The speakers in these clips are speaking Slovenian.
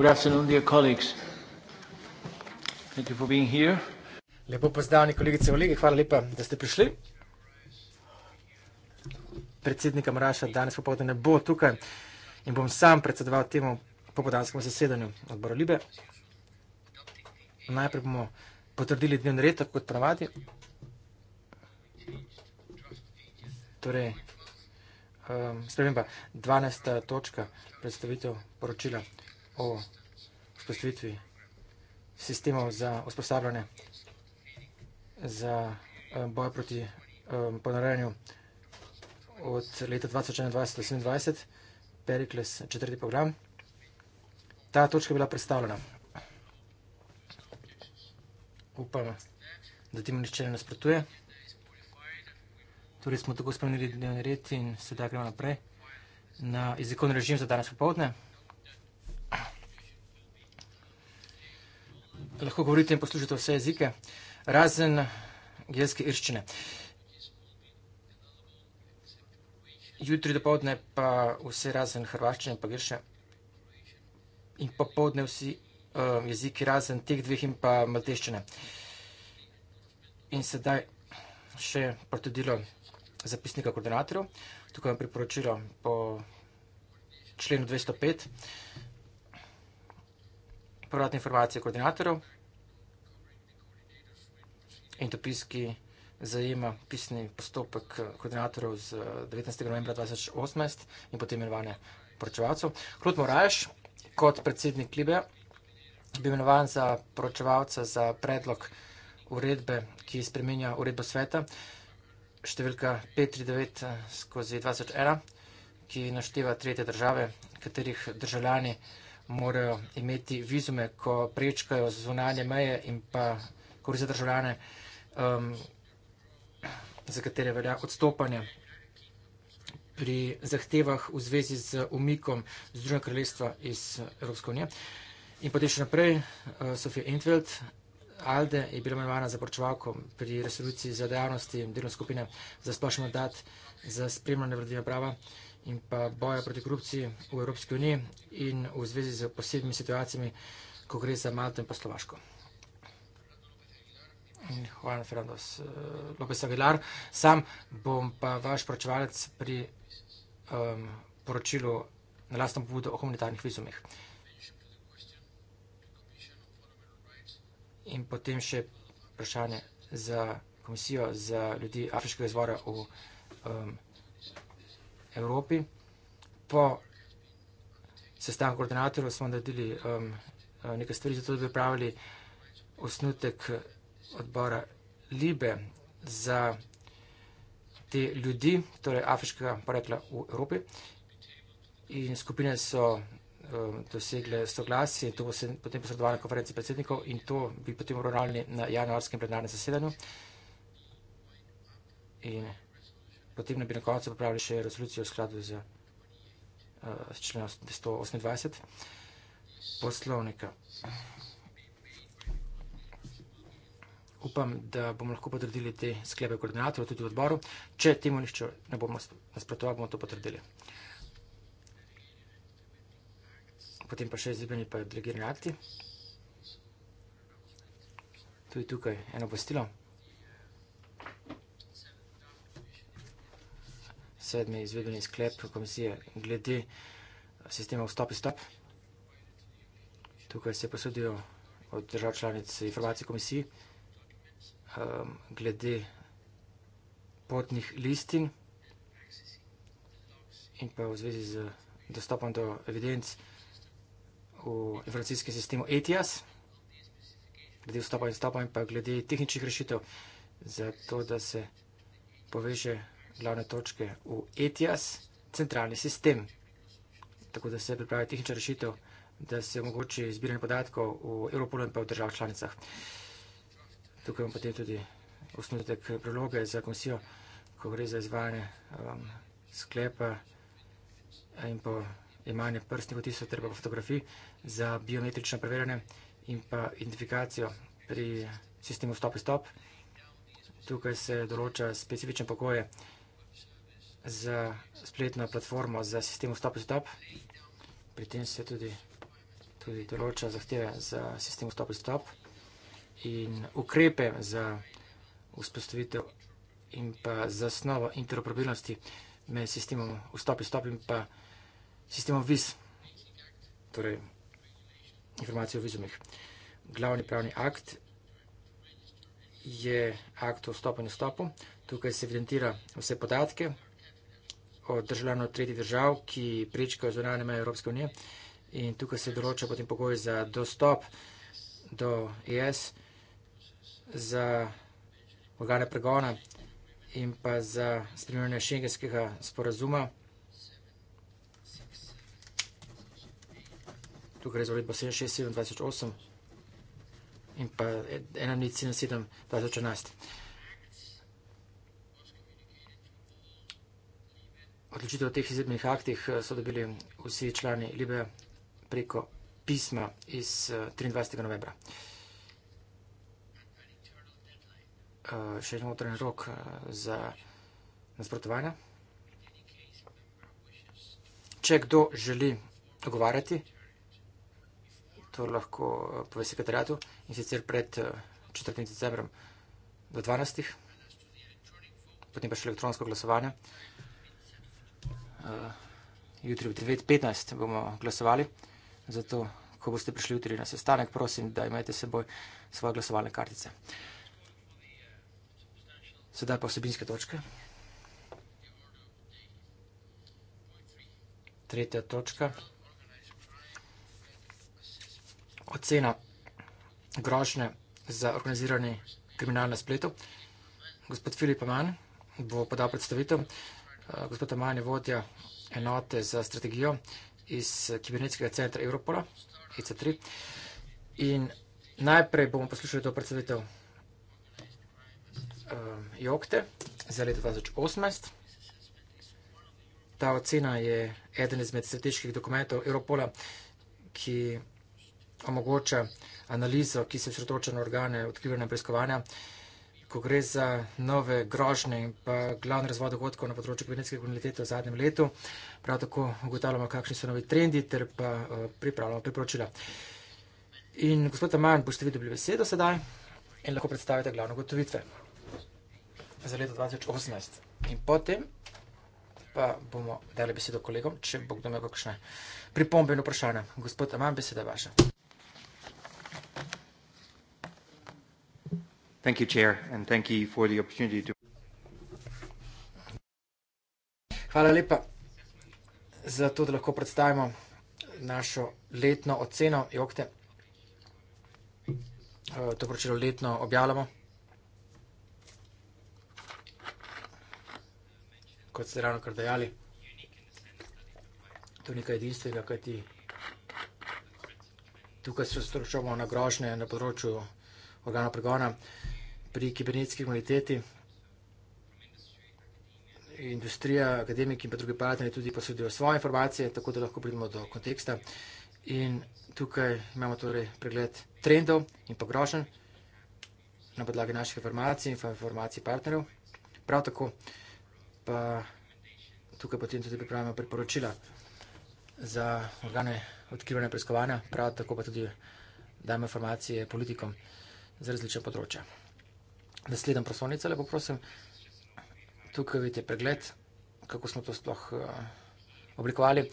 Good afternoon, dear colleagues. Thank you for being here. Lepo pozdravljeni, kolegice in kolegi, hvala lepa, da ste prišli. Predsednika Mraša danes popovdne ne bo tukaj in bom sam predsedoval temu popodanskemu zasedanju odboru Libe. Najprej bomo potrdili dnevni red, tako kot pravati. Torej, spremem pa 12. točka predstavitev poročila o vzpostavitvi sistemov za usposabljanje za eh, boj proti eh, ponarejanju od leta 2021-2027, Pericles četrti program. Ta točka je bila predstavljena. Upam, da temu nišče ne nasprotuje. Torej smo tako spremenili dnevni red in sedaj gremo naprej na jezikovni režim za danes popovdne. lahko govorite in poslušate vse jezike, razen gelske irščine. Jutri do povdne pa vse razen hrvaščine in pa gelščine. In popovdne vsi uh, jeziki razen teh dveh in pa malteščine. In sedaj še potrdilo zapisnika koordinatorjev. Tukaj vam priporočilo po členu 205. Povratne informacije koordinatorov in dopis, ki zajema pisni postopek eh, koordinatorov z 19. Eh, novembra 2018 in potem imenovanje poročevalcev. Klot Moraješ kot predsednik Libe bi imenovan za poročevalca za predlog uredbe, ki spremenja uredbo sveta številka 539 eh, skozi 21, ki našteva tretje države, katerih državljani morajo imeti vizume, ko prečkajo zvonanje meje in pa korize državljane, um, za katere velja odstopanje pri zahtevah v zvezi z umikom Združenega kraljestva iz Evropske unije. In potem še naprej, uh, Sofija Entveld, Alde je bila imenovana za poročevalko pri resoluciji za dejavnosti delovne skupine za splošni mandat za spremljanje vladavine prava. Uh, in pa boja proti korupciji v Evropski uniji in v zvezi z posebnimi situacijami, ko gre za Malto in pa Slovaško. Juan Fernando eh, López Aguilar, sam bom pa vaš poročevalec pri um, poročilu na lastno pobudo o humanitarnih vizumih. In potem še vprašanje za komisijo za ljudi afriškega izvora v um, Evropi. Po sestanku koordinatorjev smo naredili um, uh, nekaj stvari, zato da bi pravili osnutek odbora Libe za te ljudi, torej afriškega porekla v Evropi. In skupine so um, dosegle soglasje, to bo se potem posredovalo na konferenci predsednikov in to bi potem uravnali na januarskem plenarnem zasedanju. In potem ne bi na koncu popravili še resolucijo v skladu z uh, členom 128 poslovnika. Upam, da bomo lahko potrdili te sklepe koordinatorja tudi v odboru. Če temu nišče ne bomo nasprotovali, bomo to potrdili. Potem pa še izvedbeni pa delegirani akti. Tudi tukaj eno postilo. sedmi izvedbeni sklep komisije glede sistema vstop in stop. Tukaj se posodijo od držav članic informacij komisiji um, glede potnih listin in pa v zvezi z dostopom do evidenc v informacijskem sistemu ETIAS, glede vstopa in stopa in pa glede tehničnih rešitev za to, da se poveže glavne točke v ETIAS, centralni sistem, tako da se pripravi tehnična rešitev, da se omogoči izbiranje podatkov v Evropolu in pa v državah članicah. Tukaj imamo potem tudi osnutek prologe za komisijo, ko gre za izvajanje um, sklepa in pa imanje prstnih otisov, treba pa fotografij za biometrično preverjanje in pa identifikacijo pri sistemu stop-stop. Tukaj se določa specifične pokoje, za spletno platformo za sistem vstop in vstop. Pri tem se tudi, tudi določa zahteve za sistem vstop in vstop in ukrepe za vzpostavitev in pa zasnovo interoperabilnosti med sistemom vstop in vstop in pa sistemom VIS, torej informacije o vizumih. Glavni pravni akt je akt o vstopu in vstopu. Tukaj se evidentira vse podatke, od državljanov tretjih držav, ki prečkajo zunanje meje Evropske unije. In tukaj se določa potem pogoj za dostop do ES, za organe pregona in pa za spremljanje šengenskega sporazuma. Tukaj je za uredbo 767 in pa 1.77.2011. odločitev o teh izrednih aktih eh, so dobili vsi člani Libe preko pisma iz 23. Eh, novembra. Eh, še en notranj rok za nasprotovanja. Če kdo želi ogovarjati, to lahko pove sekretariatu in sicer pred 4. decembrom do 12. potem pa še elektronsko glasovanje. Eh, jutri ob 9.15 bomo glasovali. Zato, ko boste prišli jutri na sestanek, prosim, da imate s seboj svoje glasovalne kartice. Sedaj pa vsebinske točke. Tretja točka. Ocena grožne za organizirani kriminal na spletu. Gospod Filip Aman bo podal predstavitev. Eh, gospod Taman je vodja enote za strategijo iz kibernetskega centra Europola, e IC3. In najprej bomo poslušali to predstavitev um, Jokte za leto 2018. Ta ocena je eden izmed strateških dokumentov Europola, ki omogoča analizo, ki se sredoča na organe odkrivanja preiskovanja. preskovanja ko gre za nove grožne in pa glavni razvoj dogodkov na področju kibernetske kriminalitete v zadnjem letu. Prav tako ugotavljamo, kakšni so novi trendi ter pa eh, pripravljamo priporočila. In gospod Taman, boste vi dobili besedo sedaj in lahko predstavite glavne gotovitve za leto 2018. In potem pa bomo dali besedo kolegom, če bo kdo imel kakšne pripombe in vprašanja. Gospod Taman, beseda vaša. Thank you, Chair, and thank you for the opportunity to... Hvala lepa. Zato, da lahko predstavimo našo letno oceno, jokte. Eh, to poročilo letno objavljamo. Kot ste ravno kar dejali, to nekaj edinstvenega, kaj ti tukaj se stročamo na grožnje na področju organov pregona pri kibernetski komuniteti. Industrija, akademiki in pa drugi partneri tudi posredujejo svoje informacije, tako da lahko pridemo do konteksta. In tukaj imamo torej pregled trendov in pogrošen na podlagi naših informacij in informacij partnerjev. Prav tako pa tukaj potem tudi pripravimo priporočila za organe odkrivanja preiskovanja, prav tako pa tudi dajmo informacije politikom za različne področja naslednjo prosovnico, lepo prosim. Tukaj vidite pregled, kako smo to sploh uh, oblikovali.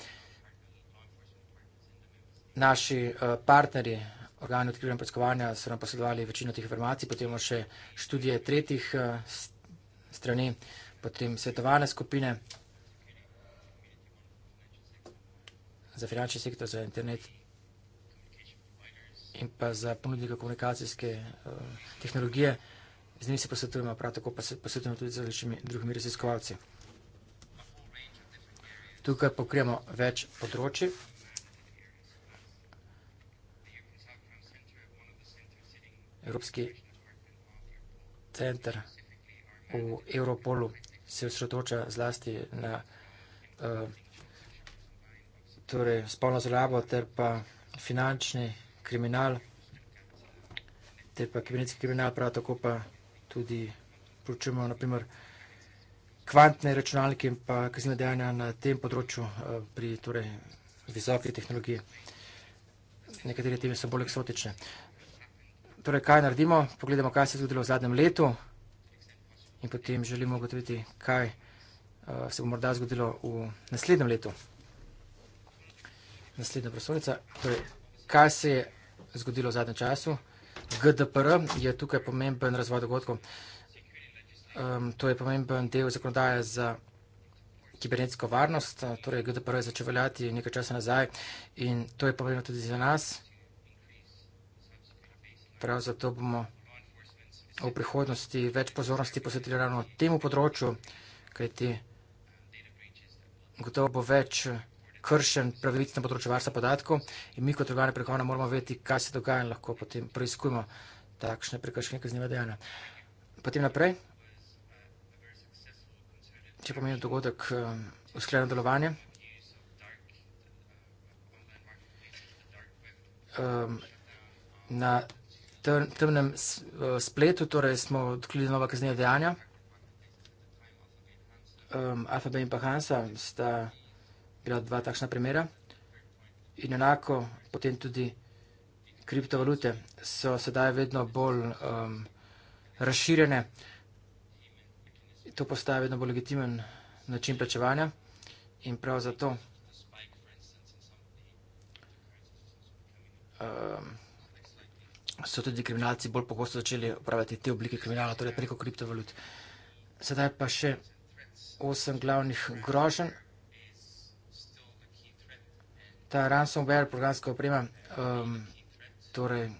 Naši uh, partnerji, organi odkrivanja preiskovanja, so nam posedovali večino teh informacij, potem imamo še študije tretjih uh, strani, potem svetovane skupine za finančni sektor, za internet in pa za ponudnika komunikacijske uh, tehnologije z njimi se posvetujemo, prav tako pa se posvetujemo tudi z različnimi drugimi raziskovalci. Tukaj pokrijemo več področji. Evropski center v Evropolu se osredoča zlasti na eh, torej spolno zlabo ter pa finančni kriminal ter pa kibernetski kriminal, prav tako pa tudi poučujemo naprimer kvantne računalnike in pa kaznjena dejanja na tem področju eh, pri torej visoki tehnologiji. Nekatere teme so bolj eksotične. Torej, kaj naredimo? Pogledamo, kaj se je zgodilo v zadnjem letu in potem želimo ugotoviti, kaj eh, se bo morda zgodilo v naslednjem letu. Naslednja prosovnica. Torej, kaj se je zgodilo v zadnjem času? GDPR je tukaj pomemben razvoj dogodkov. Um, to je pomemben del zakonodaje za kibernetsko varnost, eh, torej GDPR je začel veljati nekaj časa nazaj in to je pomembno tudi za nas. Prav zato bomo v prihodnosti več pozornosti posvetili ravno temu področju, kajti gotovo bo več eh, kršen pravic na področju varstva podatkov in mi kot organe prekona moramo vedeti, kaj se dogaja in lahko potem preizkujemo takšne prekršnje kaznjive dejanja. Potem naprej, če pomeni dogodek um, usklajeno delovanje, um, na temnem uh, spletu, torej smo odkljeli nova kaznjiva dejanja, um, Alphabet in pa Hansa sta vsega, bila dva takšna primera. In enako potem tudi kriptovalute so sedaj vedno bolj um, razširjene. To postaje vedno bolj legitimen način plačevanja in prav zato um, so tudi kriminalci bolj pogosto začeli upravljati te oblike kriminala, torej preko kriptovalut. Sedaj pa še osem glavnih groženj ta ransomware, programska oprema, um, torej um,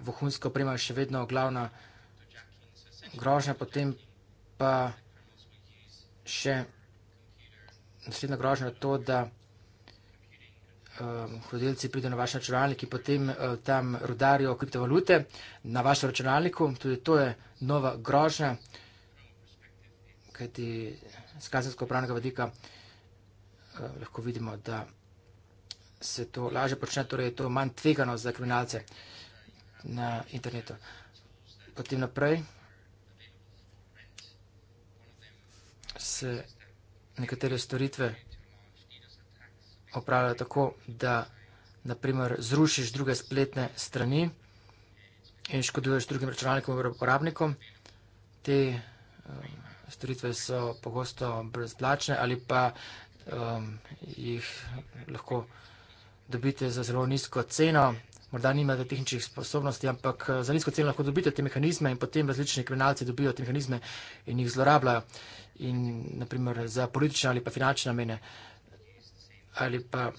vohunska oprema je še vedno glavna grožnja, potem pa še naslednja grožnja je to, da um, hodilci pridejo na vaš računalnik in potem uh, tam rudarijo kriptovalute na vašem računalniku. Tudi to je nova grožnja, kajti z kazensko pravnega vedika uh, eh, lahko vidimo, da se to lažje počne, torej je to manj tvegano za kriminalce na internetu. Potem naprej se nekatere storitve opravljajo tako, da naprimer zrušiš druge spletne strani in škoduješ drugim računalnikom in uporabnikom. Te um, storitve so pogosto brezplačne ali pa um, jih lahko vsega dobite za zelo nizko ceno. Morda nimate tehničnih sposobnosti, ampak eh, za nizko ceno lahko dobite te mehanizme in potem različni kriminalci dobijo te mehanizme in jih zlorabljajo. In naprimer za politične ali pa finančne namene ali pa um,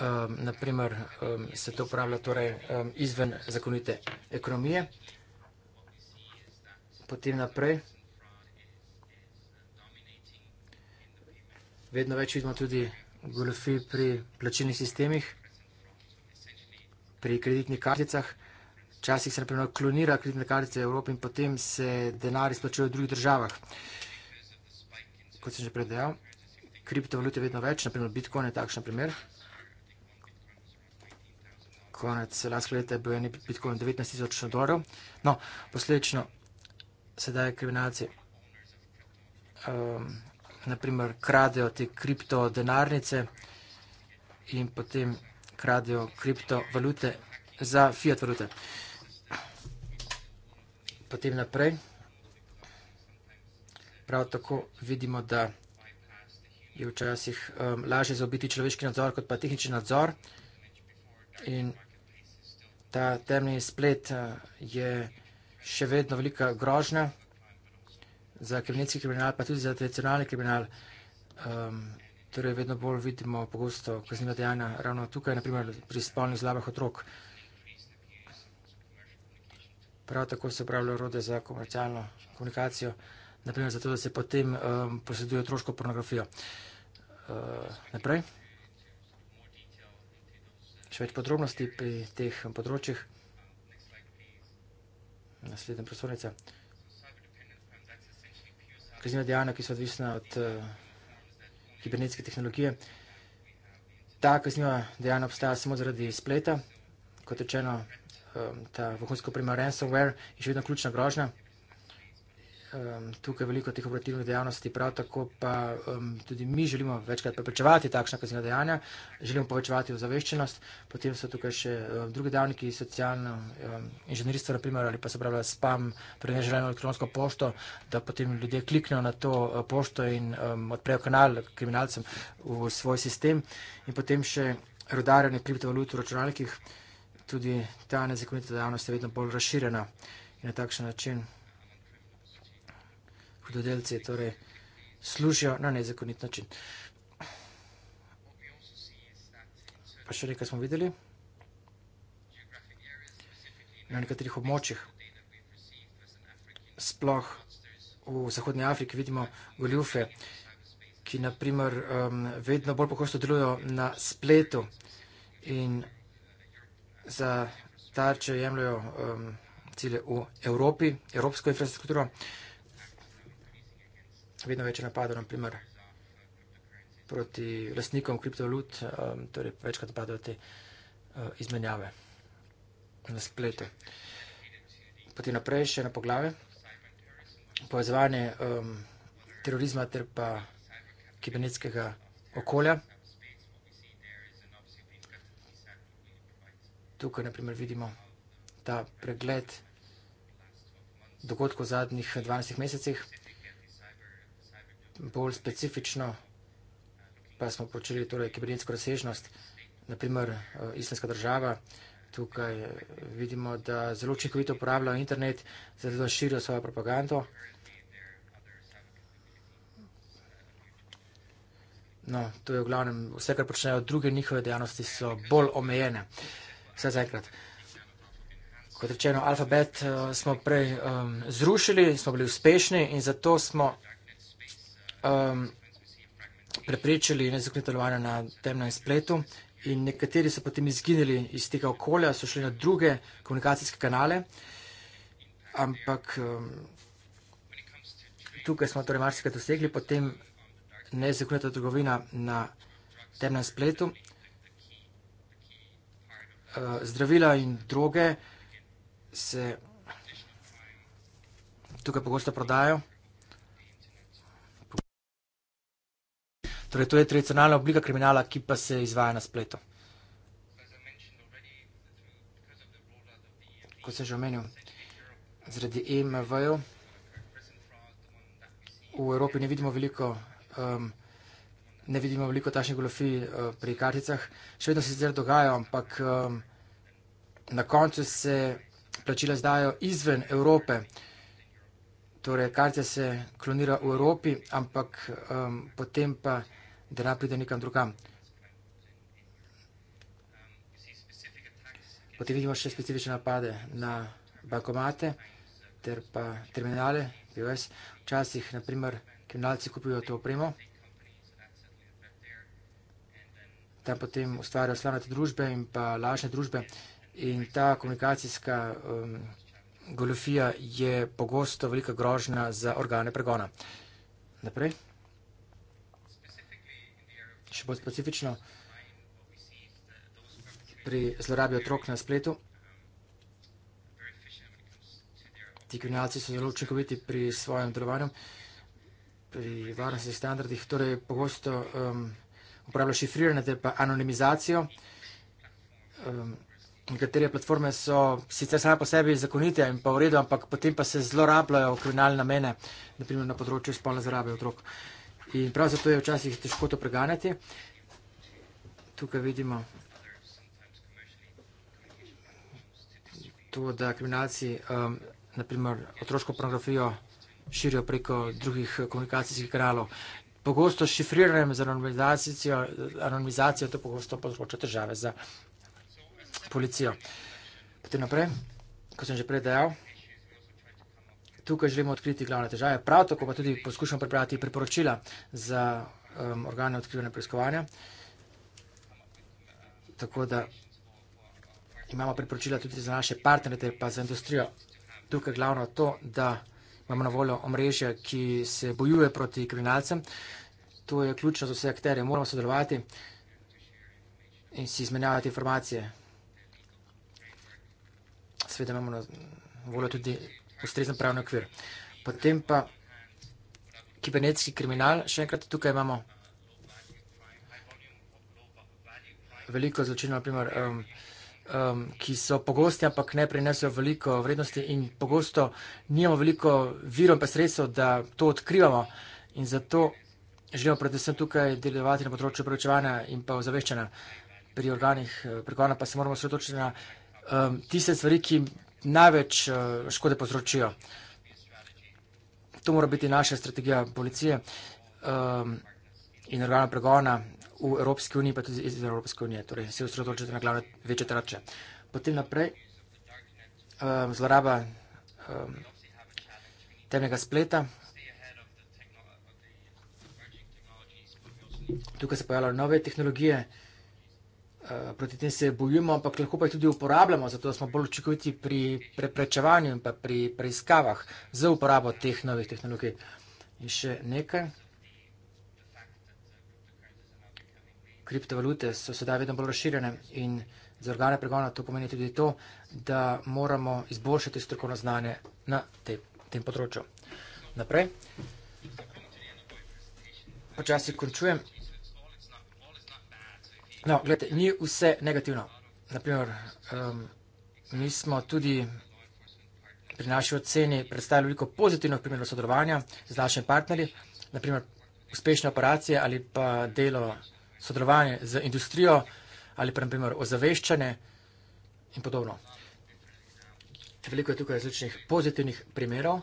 ehm, naprimer um, ehm, se to uporablja torej, um, izven zakonite ekonomije. Potem naprej. Vedno več vidimo tudi goljofij pri plačilnih sistemih, pri kreditnih karticah. Včasih se naprimer klonira kreditne kartice v Evropi in potem se denar izplačuje v drugih državah. Kot sem že predajal, kriptovalute vedno več, naprimer Bitcoin je takšen primer. Konec lanskega leta je bil en Bitcoin 19 tisoč dolarjev. No, posledično sedaj kriminalci um, naprimer kradejo te kripto denarnice in potem kradejo kriptovalute za fiat valute. Potem naprej. Prav tako vidimo, da je včasih um, lažje zaobiti človeški nadzor kot pa tehnični nadzor. In ta temni splet uh, je še vedno velika grožnja za kriminalni kriminal, pa tudi za tradicionalni kriminal. Um, torej, vedno bolj vidimo pogosto kazniva dejanja ravno tukaj, naprimer pri spolnih zlabah otrok. Prav tako se upravljajo rode za komercialno komunikacijo, naprimer zato, da se potem um, posreduje otroško pornografijo. Uh, naprej. Še več podrobnosti pri teh področjih. Naslednja prostornica kaznjena dejanja, ki so odvisna od uh, kibernetske tehnologije. Ta kaznjena dejanja obstaja samo zaradi spleta, kot rečeno, um, ta vohunsko primer ransomware je še vedno ključna grožnja um, tukaj veliko teh operativnih dejavnosti, prav tako pa um, tudi mi želimo večkrat preprečevati takšna kazniva dejanja, želimo povečevati ozaveščenost, potem so tukaj še um, drugi dejavniki, socialno um, inženirstvo, naprimer, ali pa se pravi spam, preneželeno elektronsko pošto, da potem ljudje kliknejo na to uh, pošto in um, odprejo kanal kriminalcem v svoj sistem in potem še rodarjanje kriptovalut v računalnikih. Tudi ta nezakonita dejavnost je vedno bolj razširjena in na takšen način hudodelci torej služijo na nezakonit način. Pa še nekaj smo videli. Na nekaterih območjih, sploh v Zahodnji Afriki, vidimo goljufe, ki naprimer um, vedno bolj pokosto delujo na spletu in za tarče jemljajo um, cilje v Evropi, evropsko infrastrukturo. Uh, vedno več napadov, naprimer proti lastnikom kriptovalut, um, torej večkrat padajo te uh, izmenjave na spletu. Potem naprej še na poglave. Povezovanje um, terorizma ter pa kibernetskega okolja. Tukaj naprimer vidimo ta pregled dogodkov v zadnjih 12 mesecih bolj specifično, pa smo počeli torej kibernetsko razsežnost, naprimer eh, islamska država, tukaj eh, vidimo, da zelo učinkovito uporabljajo internet, zelo širijo svojo propagando. No, to je v glavnem vse, kar počnejo druge njihove dejavnosti, so bolj omejene. Vse zaenkrat. Kot rečeno, alfabet eh, smo prej um, zrušili, smo bili uspešni in zato smo um, preprečili nezakonito delovanje na temnem spletu in nekateri so potem izginili iz tega okolja, so šli na druge komunikacijske kanale. Ampak um, tukaj smo torej marsikaj dosegli, potem nezakonita trgovina na temnem spletu. Uh, zdravila in droge se tukaj pogosto prodajajo. Torej, to je tradicionalna oblika kriminala, ki pa se izvaja na spletu. Kot sem že omenil, zaradi EMV-jev v Evropi ne vidimo veliko, um, ne vidimo veliko tašnih golofij uh, pri karticah. Še vedno se zdaj dogajajo, ampak um, na koncu se plačila zdajo izven Evrope. Torej, kartice se klonira v Evropi, ampak um, potem pa да напреде никам другам. Potem vidimo še specifične napade na bankomate ter pa terminale, POS. Včasih, naprimer, kriminalci kupijo to opremo, tam potem ustvarjajo slavne družbe in pa lažne družbe in ta komunikacijska um, golofija je pogosto velika grožnja za organe pregona. Naprej še bolj specifično pri zlorabi otrok na spletu. Ti kriminalci so zelo učinkoviti pri svojem delovanju, pri varnostnih standardih, torej pogosto um, uporabljajo šifriranje ter pa anonimizacijo. Um, Nekatere platforme so sicer same po sebi zakonite in pa v redu, ampak potem pa se zlorabljajo v kriminalne namene, naprimer na področju spolne zarabe otrok. Uh, In prav zato je včasih težko to preganjati. Tukaj vidimo to, da kriminalci um, naprimer otroško pornografijo širijo preko drugih komunikacijskih kanalov. Pogosto šifriranjem za anonimizacijo, anonimizacijo to pogosto povzroča težave za policijo. Potem naprej, kot sem že prej dejal tukaj želimo odkriti glavne težave. Prav tako pa tudi poskušamo pripraviti priporočila za um, organe odkrivanja preiskovanja. Tako da imamo priporočila tudi za naše partnerje, pa za industrijo. Tukaj glavno to, da imamo na voljo omrežje, ki se bojuje proti kriminalcem. To je ključno za vse akterje. Moramo sodelovati in si izmenjavati informacije. Sveda imamo na voljo tudi ustrezen pravni okvir. Potem pa kibernetski kriminal, še enkrat tukaj imamo veliko zločinov, naprimer, um, um, ki so pogosti, ampak ne prinesejo veliko vrednosti in pogosto nimamo veliko virov in pa sredstev, da to odkrivamo. In zato želimo predvsem tukaj delovati na področju preučevanja in pa ozaveščanja pri organih, eh, pri pa se moramo sredočiti na um, tiste stvari, ki največ eh, škode povzročijo. To mora biti naša strategija policije ehm, in organa pregona v Evropski uniji, pa tudi iz Evropske unije. Torej, se osredotočite na glavne večje trače. Potem naprej ehm, zloraba ehm, temnega spleta. Tukaj se pojavljajo nove tehnologije. Eh, proti tem se bojujemo, ampak lahko pa jih tudi uporabljamo, zato smo bolj učinkoviti pri preprečevanju in pa pri preiskavah za uporabo teh novih tehnologij. In še nekaj. Kriptovalute so sedaj vedno bolj razširjene in za organe pregona to pomeni tudi to, da moramo izboljšati strokovno znanje na te, tem področju. Naprej. Počasi končujem. No, gledajte, ni vse negativno. Naprimer, um, mi smo tudi pri naši oceni predstavili veliko pozitivno primerno sodelovanja z našimi partnerji, naprimer uspešne operacije ali pa delo sodelovanje z industrijo ali pa naprimer ozaveščanje in podobno. Veliko je tukaj različnih pozitivnih primerov.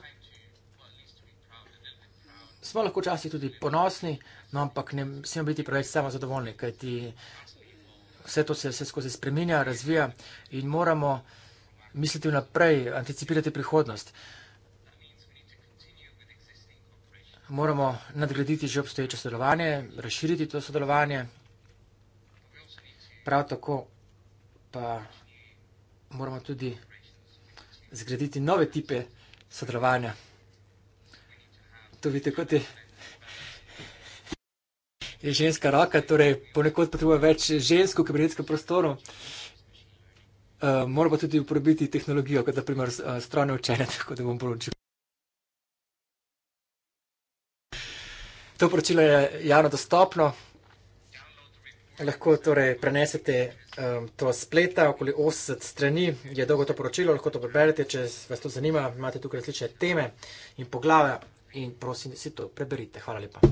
Smo lahko včasih tudi ponosni, no, ampak ne smemo biti preveč samozadovoljni, kajti vse to se vse skozi spreminja, razvija in moramo misliti vnaprej, anticipirati prihodnost. Moramo nadgraditi že obstoječe sodelovanje, razširiti to sodelovanje, prav tako pa moramo tudi zgraditi nove tipe sodelovanja. To vidite, kot je je ženska raka, torej ponekod potrebuje več žensk v kibernetskem prostoru. Uh, Moramo tudi uporabiti tehnologijo, kot naprimer eh, strojne učene, tako da bom poročil. To poročilo je javno dostopno. Lahko torej prenesete um, to spleta, okoli 80 strani je dolgo to poročilo, lahko to preberete, če vas to zanima. Imate tukaj različne teme in poglave in prosim, da si to preberite. Hvala lepa.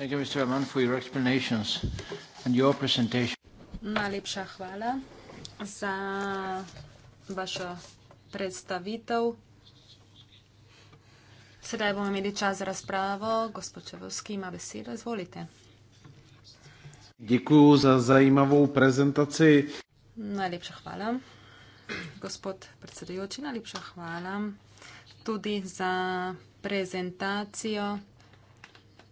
Thank you, Mr. Herman, for your explanations and your presentation. Najlepša hvala za vašo predstavitev. Sedaj bomo imeli čas za razpravo. Gospod Čevovski ima besedo, izvolite. Děkuji za zajímavou prezentaci. Najlepša hvala. Gospod predsedujoči, najlepša hvala tudi za prezentacijo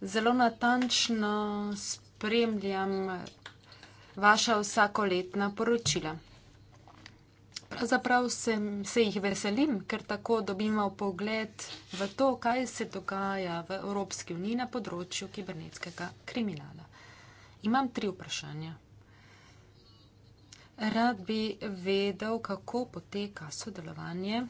zelo natančno spremljam vaša vsakoletna poročila. Pravzaprav se, se jih veselim, ker tako dobimo pogled v to, kaj se dogaja v Evropski uniji na področju kibernetskega kriminala. Imam tri vprašanja. Rad bi vedel, kako poteka sodelovanje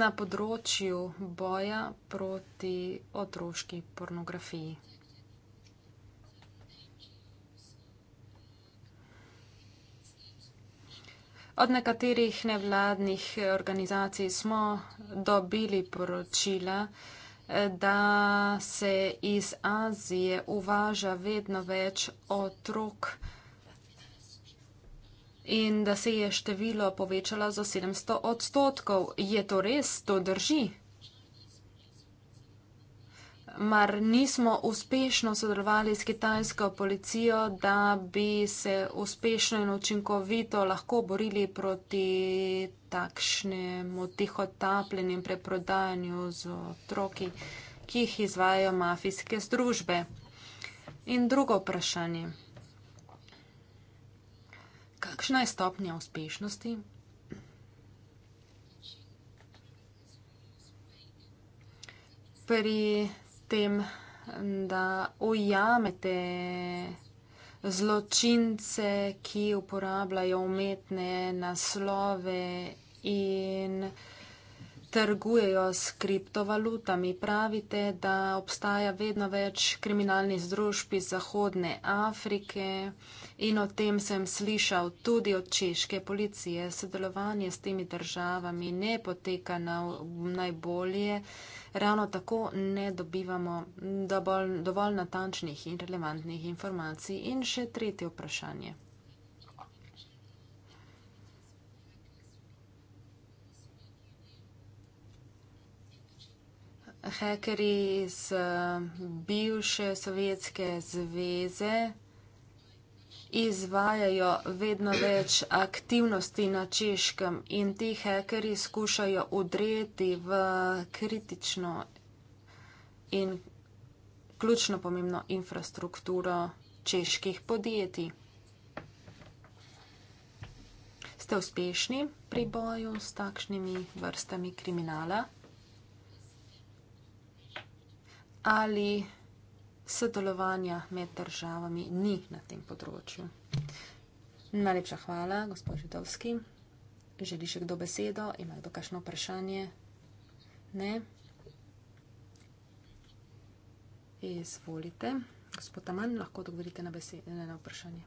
na področju boja proti otroški pornografiji. Od nekaterih nevladnih organizacij smo dobili poročila, da se iz Azije uvaža vedno več otrok, in da se je število povečalo za 700 odstotkov. Je to res? To drži? Mar nismo uspešno sodelovali s kitajsko policijo, da bi se uspešno in učinkovito lahko borili proti takšnemu tihotapljenju in preprodajanju z otroki, ki jih izvajajo mafijske združbe? In drugo vprašanje. Kakšna je stopnja uspešnosti? Pri tem, da ujamete zločince, ki uporabljajo umetne naslove in trgujejo s kriptovalutami, pravite, da obstaja vedno več kriminalnih združb iz Zahodne Afrike in o tem sem slišal tudi od češke policije. Sodelovanje s temi državami ne poteka na najbolje, ravno tako ne dobivamo dovolj, dovolj natančnih in relevantnih informacij. In še tretje vprašanje. Hekeri iz uh, bivše Sovjetske zveze izvajajo vedno več aktivnosti na češkem in ti hekeri skušajo udreti v kritično in ključno pomembno infrastrukturo čeških podjetij. Ste uspešni pri boju s takšnimi vrstami kriminala? Ali sodelovanja med državami ni na tem področju. Najlepša hvala, gospod Židovski. Želi še kdo besedo? Ima kdo kakšno vprašanje? Ne. Izvolite. Gospod Taman, lahko odgovorite na, na vprašanje.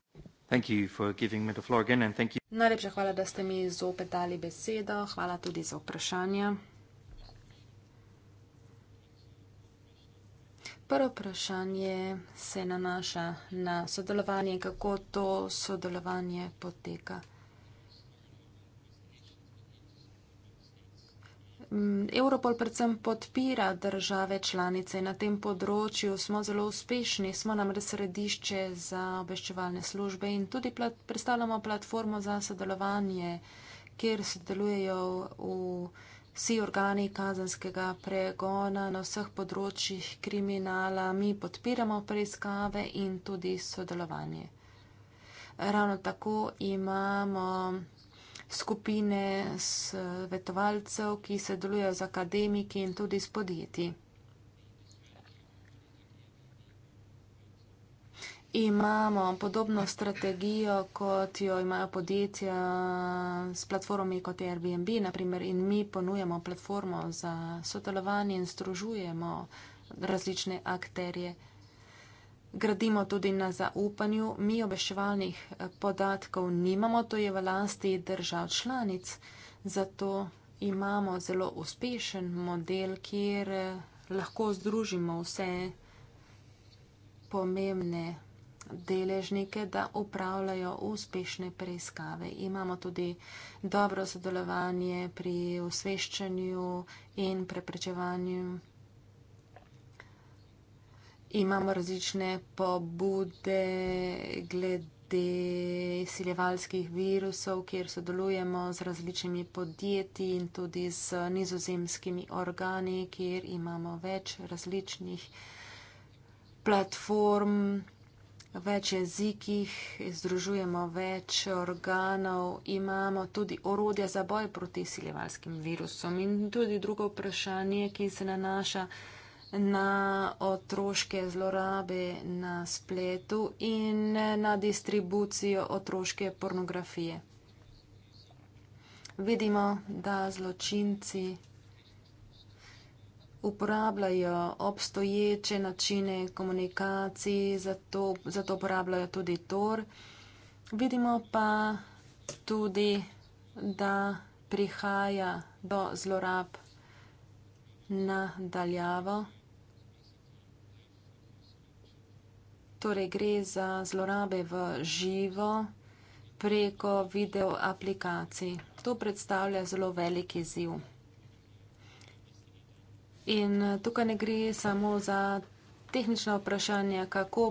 Najlepša hvala, da ste mi zopet dali besedo. Hvala tudi za vprašanje. Prvo vprašanje se nanaša na sodelovanje, kako to sodelovanje poteka. Mm, Europol predvsem podpira države članice na tem področju, smo zelo uspešni, smo namreč središče za obveščevalne službe in tudi plat, predstavljamo platformo za sodelovanje, kjer sodelujejo v vsi organi kazenskega pregona na vseh področjih kriminala, mi podpiramo preiskave in tudi sodelovanje. Ravno tako imamo skupine svetovalcev, ki se delujejo z akademiki in tudi s podjetji. imamo podobno strategijo, kot jo imajo podjetja s platformami kot Airbnb, naprimer, in mi ponujemo platformo za sodelovanje in stružujemo različne akterje. Gradimo tudi na zaupanju. Mi obveščevalnih eh, podatkov nimamo, to je v lasti držav članic, zato imamo zelo uspešen model, kjer eh, lahko združimo vse pomembne deležnike, da upravljajo uspešne preiskave. Imamo tudi dobro sodelovanje pri osveščanju in preprečevanju. Imamo različne pobude glede siljevalskih virusov, kjer sodelujemo z različnimi podjetji in tudi z nizozemskimi organi, kjer imamo več različnih platform več jezikih, združujemo več organov, imamo tudi orodja za boj proti siljevalskim virusom. In tudi drugo vprašanje, ki se nanaša na otroške zlorabe na spletu in na distribucijo otroške pornografije. Vidimo, da zločinci uporabljajo obstoječe načine komunikacij, zato, zato uporabljajo tudi Tor. Vidimo pa tudi, da prihaja do zlorab nadaljavo. Torej gre za zlorabe v živo preko video aplikacij. To predstavlja zelo veliki ziv. In eh, tukaj ne gre samo za tehnična vprašanja, kako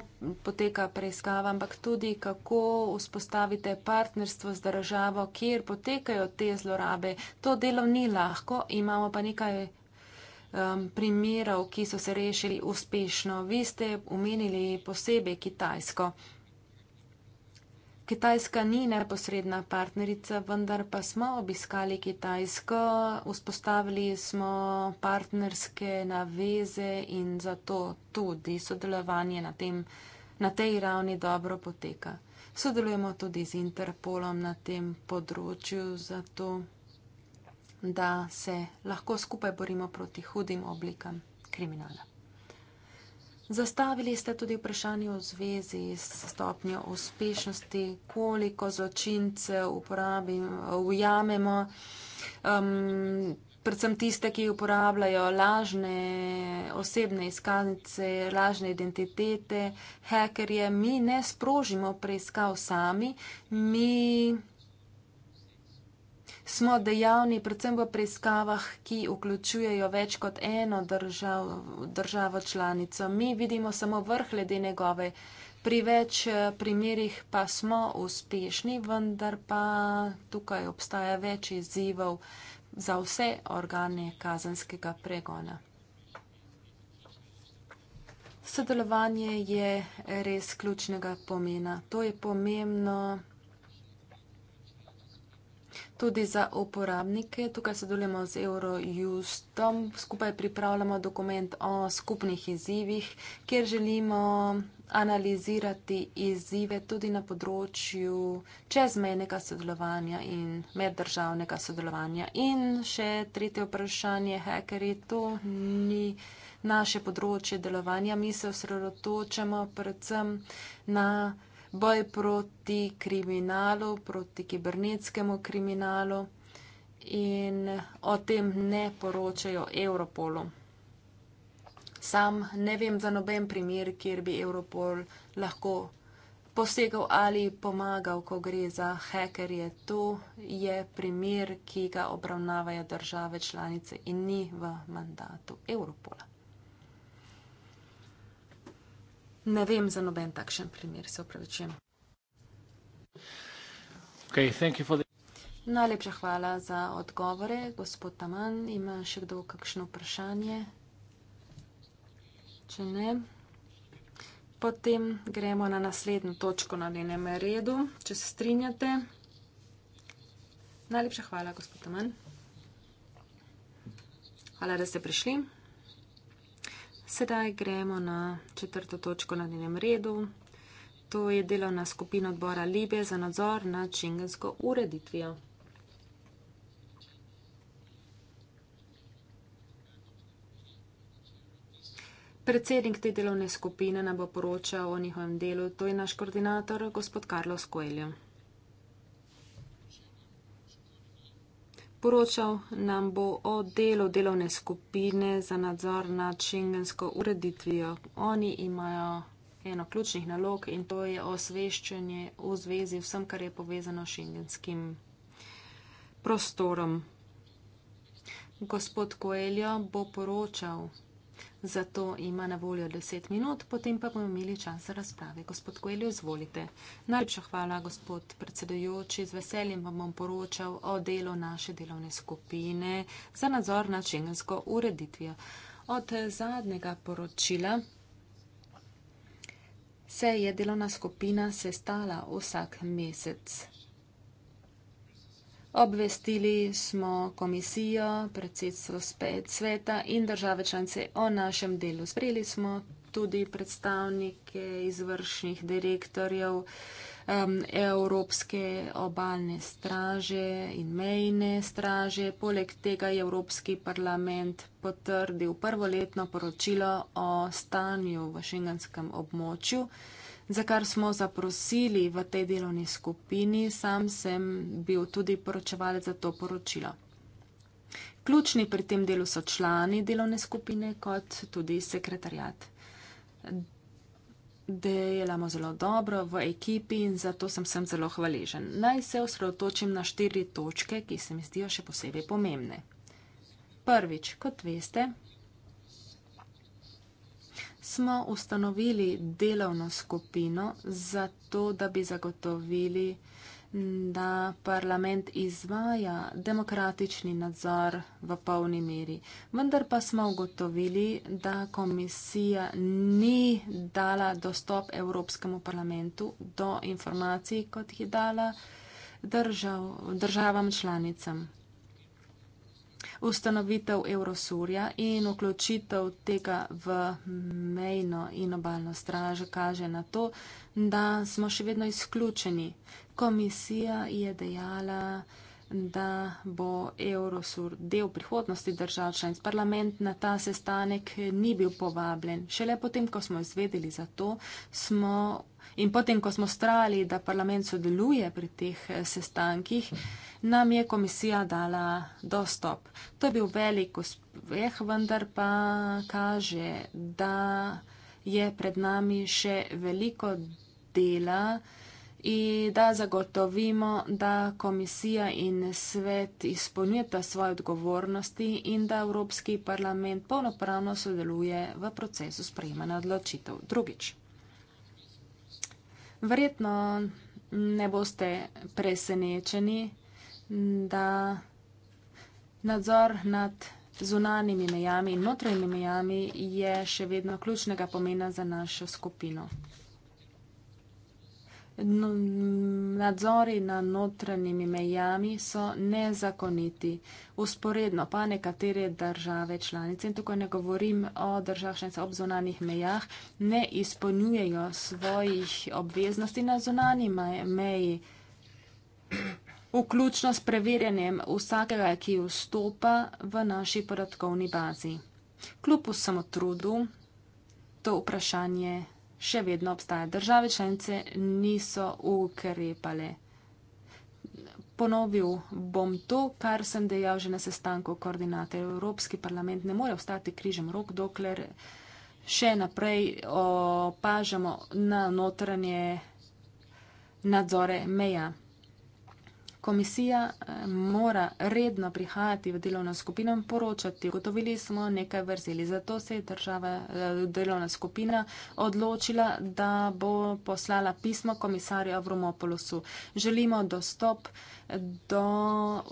poteka preiskava, ampak tudi kako vzpostavite partnerstvo z državo, kjer potekajo te zlorabe. To delo ni lahko, imamo pa nekaj um, primerov, ki so se rešili uspešno. Vi ste omenili posebej Kitajsko. Kitajska ni neposredna partnerica, vendar pa smo obiskali Kitajsko, vzpostavili smo partnerske naveze in zato tudi sodelovanje na, tem, na tej ravni dobro poteka. Sodelujemo tudi z Interpolom na tem področju, zato da se lahko skupaj borimo proti hudim oblikam kriminala. Zastavili ste tudi vprašanje v zvezi s stopnjo uspešnosti, koliko zločincev ujamemo, um, predvsem tiste, ki uporabljajo lažne osebne izkaznice, lažne identitete, hekerje. Mi ne sprožimo preiskav sami, mi smo dejavni predvsem v preiskavah, ki vključujejo več kot eno državo, državo članico. Mi vidimo samo vrh ledene gove, pri več eh, primerjih pa smo uspešni, vendar pa tukaj obstaja več izzivov za vse organe kazanskega pregona. Sodelovanje je res ključnega pomena. To je pomembno tudi za uporabnike. Tukaj sodelujemo z Eurojustom, skupaj pripravljamo dokument o skupnih izzivih, kjer želimo analizirati izzive tudi na področju čezmejnega sodelovanja in meddržavnega sodelovanja. In še tretje vprašanje, hekeri, to ni naše področje delovanja. Mi se osredotočamo predvsem na boj proti kriminalu, proti kibernetskemu kriminalu in o tem ne poročajo Europolu. Sam ne vem za noben primer, kjer bi Europol lahko posegal ali pomagal, ko gre za hekerje. To je primer, ki ga obravnavajo države članice in ni v mandatu Europola. Ne vem za noben takšen primer, se upravičujem. Okay, the... Najlepša hvala za odgovore, gospod Taman. Ima še kdo kakšno vprašanje? Če ne, potem gremo na naslednjo točko na njenem redu, če se strinjate. Najlepša hvala, gospod Taman. Hvala, da ste prišli. Sedaj gremo na četrto točko na dnevnem redu. To je delovna skupina odbora Libije za nadzor nad šengensko ureditvijo. Predsednik te delovne skupine nam bo poročal o njihovem delu, to je naš koordinator, gospod Karlo Skojljo. Poročal nam bo o delu delovne skupine za nadzor nad šengensko ureditvijo. Oni imajo eno ključnih nalog in to je osveščanje v zvezi vsem, kar je povezano s šengenskim prostorom. Gospod Koeljo bo poročal zato ima na voljo 10 minut, potem pa bomo imeli čas za razprave. Gospod Koeljo, izvolite. Najlepša hvala, gospod predsedujoči. Z veseljem vam bom poročal o delu naše delovne skupine za nadzor nad šengensko ureditvijo. Od zadnjega poročila se je delovna skupina sestala vsak mesec. Obvestili smo komisijo, predsedstvo sveta in države članice o našem delu. Sprejeli smo tudi predstavnike izvršnih direktorjev um, Evropske obalne straže in mejne straže. Poleg tega je Evropski parlament potrdil prvoletno poročilo o stanju v šengenskem območju za kar smo zaprosili v tej delovni skupini. Sam sem bil tudi poročevalec za to poročilo. Ključni pri tem delu so člani delovne skupine, kot tudi sekretarjat. Delamo zelo dobro v ekipi in zato sem sem zelo hvaležen. Naj se osredotočim na štiri točke, ki se mi zdijo še posebej pomembne. Prvič, kot veste, smo ustanovili delovno skupino za to, da bi zagotovili, da parlament izvaja demokratični nadzor v polni meri. Vendar pa smo ugotovili, da komisija ni dala dostop Evropskemu parlamentu do informacij, kot jih je dala držav, državam članicam ustanovitev Eurosurja in vključitev tega v mejno in obalno stražo kaže na to, da smo še vedno izključeni. Komisija je dejala, da bo Eurosur del prihodnosti držav članic. Parlament na ta sestanek ni bil povabljen. Šele potem, ko smo izvedeli za to, smo in potem, ko smo strali, da parlament sodeluje pri teh sestankih, nam je komisija dala dostop. To je bil velik uspeh, vendar pa kaže, da je pred nami še veliko dela in da zagotovimo, da komisija in svet izpolnjujeta svoje odgovornosti in da Evropski parlament polnopravno sodeluje v procesu sprejemanja odločitev. Drugič. Verjetno ne boste presenečeni, da nadzor nad zunanimi mejami in notranjimi mejami je še vedno ključnega pomena za našo skupino. No, nadzori na notranjimi mejami so nezakoniti. Usporedno pa nekatere države članice, in tukaj ne govorim o državah članice ob zunanih mejah, ne izpolnjujejo svojih obveznosti na zunanji meji vključno s preverjanjem vsakega, ki vstopa v naši podatkovni bazi. Kljub vsemu trudu, to vprašanje še vedno obstaja. Države članice niso ukrepale. Ponovil bom to, kar sem dejal že na sestanku koordinate. Evropski parlament ne more ostati križem rok, dokler še naprej opažamo na notranje nadzore meja komisija eh, mora redno prihajati v delovno skupino in poročati. Gotovili smo nekaj vrzeli. Zato se je država, eh, delovna skupina odločila, da bo poslala pismo komisarju Avromopolosu. Želimo dostop do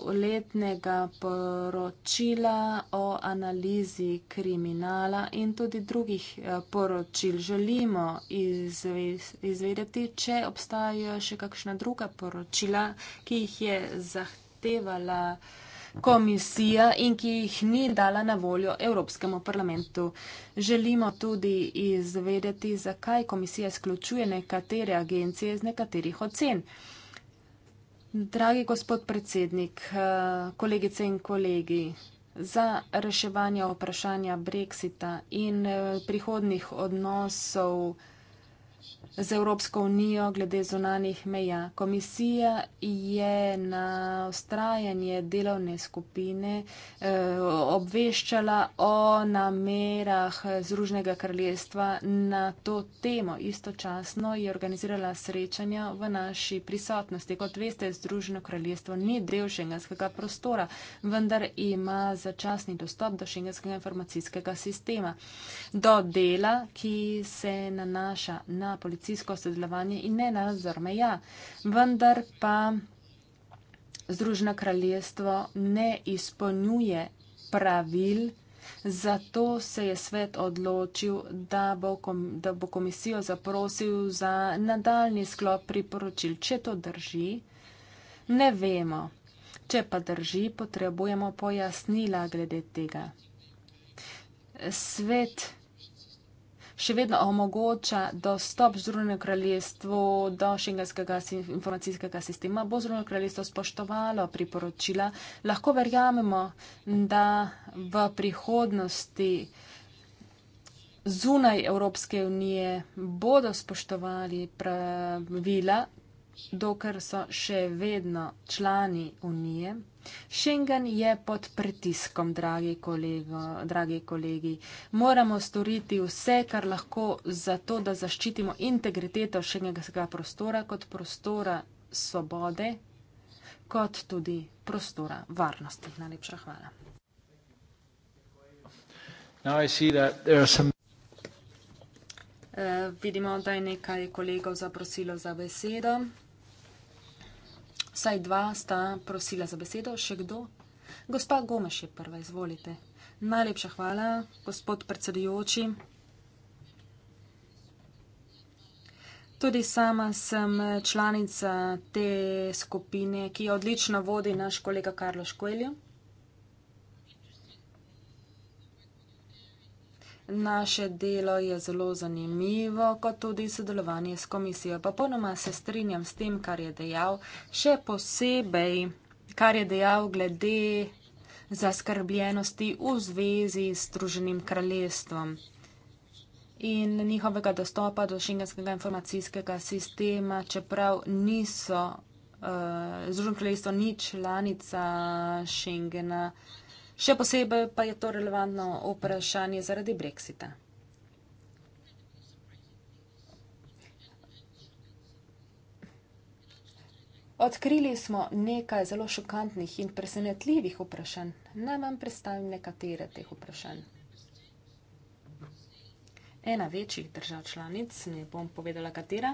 letnega poročila o analizi kriminala in tudi drugih eh, poročil. Želimo izvedeti, če obstajajo še kakšna druga poročila, ki jih je je zahtevala komisija in ki jih ni dala na voljo Evropskemu parlamentu. Želimo tudi izvedeti, zakaj komisija izključuje nekatere agencije iz nekaterih ocen. Dragi gospod predsednik, eh, kolegice in kolegi, za reševanje vprašanja Brexita in eh, prihodnih odnosov z Evropsko unijo glede zunanih meja. Komisija je na ustrajanje delovne skupine eh, obveščala o namerah Združnega kraljestva na to temo. Istočasno je organizirala srečanja v naši prisotnosti. Kot veste, Združeno kraljestvo ni del šengenskega prostora, vendar ima začasni dostop do šengenskega informacijskega sistema. Do dela, ki se nanaša na policijo koalicijsko sodelovanje in ne nadzor meja. Vendar pa Združeno kraljestvo ne izpolnjuje pravil, zato se je svet odločil, da bo, kom, da bo komisijo zaprosil za nadaljni sklop priporočil. Če to drži, ne vemo. Če pa drži, potrebujemo pojasnila glede tega. Svet še vedno omogoča dostop Združenemu kraljestvu do šengenskega informacijskega sistema. Bo Združeno kraljestvo spoštovalo priporočila? Lahko verjamemo, da v prihodnosti zunaj Evropske unije bodo spoštovali pravila, dokler so še vedno člani unije. Schengen je pod pritiskom, dragi, kolego, dragi kolegi. Moramo storiti vse, kar lahko, zato, da zaščitimo integriteto šengenskega prostora kot prostora svobode, kot tudi prostora varnosti. Najlepša hvala. Uh, vidimo, da je nekaj kolegov zaprosilo za besedo. Saj dva sta prosila za besedo, še kdo? Gospa Gomeš je prva, izvolite. Najlepša hvala, gospod predsedujoči. Tudi sama sem članica te skupine, ki jo odlično vodi naš kolega Karlo Škoeljo. Naše delo je zelo zanimivo, kot tudi sodelovanje s komisijo. Popolnoma se strinjam s tem, kar je dejal, še posebej, kar je dejal glede zaskrbljenosti v zvezi s Združenim kraljestvom in njihovega dostopa do šengenskega informacijskega sistema, čeprav niso, uh, Združeno kraljestvo ni članica šengena. Uh, Še posebej pa je to relevantno vprašanje zaradi Brexita. Odkrili smo nekaj zelo šokantnih in presenetljivih vprašanj. Naj vam predstavim nekatere teh vprašanj. Ena večjih držav članic, ne bom povedala katera,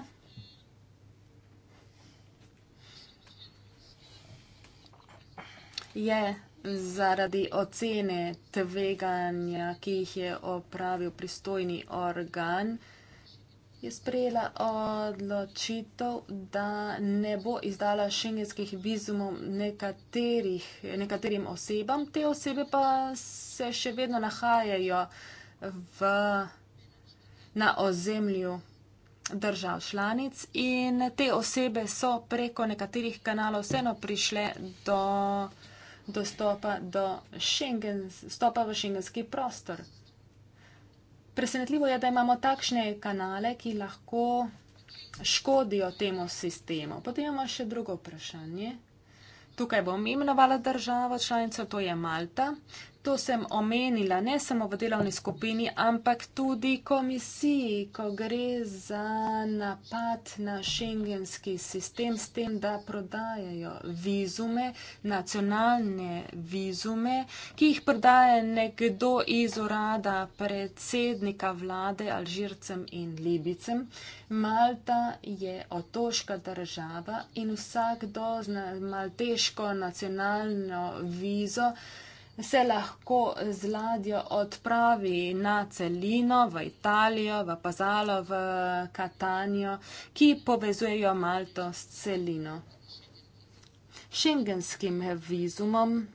je zaradi ocene tveganja, ki jih je opravil pristojni organ, je sprejela odločitev, da ne bo izdala šengenskih vizumov nekaterim osebam. Te osebe pa se še vedno nahajajo v, na ozemlju držav članic in te osebe so preko nekaterih kanalov vseeno prišle do dostopa do Schengen, vstopa v šengenski prostor. Presenetljivo je, da imamo takšne kanale, ki lahko škodijo temu sistemu. Potem imamo še drugo vprašanje. Tukaj bom imenovala državo članico, to je Malta to sem omenila, ne samo v delovni skupini, ampak tudi komisiji, ko gre za napad na šengenski sistem s tem, da prodajajo vizume, nacionalne vizume, ki jih prodaje nekdo iz urada predsednika vlade Alžircem in Libicem. Malta je otoška država in vsakdo z malteško nacionalno vizo se lahko z ladjo odpravi na celino, v Italijo, v Pazalo, v Katanjo, ki povezujejo Malto s celino. Šengenskim vizumom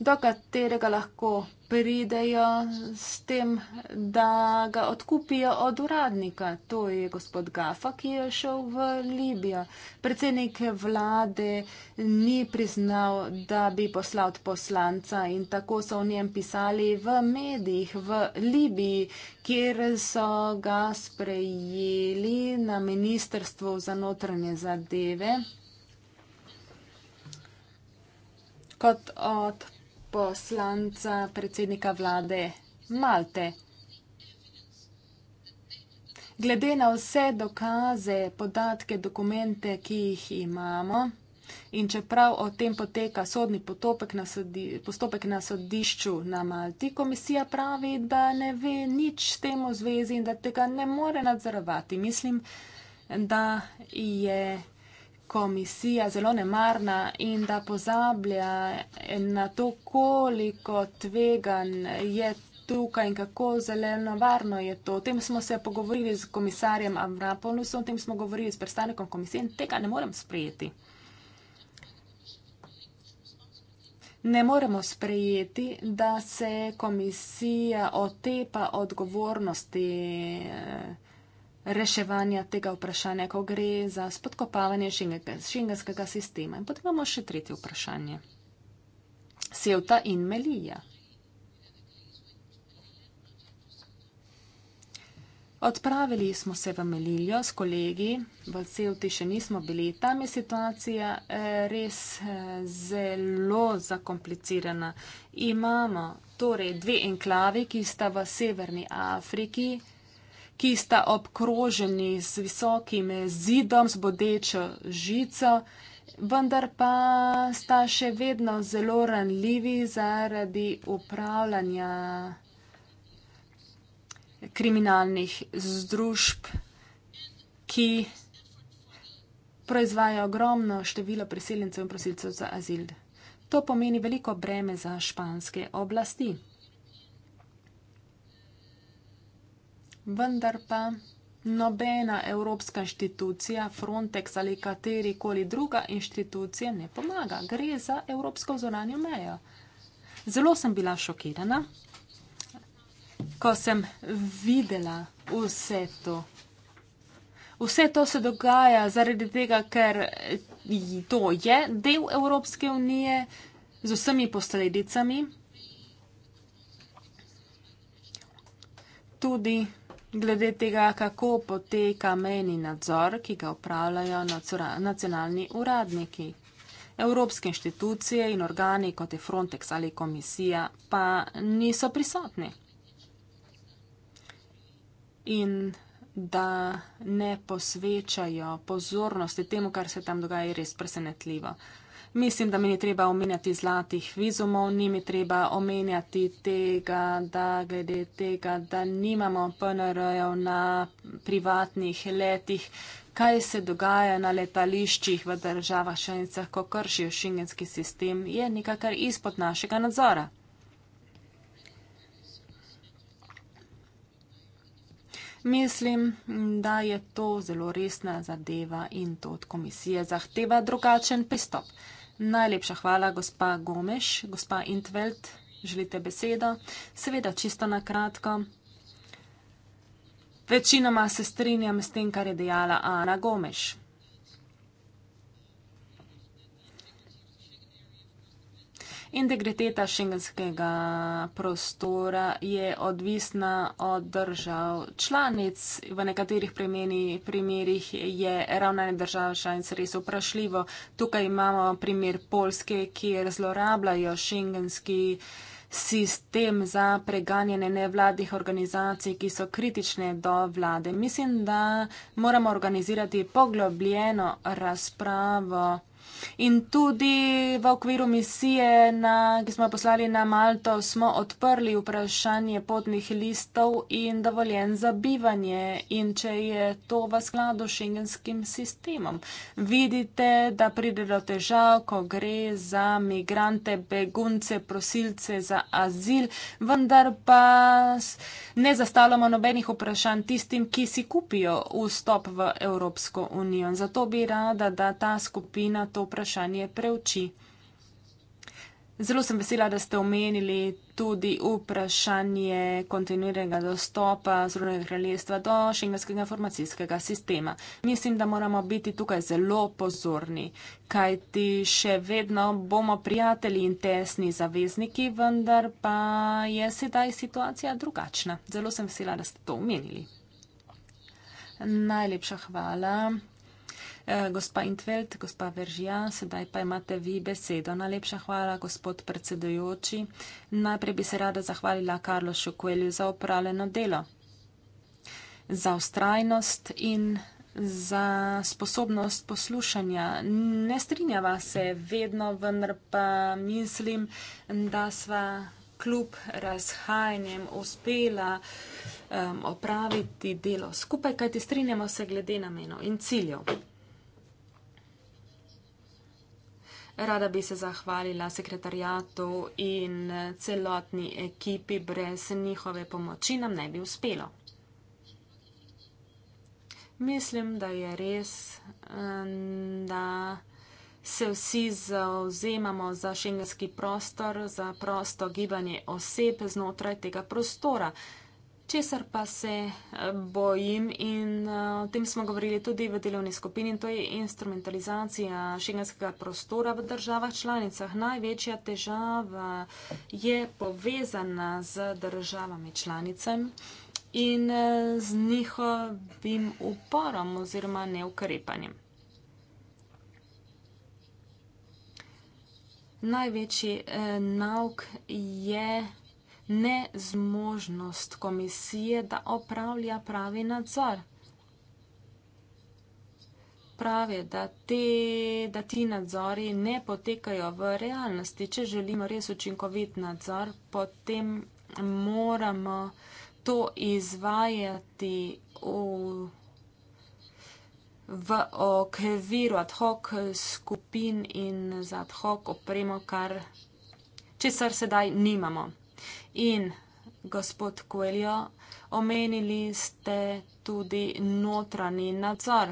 do katerega lahko pridejo s tem, da ga odkupijo od uradnika. To je gospod Gafa, ki je šel v Libijo. Predsednik vlade ni priznal, da bi poslal poslanca in tako so v njem pisali v medijih v Libiji, kjer so ga sprejeli na Ministrstvo za notranje zadeve kot odpravljanje poslanca predsednika vlade Malte. Glede na vse dokaze, podatke, dokumente, ki jih imamo, in čeprav o tem poteka sodni na sodi, postopek na sodišču na Malti, komisija pravi, da ne ve nič s tem v zvezi in da tega ne more nadzorovati. Mislim, da je komisija zelo nemarna in da pozablja na to, koliko tvegan je tukaj in kako zeleno varno je to. O tem smo se pogovorili z komisarjem Avrapolusom, o tem smo govorili s predstavnikom komisije in tega ne morem sprejeti. Ne moremo sprejeti, da se komisija otepa odgovornosti. Eh, reševanja tega vprašanja, ko gre za spodkopavanje šengenskega sistema. In potem imamo še tretje vprašanje. Sevta in Melija. Odpravili smo se v Melijo s kolegi, v Sevti še nismo bili. Tam je situacija eh, res eh, zelo zakomplicirana. Imamo torej dve enklavi, ki sta v severni Afriki, ki sta obkroženi z visokim zidom, z bodečo žico, vendar pa sta še vedno zelo ranljivi zaradi upravljanja kriminalnih združb, ki proizvajajo ogromno število priseljencev in prosilcev za azil. To pomeni veliko breme za španske oblasti. vendar pa nobena evropska inštitucija, Frontex ali katerikoli druga inštitucija ne pomaga. Gre za evropsko zoranjo mejo. Zelo sem bila šokirana, ko sem videla vse to. Vse to se dogaja zaradi tega, ker to je del Evropske unije z vsemi posledicami. Tudi glede tega, kako poteka meni nadzor, ki ga upravljajo nacionalni uradniki. Evropske inštitucije in organi, kot je Frontex ali komisija, pa niso prisotni. In da ne posvečajo pozornosti temu, kar se tam dogaja, je res presenetljivo. Uh, Mislim, da mi ni treba omenjati zlatih vizumov, ni mi treba omenjati tega, da glede tega, da nimamo PNR-jev na privatnih letih, kaj se dogaja na letališčih v državah članicah, ko kršijo šengenski sistem, je nikakor izpod našega nadzora. Mislim, da je to zelo resna zadeva in to od komisije zahteva drugačen pristop. Najlepša hvala, gospa Gomeš. Gospa Intveld, želite besedo? Seveda, čisto na kratko. Večinoma se strinjam s tem, kar je dejala Ana Gomeš. Integriteta šengenskega prostora je odvisna od držav članic. V nekaterih premeni, primerih je ravnanje držav članic res vprašljivo. Tukaj imamo primer Polske, kjer zlorabljajo šengenski sistem za preganjene nevladnih organizacij, ki so kritične do vlade. Mislim, da moramo organizirati poglobljeno razpravo. In tudi v okviru misije, na, ki smo jo poslali na Malto, smo odprli vprašanje potnih listov in dovoljen za bivanje in če je to v skladu s šengenskim sistemom. Vidite, da pride do težav, ko gre za migrante, begunce, prosilce za azil, vendar pa ne zastavljamo nobenih vprašanj tistim, ki si kupijo vstop v Evropsko unijo. Zato bi rada, da ta skupina to vprašanje preuči. Zelo sem vesela, da ste omenili tudi vprašanje kontinuiranega dostopa Združenega kraljestva do šengenskega informacijskega sistema. Mislim, da moramo biti tukaj zelo pozorni, kajti še vedno bomo prijatelji in tesni zavezniki, vendar pa je sedaj situacija drugačna. Zelo sem vesela, da ste to omenili. Najlepša hvala. Eh, gospa Intveld, gospa Veržija, sedaj pa imate vi besedo. Najlepša hvala, gospod predsedujoči. Najprej bi se rada zahvalila Karlo Šukvelju za upravljeno delo, za ustrajnost in za sposobnost poslušanja. Ne strinjava se vedno, vendar pa mislim, da sva kljub razhajanjem uspela um, opraviti delo skupaj, kajti strinjamo se glede namenov in ciljev. Rada bi se zahvalila sekretarjatu in celotni ekipi, brez njihove pomoči nam ne bi uspelo. Mislim, da je res, da se vsi zauzemamo za šengenski prostor, za prosto gibanje oseb znotraj tega prostora. Česar pa se eh, bojim in eh, o tem smo govorili tudi v delovni skupini, to je instrumentalizacija šengenskega prostora v državah članicah. Največja težava je povezana z državami članicami in eh, z njihovim uporom oziroma neukrepanjem. Največji eh, nauk je nezmožnost komisije, da opravlja pravi nadzor. Pravi, da, te, da ti nadzori ne potekajo v realnosti. Če želimo res učinkovit nadzor, potem moramo to izvajati v, v okviru ad hoc skupin in z ad hoc opremo, kar česar sedaj nimamo in gospod Koeljo, omenili ste tudi notranji nadzor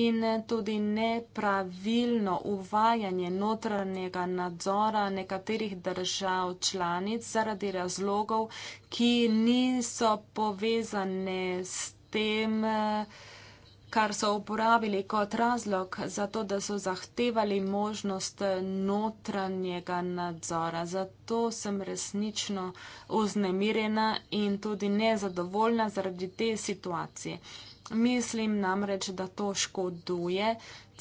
in tudi nepravilno uvajanje notranjega nadzora nekaterih držav članic zaradi razlogov, ki niso povezane s tem, eh, kar so uporabili kot razlog za to, da so zahtevali možnost notranjega nadzora. Zato sem resnično uznemirjena in tudi nezadovoljna zaradi te situacije. Mislim namreč, da to škoduje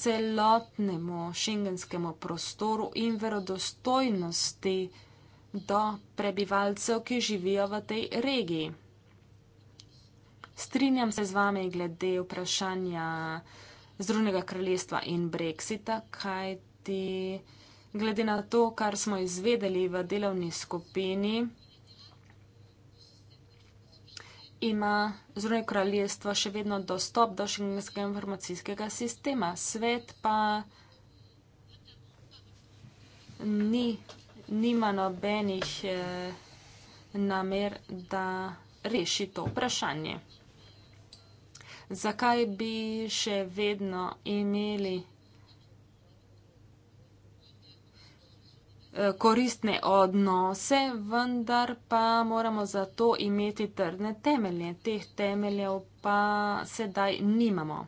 celotnemu šengenskemu prostoru in verodostojnosti do prebivalcev, ki živijo v tej regiji strinjam se z vami glede vprašanja Združenega kraljestva in Brexita, kajti glede na to, kar smo izvedeli v delovni skupini, ima Združeno kraljestvo še vedno dostop do šengenskega informacijskega sistema. Svet pa ni, nima nobenih eh, namer, da reši to vprašanje zakaj bi še vedno imeli eh, koristne odnose, vendar pa moramo za to imeti trdne temelje. Teh temeljev pa sedaj nimamo.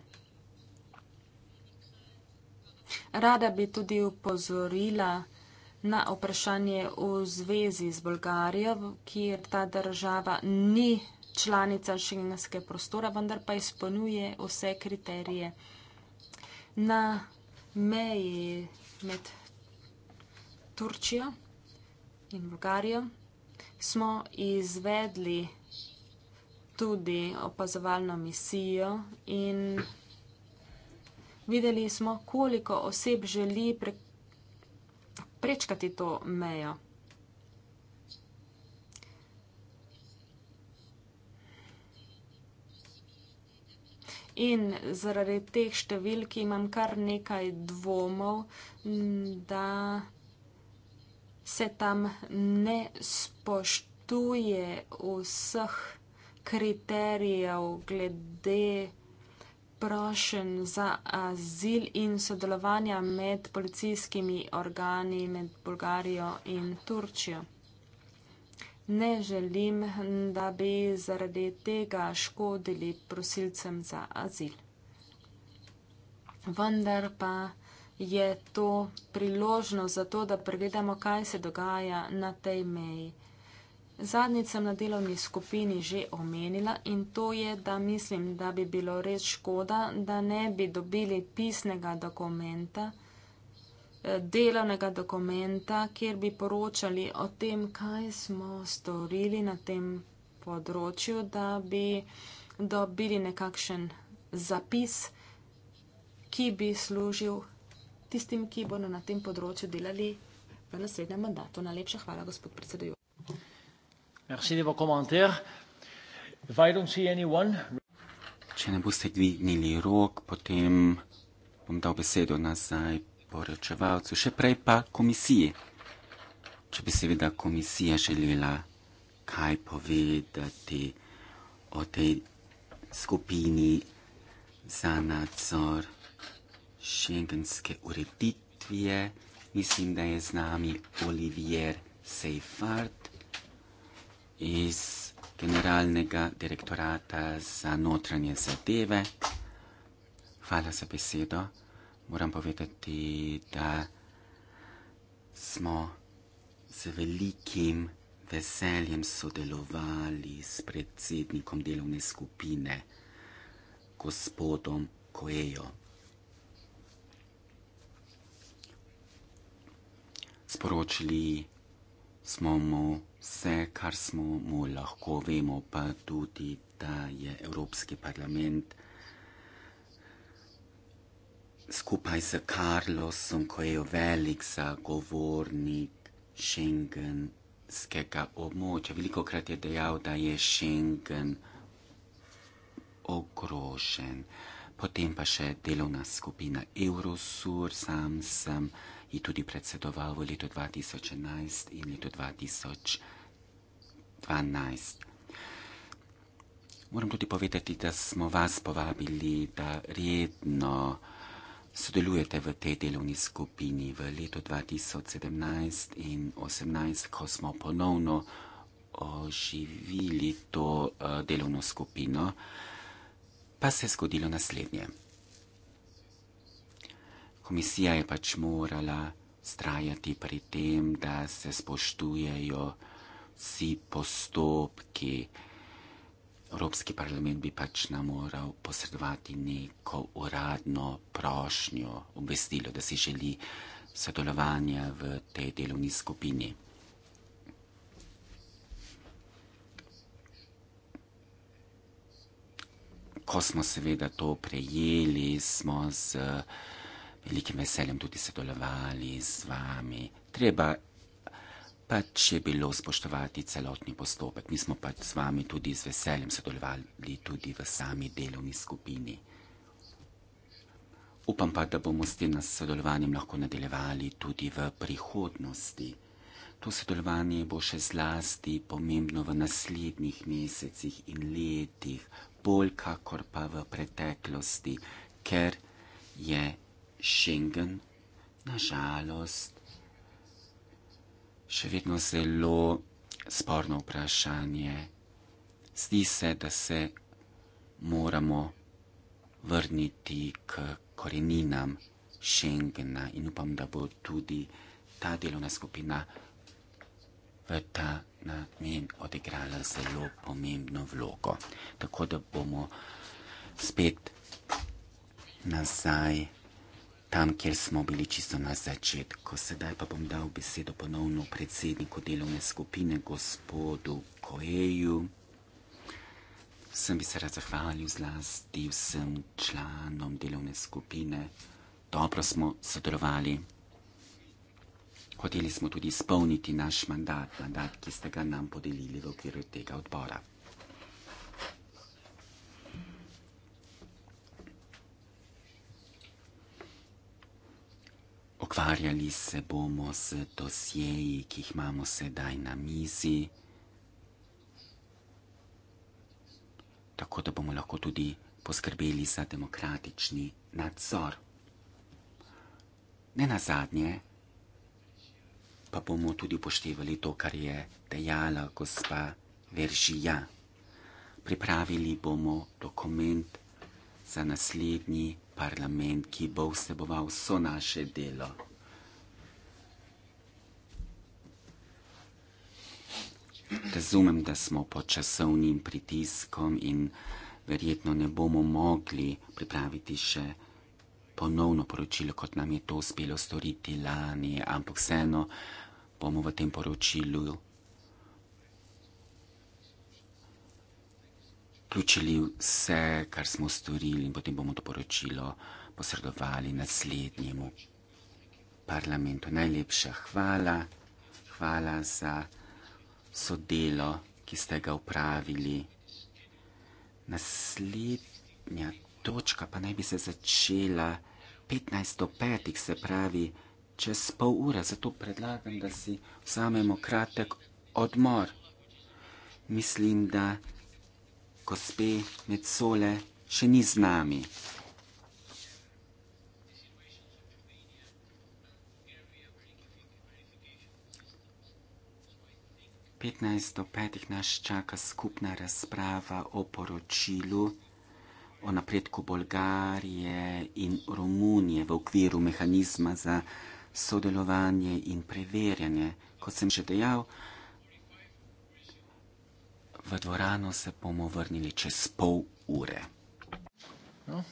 Rada bi tudi upozorila na vprašanje v zvezi z Bolgarijo, kjer ta država ni članica šengenske prostora, vendar pa izpolnjuje vse kriterije. Na meji med Turčijo in Bulgarijo smo izvedli tudi opazovalno misijo in videli smo, koliko oseb želi pre prečkati to mejo. In zaradi teh številk imam kar nekaj dvomov, da se tam ne spoštuje vseh kriterijev glede prošenj za azil in sodelovanja med policijskimi organi med Bolgarijo in Turčijo. Ne želim, da bi zaradi tega škodili prosilcem za azil. Vendar pa je to priložnost za to, da pregledamo, kaj se dogaja na tej meji. Zadnjič sem na delovni skupini že omenila in to je, da mislim, da bi bilo res škoda, da ne bi dobili pisnega dokumenta, delovnega dokumenta, kjer bi poročali o tem, kaj smo storili na tem področju, da bi dobili nekakšen zapis, ki bi služil tistim, ki bodo na tem področju delali v naslednjem mandatu. Najlepša hvala, gospod predsedujoč. Merci de vos commentaires. If I don't see anyone... Če ne boste dvignili rok, potem bom dal besedo nazaj poročevalcu, še prej pa komisiji. Če bi seveda komisija želela kaj povedati o tej skupini za nadzor šengenske ureditve, mislim, da je z nami Olivier Seifard iz Generalnega direktorata za notranje zadeve. Hvala za besedo moram povedati, da smo z velikim veseljem sodelovali s predsednikom delovne skupine, gospodom Koejo. Sporočili smo mu vse, kar smo mu lahko vemo, pa tudi, da je Evropski parlament skupaj z Karlosom, ko je velik zagovornik šengenskega območja, veliko krat je dejal, da je šengen ogrožen. Potem pa še delovna skupina Eurosur, sam sem ji tudi predsedoval v letu 2011 in letu 2012. Moram tudi povedati, da smo vas povabili, da redno sodelujete v tej delovni skupini v letu 2017 in 2018, ko smo ponovno oživili to eh, delovno skupino, pa se je zgodilo naslednje. Komisija je pač morala strajati pri tem, da se spoštujejo vsi postopki, Evropski parlament bi pač namoral posredovati neko uradno prošnjo, obvestilo, da si želi sodelovanja v tej delovni skupini. Ko smo seveda to prejeli, smo z velikim veseljem tudi sodelovali z vami. Treba pač je bilo spoštovati celotni postopek. Mi smo pač z vami tudi z veseljem sodelovali tudi v sami delovni skupini. Upam pa, da bomo s tem sodelovanjem lahko nadaljevali tudi v prihodnosti. To sodelovanje bo še zlasti pomembno v naslednjih mesecih in letih, bolj kakor pa v preteklosti, ker je Schengen na žalost še vedno zelo sporno vprašanje. Zdi se, da se moramo vrniti k koreninam Schengena in upam, da bo tudi ta delovna skupina v ta namen odigrala zelo pomembno vlogo. Tako da bomo spet nazaj tam, kjer smo bili čisto na začetku. Sedaj pa bom dal besedo ponovno predsedniku delovne skupine, gospodu Koeju. Sem bi se rad zahvalil zlasti vsem članom delovne skupine. Dobro smo sodelovali. Hoteli smo tudi izpolniti naš mandat, mandat, ki ste ga nam podelili v okviru tega odbora. ukvarjali se bomo s dosjeji, ki jih imamo sedaj na mizi, tako da bomo lahko tudi poskrbeli za demokratični nadzor. Ne na zadnje, pa bomo tudi upoštevali to, kar je dejala gospa Veržija. Pripravili bomo dokument za naslednji parlament, ki bo vseboval vso naše delo. Razumem, da smo pod časovnim pritiskom in verjetno ne bomo mogli pripraviti še ponovno poročilo, kot nam je to uspelo storiti lani, ampak vseeno bomo v tem poročilu vključili vse, kar smo storili, in potem bomo to poročilo posredovali naslednjemu parlamentu. Najlepša hvala, hvala za sodelo, ki ste ga upravili. Naslednja točka pa naj bi se začela 15.05., se pravi čez pol ure, zato predlagam, da si vzamemo kratek odmor. Mislim, da gospe Mecole še ni z nami. Petnajst do petih nas čaka skupna razprava o poročilu o napredku Bolgarije in Romunije v okviru mehanizma za sodelovanje in preverjanje. Kot sem že dejal, V dvorano se bomo vrnili čez pol ure. No,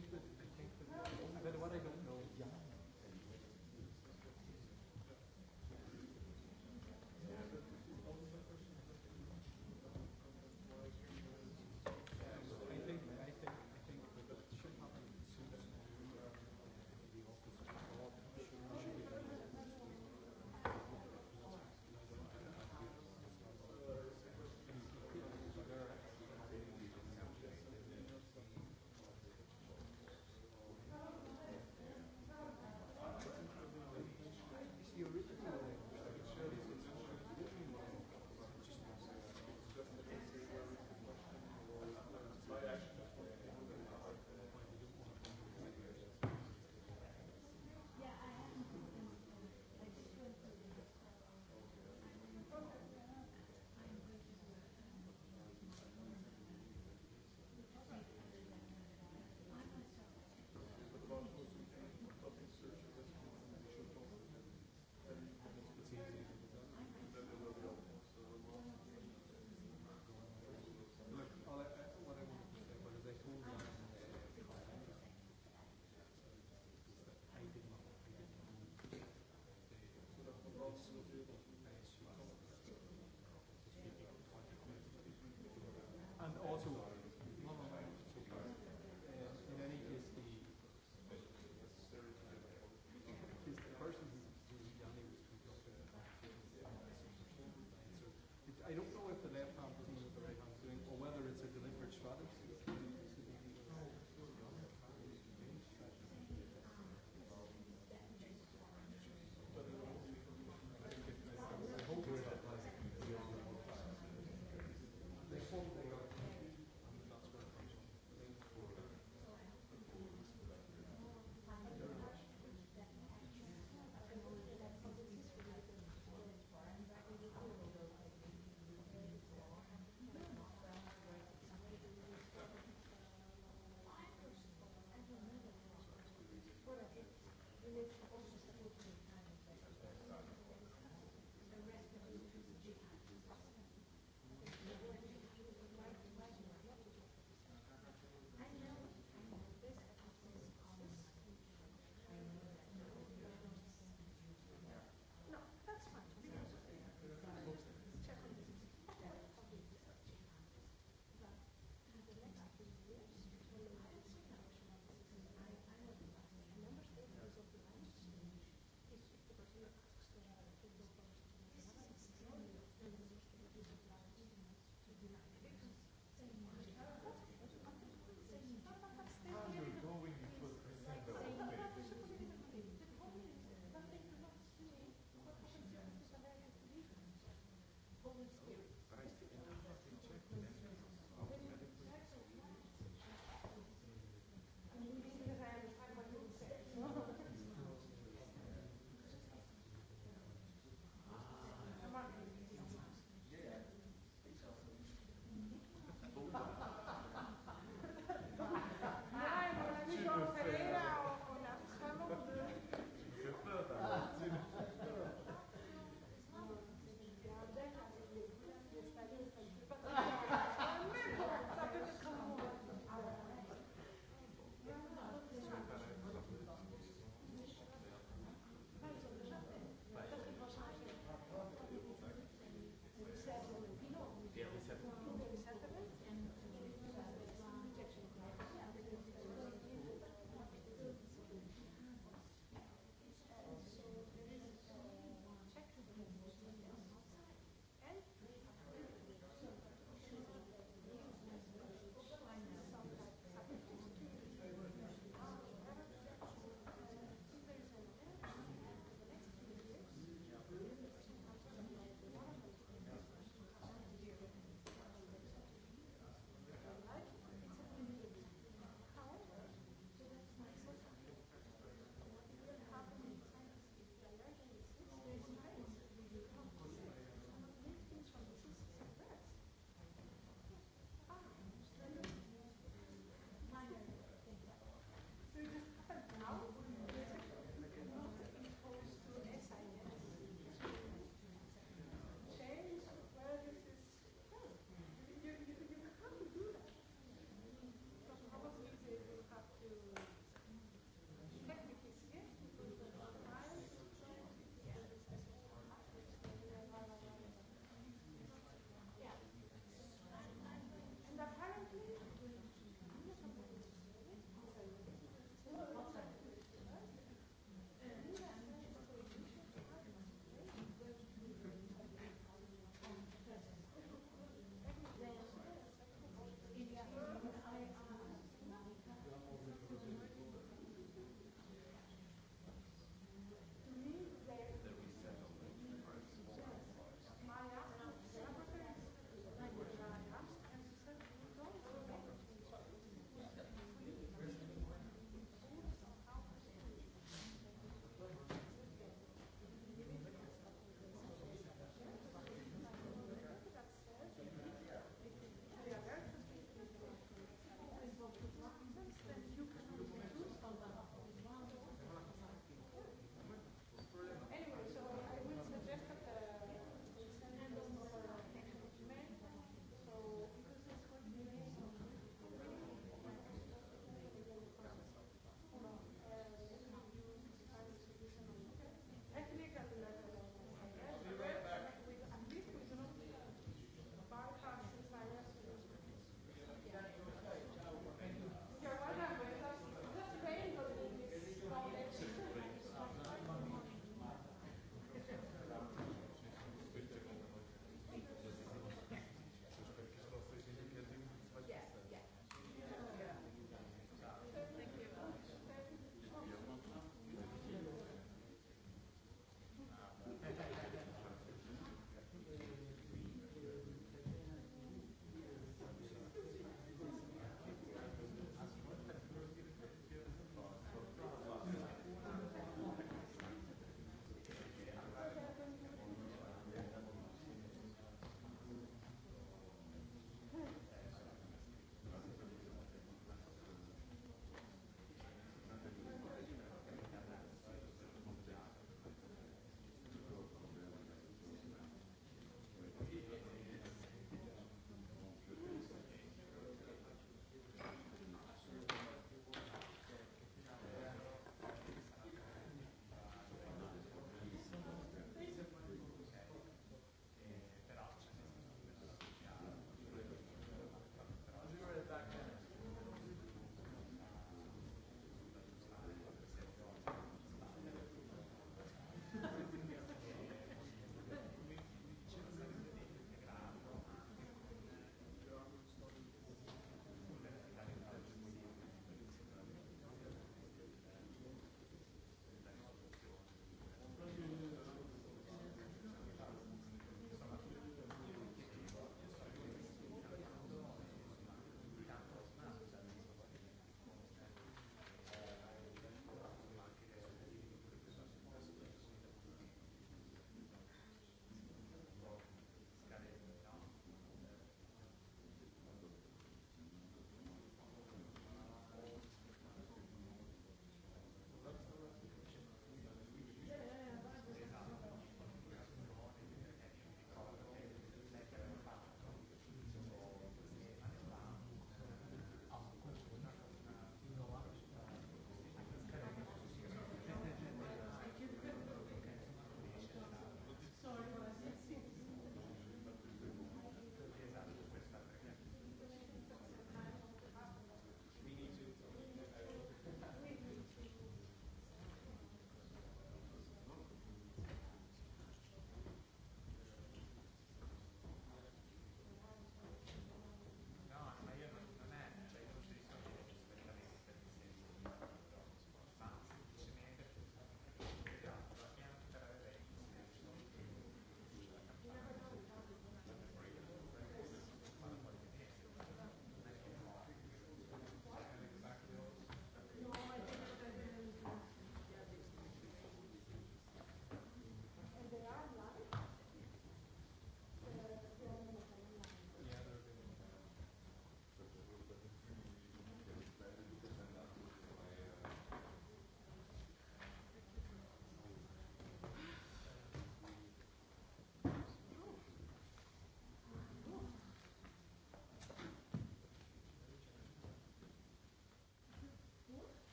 Thank you.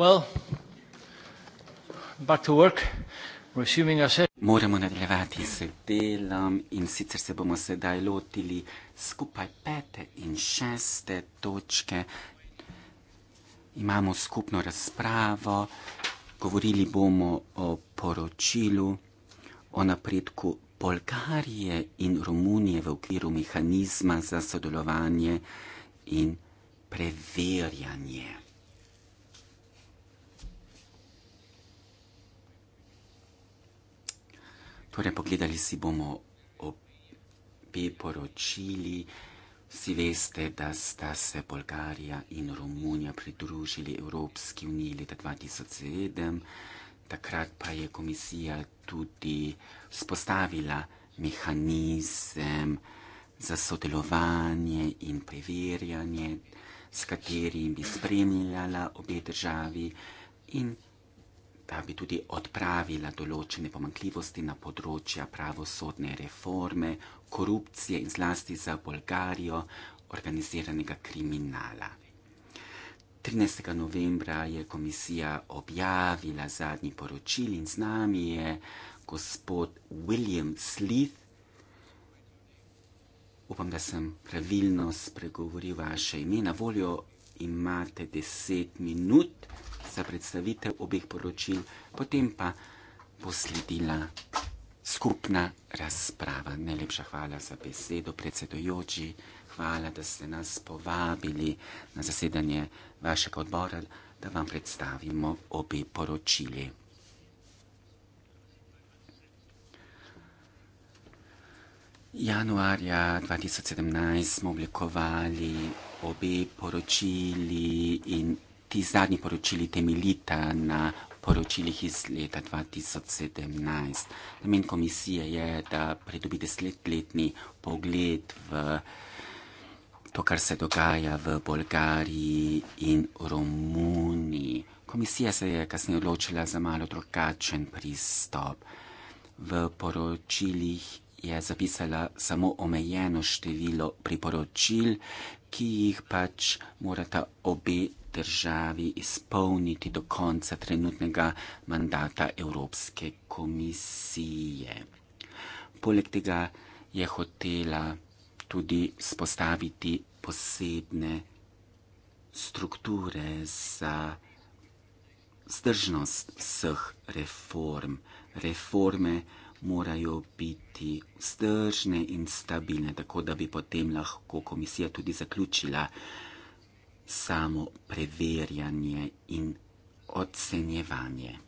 Well, back to work. Moramo nadaljevati s delom in sicer se bomo sedaj lotili skupaj pete in šeste točke. Imamo skupno razpravo, govorili bomo o poročilu, o napredku Bolgarije in Romunije v okviru mehanizma za sodelovanje in preverjanje. Torej, pogledali si bomo obe poročili. Vsi veste, da sta se Bolgarija in Romunija pridružili Evropski uniji leta 2007. Takrat pa je komisija tudi spostavila mehanizem za sodelovanje in preverjanje, s katerim bi spremljala obe državi in da bi tudi odpravila določene pomankljivosti na področju pravosodne reforme, korupcije in zlasti za Bolgarijo organiziranega kriminala. 13. novembra je komisija objavila zadnji poročil in z nami je gospod William Slith. Upam, da sem pravilno spregovoril vaše ime. Na voljo imate 10 minut za predstavitev obeh poročil, potem pa bo sledila skupna razprava. Najlepša hvala za besedo, predsedojoči. Hvala, da ste nas povabili na zasedanje vašega odbora, da vam predstavimo obe poročili. Januarja 2017 smo oblikovali obe poročili in ti zadnji poročili temeljita na poročilih iz leta 2017. Namen komisije je, da pridobi desetletni pogled v to, kar se dogaja v Bolgariji in Romuniji. Komisija se je kasneje odločila za malo drugačen pristop. V poročilih je zapisala samo omejeno število priporočil, ki jih pač morata obe državi izpolniti do konca trenutnega mandata Evropske komisije. Poleg tega je hotela tudi spostaviti posebne strukture za zdržnost vseh reform. Reforme morajo biti vzdržne in stabilne, tako da bi potem lahko komisija tudi zaključila samo preverjanje in ocenjevanje.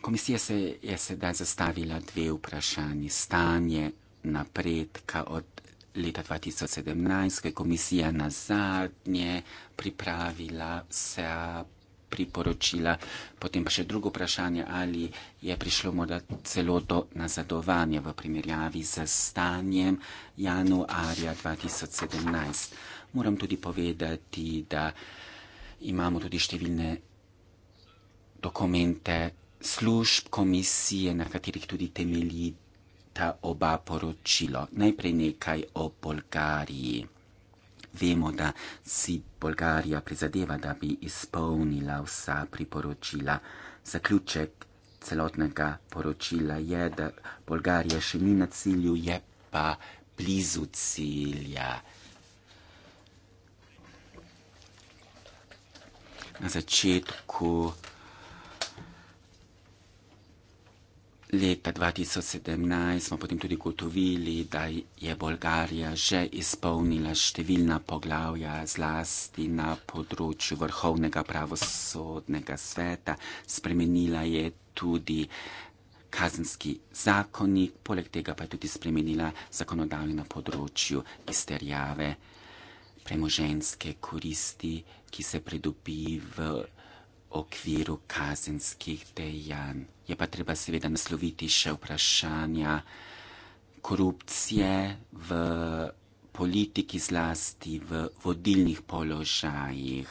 Komisija se je sedaj zastavila dve vprašanji. Stanje napredka od leta 2017, ko je komisija nazadnje pripravila se priporočila. Potem pa še drugo vprašanje, ali je prišlo morda celo do nazadovanja v primerjavi z stanjem januarja 2017. Moram tudi povedati, da imamo tudi številne dokumente služb, komisije, na katerih tudi temelji ta oba poročilo. Najprej nekaj o Bolgariji. Vemo, da si Bolgarija prizadeva, da bi izpolnila vsa priporočila. Zaključek celotnega poročila je, da Bolgarija še ni na cilju, je pa blizu cilja. Na začetku Leta 2017 smo potem tudi gotovili, da je Bolgarija že izpolnila številna poglavja, zlasti na področju vrhovnega pravosodnega sveta. Spremenila je tudi kazenski zakonik, poleg tega pa je tudi spremenila zakonodajo na področju izterjave premoženske koristi, ki se pridobi v okviru kazenskih dejanj. Je pa treba seveda nasloviti še vprašanja korupcije v politiki, zlasti v vodilnih položajih.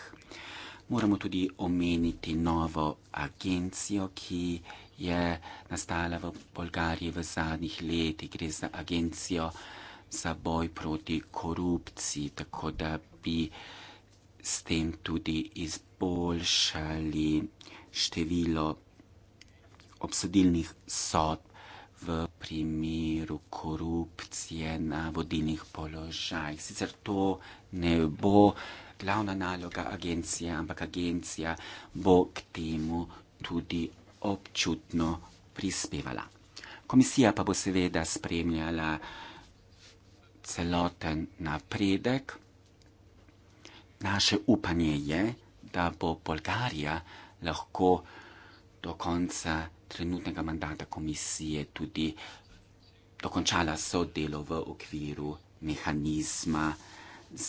Moramo tudi omeniti novo agencijo, ki je nastala v Bolgariji v zadnjih letih. Gre za agencijo za boj proti korupciji, tako da bi s tem tudi izbrali izboljšali število obsodilnih sodb v primeru korupcije na vodilnih položajih. Sicer to ne bo glavna naloga agencije, ampak agencija bo k temu tudi občutno prispevala. Komisija pa bo seveda spremljala celoten napredek. Naše upanje je, da bo Bolgarija lahko do konca trenutnega mandata komisije tudi dokončala sodelo v okviru mehanizma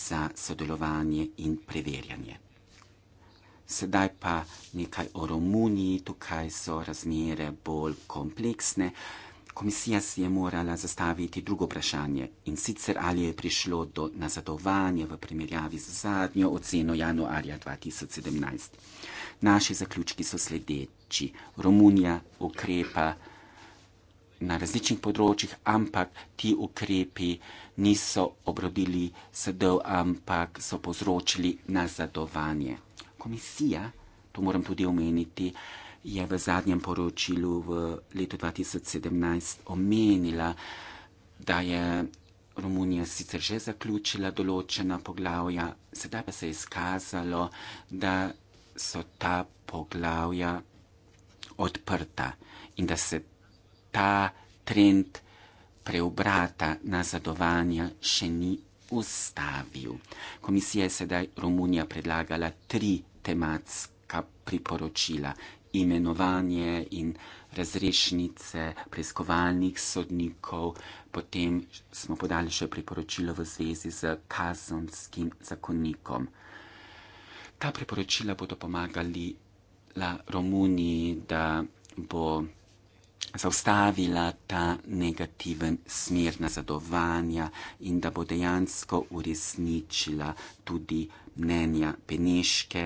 za sodelovanje in preverjanje. Sedaj pa nekaj o Romuniji, tukaj so razmere bolj kompleksne. Komisija si je morala zastaviti drugo vprašanje in sicer ali je prišlo do nazadovanja v primerjavi z zadnjo oceno januarja 2017. Naši zaključki so sledeči. Romunija ukrepa na različnih področjih, ampak ti ukrepi niso obrodili sedel, ampak so povzročili nazadovanje. Komisija, to moram tudi omeniti, je v zadnjem poročilu v letu 2017 omenila, da je Romunija sicer že zaključila določena poglavja, sedaj pa se je izkazalo, da so ta poglavja odprta in da se ta trend preobrata nazadovanja še ni ustavil. Komisija je sedaj Romunija predlagala tri tematska priporočila, imenovanje in razrešnice preiskovalnih sodnikov, potem smo podali še priporočilo v zvezi z kazenskim zakonnikom. Ta priporočila bodo pomagali la Romuniji, da bo zaustavila ta negativen smer nazadovanja in da bo dejansko uresničila tudi mnenja Peneške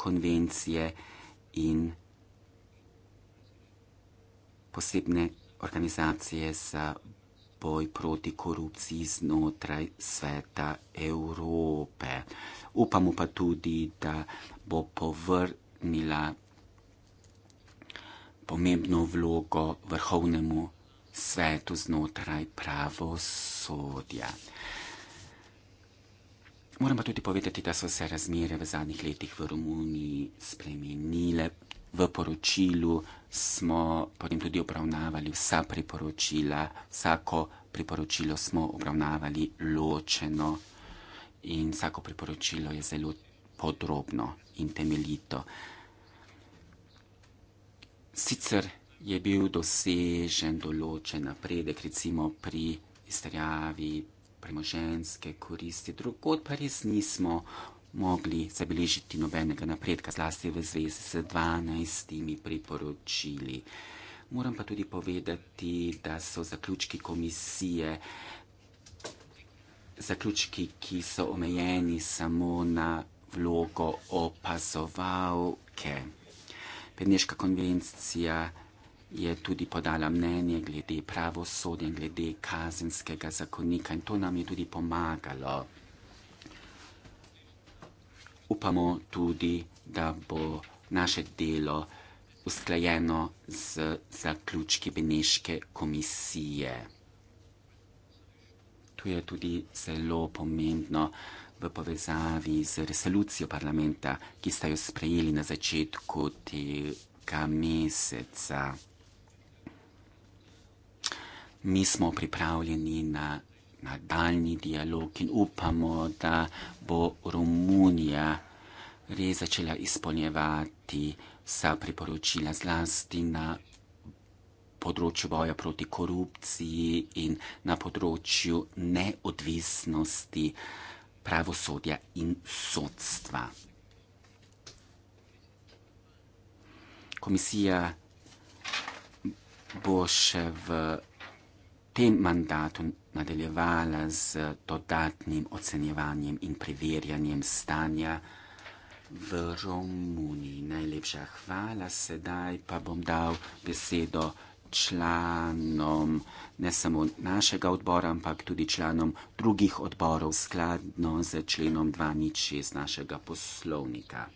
konvencije in posebne organizacije za boj proti korupciji znotraj sveta Evrope. Upamo pa tudi, da bo povrnila pomembno vlogo vrhovnemu svetu znotraj pravosodja. Moram pa tudi povedati, da so se razmere v zadnjih letih v Romuniji spremenile v poročilu smo potem tudi obravnavali vsa priporočila, vsako priporočilo smo obravnavali ločeno in vsako priporočilo je zelo podrobno in temeljito. Sicer je bil dosežen določen napredek, recimo pri izterjavi premoženske koristi, drugod pa res nismo mogli zabeležiti nobenega napredka, zlasti v zvezi s 12 priporočili. Moram pa tudi povedati, da so zaključki komisije, zaključki, ki so omejeni samo na vlogo opazovalke. Pedneška konvencija je tudi podala mnenje glede pravosodja in glede kazenskega zakonika in to nam je tudi pomagalo upamo tudi, da bo naše delo usklajeno z zaključki Beneške komisije. To je tudi zelo pomembno v povezavi z resolucijo parlamenta, ki ste jo sprejeli na začetku tega meseca. Mi smo pripravljeni na nadaljni dialog in upamo, da bo Romunija res začela izpolnjevati vsa priporočila zlasti na področju boja proti korupciji in na področju neodvisnosti pravosodja in sodstva. Komisija bo še v tem mandatu nadaljevala z dodatnim ocenjevanjem in preverjanjem stanja v Romuniji. Najlepša hvala, sedaj pa bom dal besedo članom ne samo našega odbora, ampak tudi članom drugih odborov skladno z členom 206 našega poslovnika.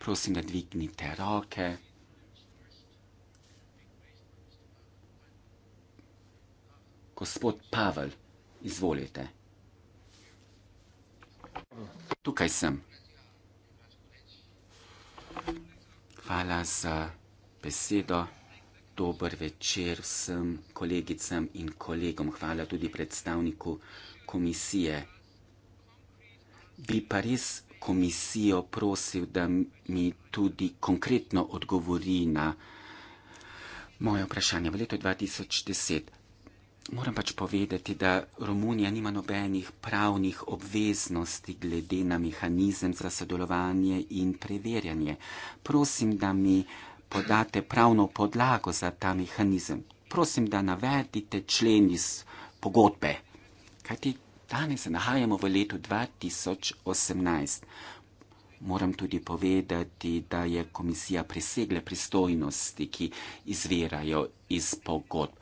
Prosim, da dvignite roke. gospod Pavel, izvolite. Tukaj sem. Hvala za besedo. Dober večer vsem kolegicam in kolegom. Hvala tudi predstavniku komisije. Bi pa res komisijo prosil, da mi tudi konkretno odgovori na moje vprašanje. V letu 2010 Moram pač povedati, da Romunija nima nobenih pravnih obveznosti glede na mehanizem za sodelovanje in preverjanje. Prosim, da mi podate pravno podlago za ta mehanizem. Prosim, da navedite člen iz pogodbe. Kajti danes se nahajamo v letu 2018. Moram tudi povedati, da je komisija presegla pristojnosti, ki izvirajo iz pogodb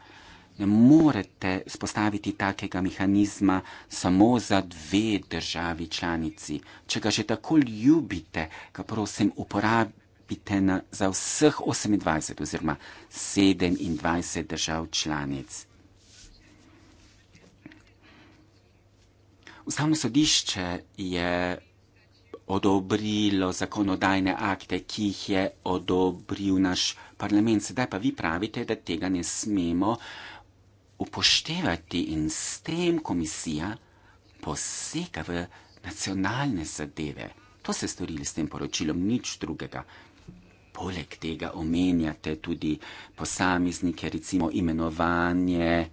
ne morete spostaviti takega mehanizma samo za dve državi članici. Če ga že tako ljubite, ga prosim uporabite na, za vseh 28 oziroma 27 držav članic. Ustavno sodišče je odobrilo zakonodajne akte, ki jih je odobril naš parlament. Sedaj pa vi pravite, da tega ne smemo upoštevati in s tem komisija posega v nacionalne zadeve. To ste storili s tem poročilom, nič drugega. Poleg tega omenjate tudi posameznike, recimo imenovanje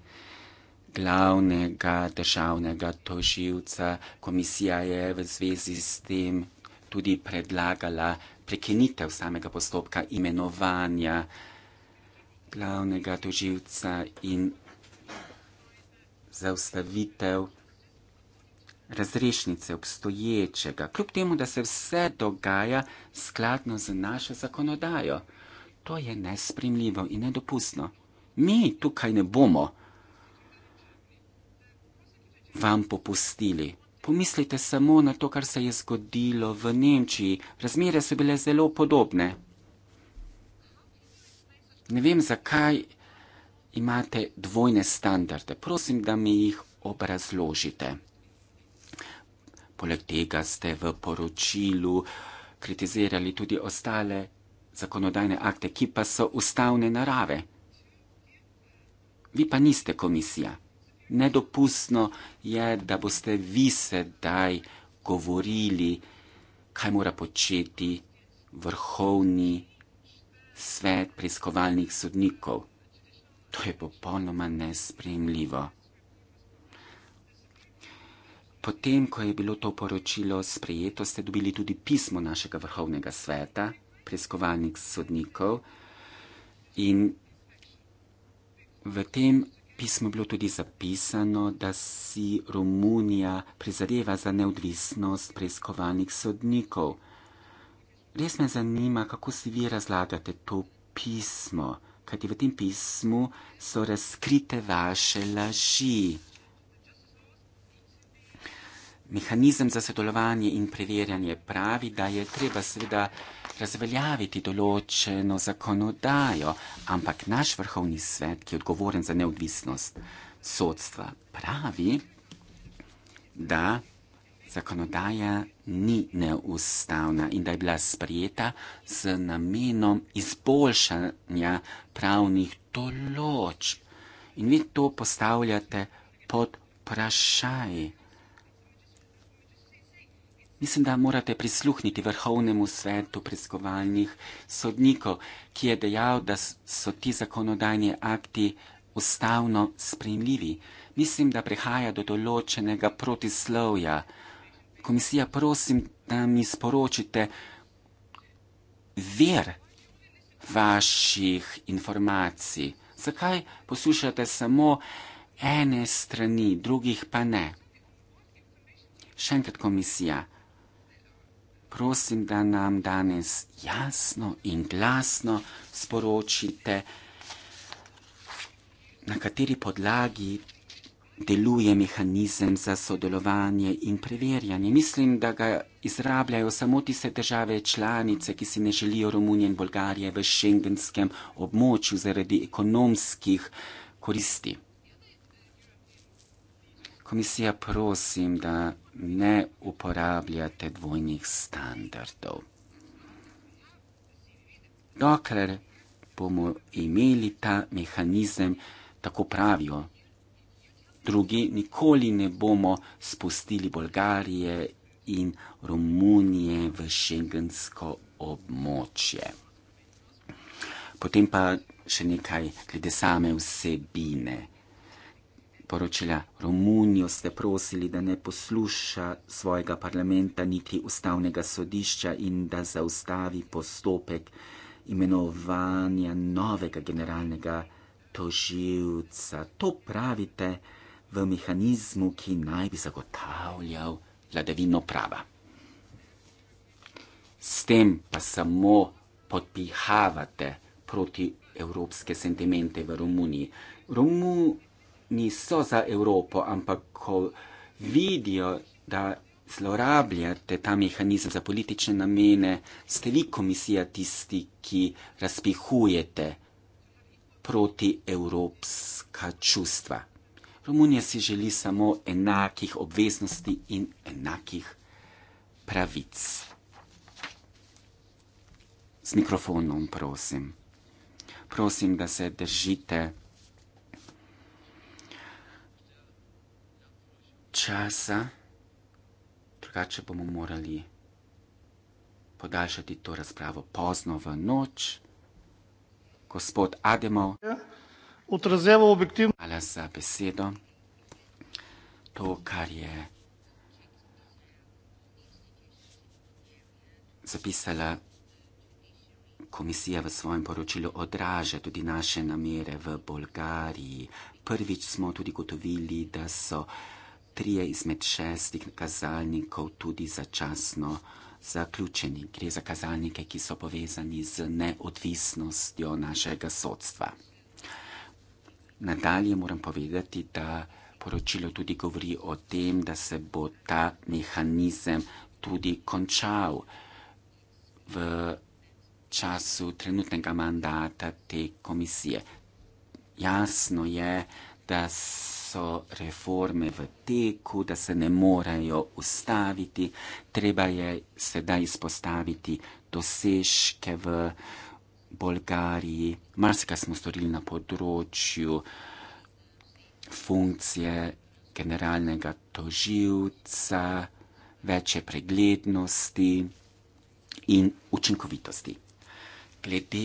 glavnega državnega toživca. Komisija je v zvezi s tem tudi predlagala prekinitev samega postopka imenovanja glavnega toživca in zaustavitev razrešnice obstoječega, kljub temu, da se vse dogaja skladno z našo zakonodajo. To je nespremljivo in nedopustno. Mi tukaj ne bomo vam popustili. Pomislite samo na to, kar se je zgodilo v Nemčiji. Razmere so bile zelo podobne. Ne vem, zakaj imate dvojne standarde. Prosim, da mi jih obrazložite. Poleg tega ste v poročilu kritizirali tudi ostale zakonodajne akte, ki pa so ustavne narave. Vi pa niste komisija. Nedopustno je, da boste vi sedaj govorili, kaj mora početi vrhovni svet preiskovalnih sodnikov. To je popolnoma nespremljivo. Potem, ko je bilo to poročilo sprejeto, ste dobili tudi pismo našega vrhovnega sveta, preiskovalnik sodnikov. In v tem pismu je bilo tudi zapisano, da si Romunija prizadeva za neodvisnost preiskovalnih sodnikov. Res me zanima, kako si vi razlagate to pismo kajti v tem pismu so razkrite vaše laži. Mehanizem za sodelovanje in preverjanje pravi, da je treba seveda razveljaviti določeno zakonodajo, ampak naš vrhovni svet, ki je odgovoren za neodvisnost sodstva, pravi, da zakonodaja ni neustavna in da je bila sprijeta z namenom izboljšanja pravnih določb. In vi to postavljate pod vprašaj. Mislim, da morate prisluhniti vrhovnemu svetu preiskovalnih sodnikov, ki je dejal, da so ti zakonodajni akti ustavno sprejemljivi. Mislim, da prihaja do določenega protislovja komisija, prosim, da mi sporočite ver vaših informacij. Zakaj poslušate samo ene strani, drugih pa ne? Še enkrat komisija, prosim, da nam danes jasno in glasno sporočite, na kateri podlagi deluje mehanizem za sodelovanje in preverjanje. Mislim, da ga izrabljajo samo tiste države članice, ki si ne želijo Romunije in Bolgarije v šengenskem območju zaradi ekonomskih koristi. Komisija, prosim, da ne uporabljate dvojnih standardov. Dokler bomo imeli ta mehanizem, tako pravijo drugi nikoli ne bomo spustili Bolgarije in Romunije v šengensko območje. Potem pa še nekaj glede same vsebine. Poročila Romunijo ste prosili, da ne posluša svojega parlamenta niti ustavnega sodišča in da zaustavi postopek imenovanja novega generalnega tožilca. To pravite, v mehanizmu, ki naj bi zagotavljal vladavino prava. S tem pa samo podpihavate proti evropske sentimente v Romuniji. Romuni so za Evropo, ampak ko vidijo, da zlorabljate ta mehanizem za politične namene, ste vi komisija tisti, ki razpihujete proti evropska čustva. Romunija si želi samo enakih obveznosti in enakih pravic. Z mikrofonom, prosim. Prosim, da se držite časa, drugače bomo morali podaljšati to razpravo pozno v noč. Gospod Ademo. Ja odrazeval objektivno. Hvala za besedo. To, kar je zapisala komisija v svojem poročilu, odraža tudi naše namere v Bolgariji. Prvič smo tudi gotovili, da so trije izmed šestih kazalnikov tudi začasno zaključeni. Gre za kazalnike, ki so povezani z neodvisnostjo našega sodstva. Nadalje moram povedati, da poročilo tudi govori o tem, da se bo ta mehanizem tudi končal v času trenutnega mandata te komisije. Jasno je, da so reforme v teku, da se ne morejo ustaviti, treba je sedaj izpostaviti dosežke v. Bolgariji, marsikaj smo storili na področju funkcije generalnega toživca, večje preglednosti in učinkovitosti. Glede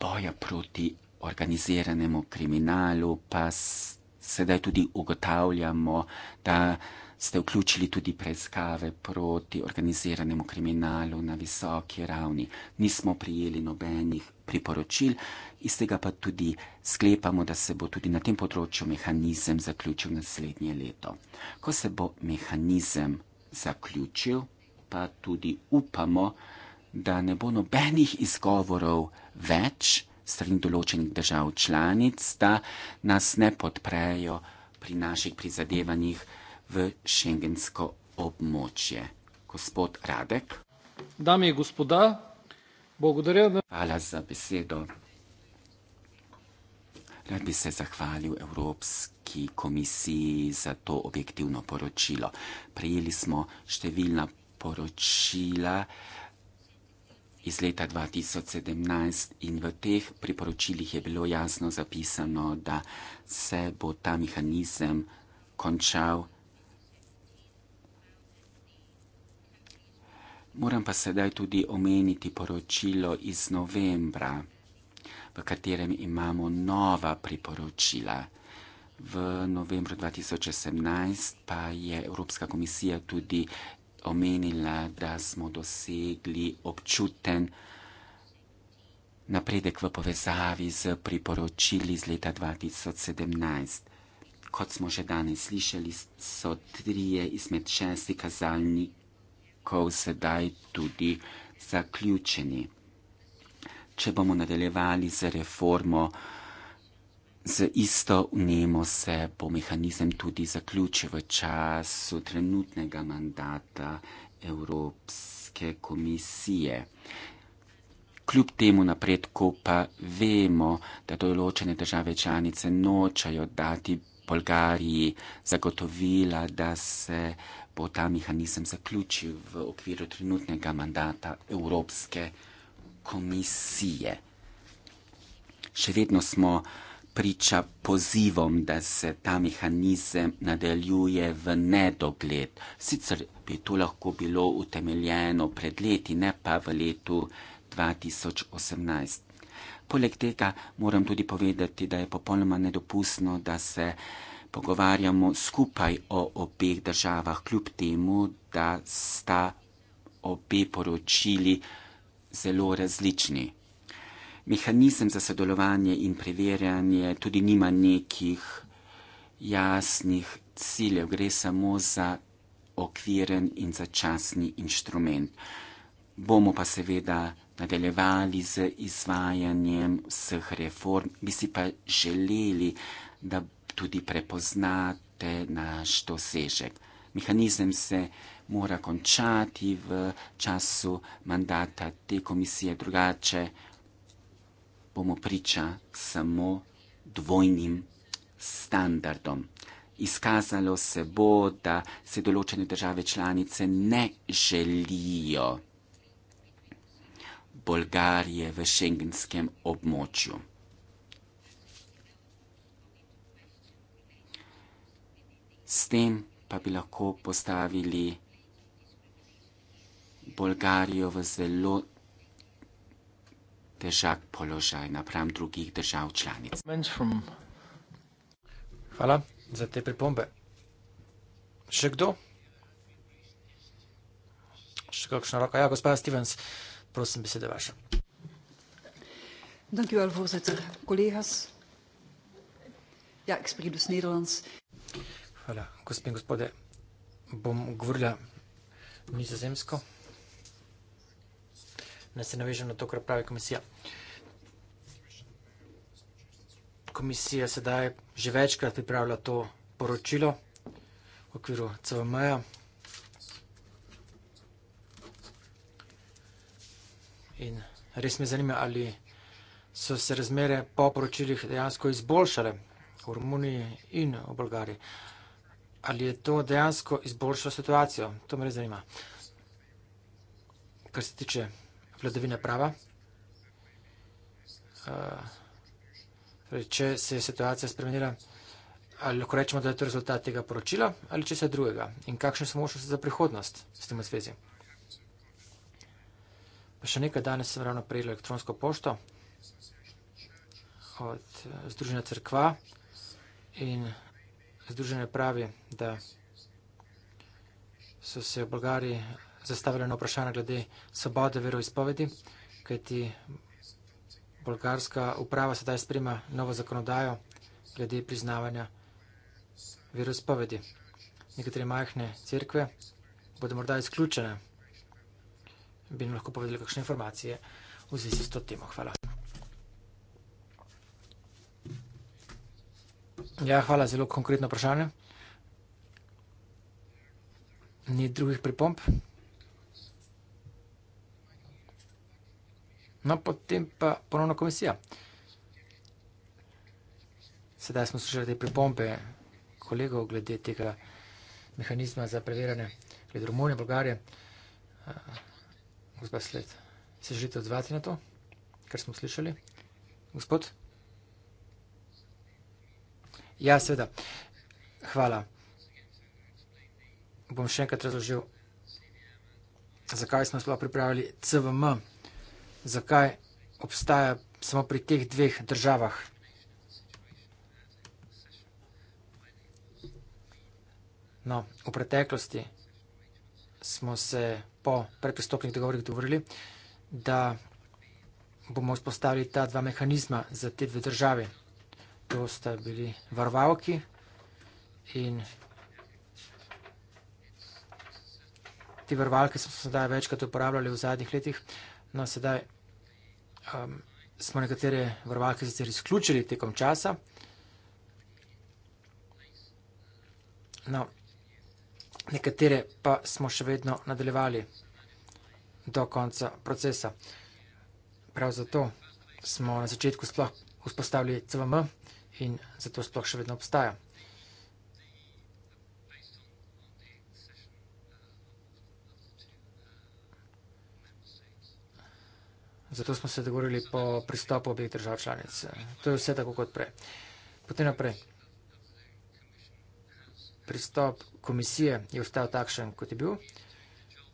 boja proti organiziranemu kriminalu pa sedaj tudi ugotavljamo, da ste vključili tudi preiskave proti organiziranemu kriminalu na visoki ravni. Nismo prijeli nobenih priporočil, iz tega pa tudi sklepamo, da se bo tudi na tem področju mehanizem zaključil naslednje leto. Ko se bo mehanizem zaključil, pa tudi upamo, da ne bo nobenih izgovorov več strani določenih držav članic, da nas ne podprejo pri naših prizadevanjih, v šengensko območje. Gospod Radek. Dame in gospoda, bogodarja. Da... Hvala za besedo. Rad bi se zahvalil Evropski komisiji za to objektivno poročilo. Prijeli smo številna poročila iz leta 2017 in v teh priporočilih je bilo jasno zapisano, da se bo ta mehanizem končal Moram pa sedaj tudi omeniti poročilo iz novembra, v katerem imamo nova priporočila. V novembru 2018 pa je Evropska komisija tudi omenila, da smo dosegli občuten napredek v povezavi z priporočili iz leta 2017. Kot smo že danes slišali, so trije izmed šestih kazalnikov rokov sedaj tudi zaključeni. Če bomo nadaljevali z reformo, z isto vnemo se bo mehanizem tudi zaključil v času trenutnega mandata Evropske komisije. Kljub temu napredku pa vemo, da določene države članice nočajo dati Bolgariji zagotovila, da se bo ta mehanizem zaključil v okviru trenutnega mandata Evropske komisije. Še vedno smo priča pozivom, da se ta mehanizem nadaljuje v nedogled. Sicer bi to lahko bilo utemeljeno pred leti, ne pa v letu 2018. Poleg tega moram tudi povedati, da je popolnoma nedopustno, da se pogovarjamo skupaj o obeh državah, kljub temu, da sta obe poročili zelo različni. Mehanizem za sodelovanje in preverjanje tudi nima nekih jasnih ciljev, gre samo za okviren in začasni inštrument. Bomo pa seveda nadaljevali z izvajanjem vseh reform, bi si pa želeli, da tudi prepoznate naš dosežek. Mehanizem se mora končati v času mandata te komisije, drugače bomo priča samo dvojnim standardom. Izkazalo se bo, da se določene države članice ne želijo Bolgarije v šengenskem območju. s tem pa bi lahko postavili Bolgarijo v zelo težak položaj napram drugih držav članic. Hvala za te pripombe. Še kdo? Še kakšna roka? Ja, gospoda Stevens, prosim, beseda vaša. Dank u wel, voorzitter. Collega's, ja, ik spreek dus Nederlands. Hvala, gospe in gospode. Bom govorila nizozemsko. Naj se navežem na to, kar pravi komisija. Komisija sedaj že večkrat pripravlja to poročilo v okviru CVM-ja. In res me zanima, ali so se razmere po poročilih dejansko izboljšale v Romuniji in v Bolgariji ali je to dejansko izboljšalo situacijo? To me res zanima. Kar se tiče vladavine prava, eh, torej, če se je situacija spremenila, ali lahko rečemo, da je to rezultat tega poročila, ali če se je drugega in kakšne so možnosti za prihodnost s tem v zvezi. Pa še nekaj, danes sem ravno prejel elektronsko pošto od eh, Združenja crkva in Združenje pravi, da so se v Bolgariji zastavili na vprašanje glede svobode veroizpovedi, kajti bolgarska uprava sedaj sprema novo zakonodajo glede priznavanja veroizpovedi. Nekatere majhne cerkve bodo morda izključene. Bi lahko povedali kakšne informacije v zvezi s to temo. Hvala. Ja, hvala, zelo konkretno vprašanje. Ni drugih pripomb? No, potem pa ponovno komisija. Sedaj smo slišali te pripombe kolegov glede tega mehanizma za preverjanje glede Romunije, Bolgarije. Gospod Sled, se želite odzvati na to, kar smo slišali? Gospod? Ja, seveda. Hvala. Bom še enkrat razložil, zakaj smo sploh pripravili CVM, zakaj obstaja samo pri teh dveh državah. No, v preteklosti smo se po predpristopnih dogovorih dovorili, da bomo vzpostavili ta dva mehanizma za te dve države to sta bili varvalki in ti varvalki smo sedaj večkrat uporabljali v zadnjih letih, no sedaj um, smo nekatere varvalke sicer izključili tekom časa. No, nekatere pa smo še vedno nadaljevali do konca procesa. Prav zato smo na začetku sploh vzpostavili CVM in zato sploh še vedno obstaja. Zato smo se dogovorili po pristopu obeh držav članic. To je vse tako kot prej. Potem naprej. Pristop komisije je ostal takšen, kot je bil.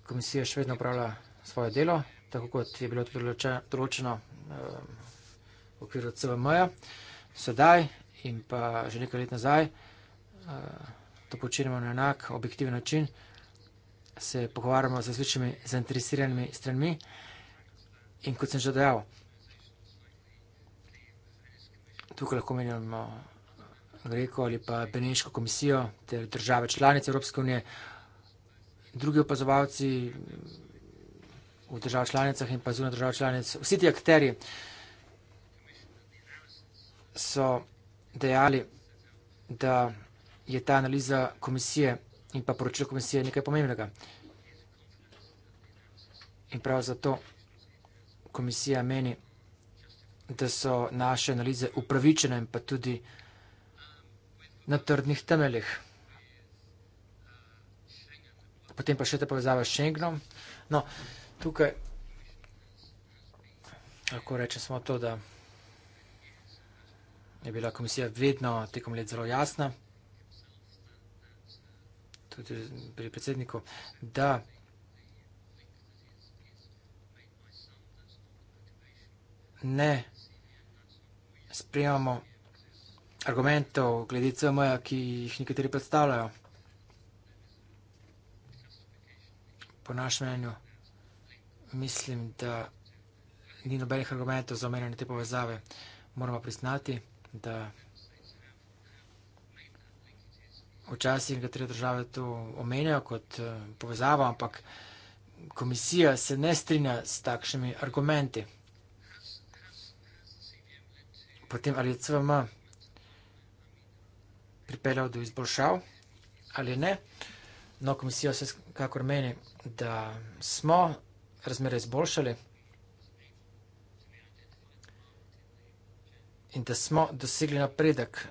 Komisija še vedno upravlja svoje delo, tako kot je bilo določeno eh, v okviru CVM-ja sedaj in pa že nekaj let nazaj, eh, to počnemo na enak objektiven način, se pogovarjamo z različnimi zainteresiranimi stranmi in kot sem že dejal, tukaj lahko menjamo eh, Greko ali pa Beneško komisijo ter države članice Evropske unije, drugi opazovalci v državah članicah in pa zunaj držav članic, vsi ti akterji so dejali, da je ta analiza komisije in pa poročilo komisije nekaj pomembnega. In prav zato komisija meni, da so naše analize upravičene in pa tudi na trdnih temeljih. Potem pa še te povezave s Schengenom. No, tukaj lahko rečem samo to, da je bila komisija vedno tekom let zelo jasna, tudi pri predsedniku, da ne sprejemamo argumentov glede CMO-ja, ki jih nekateri predstavljajo. Po našem mnenju mislim, da ni nobenih argumentov za omenjanje te povezave. Moramo priznati, da da včasih nekatere države to omenjajo kot eh, povezavo, ampak komisija se ne strinja s takšnimi argumenti. Potem ali je CVM pripeljal do izboljšav ali ne. No, komisija se kakor meni, da smo razmere izboljšali. in da smo dosegli napredek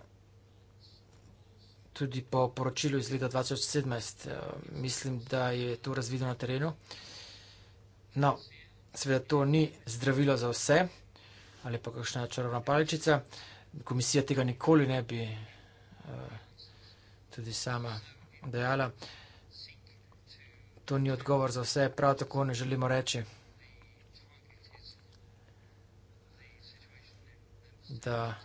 tudi po poročilu iz leta 2017. Eh, mislim, da je to razvidno na terenu. No, seveda to ni zdravilo za vse ali pa kakšna čarovna paličica. Komisija tega nikoli ne bi eh, tudi sama dejala. To ni odgovor za vse, prav tako ne želimo reči. da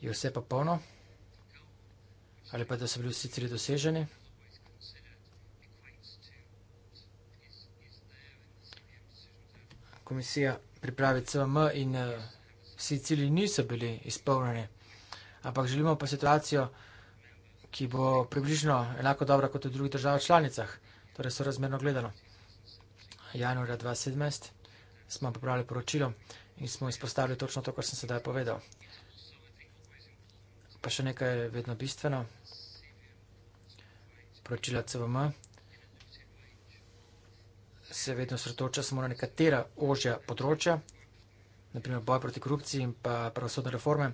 je vse popolno ali pa da so bili vsi cilji doseženi. Komisija pripravi CVM in eh, vsi cilji niso bili izpolnjeni, ampak želimo pa situacijo, ki bo približno enako dobra kot v drugih državah članicah, torej so razmerno gledano. Januar 2017 smo pobrali poročilo in smo izpostavili točno to, kar sem sedaj povedal. Pa še nekaj je vedno bistveno. Poročila CVM se vedno sretoča samo na nekatera ožja področja, naprimer boj proti korupciji in pa pravosodne reforme,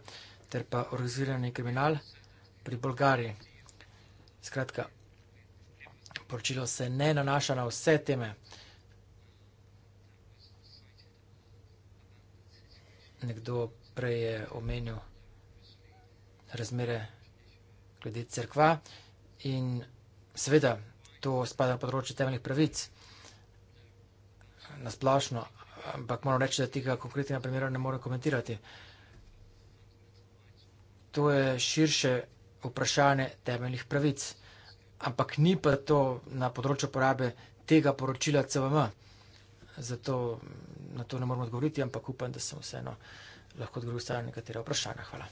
ter pa organizirani kriminal pri Bolgariji. Skratka, poročilo se ne nanaša na vse teme. nekdo prej je omenil razmere glede crkva in seveda to spada v področje temeljnih pravic nasplošno, ampak moram reči, da tega konkretnega primera ne morem komentirati. To je širše vprašanje temeljnih pravic, ampak ni pa to na področju porabe tega poročila CVM zato na to ne moramo odgovoriti, ampak upam, da sem vseeno lahko odgovoril na nekatera vprašanja. Hvala.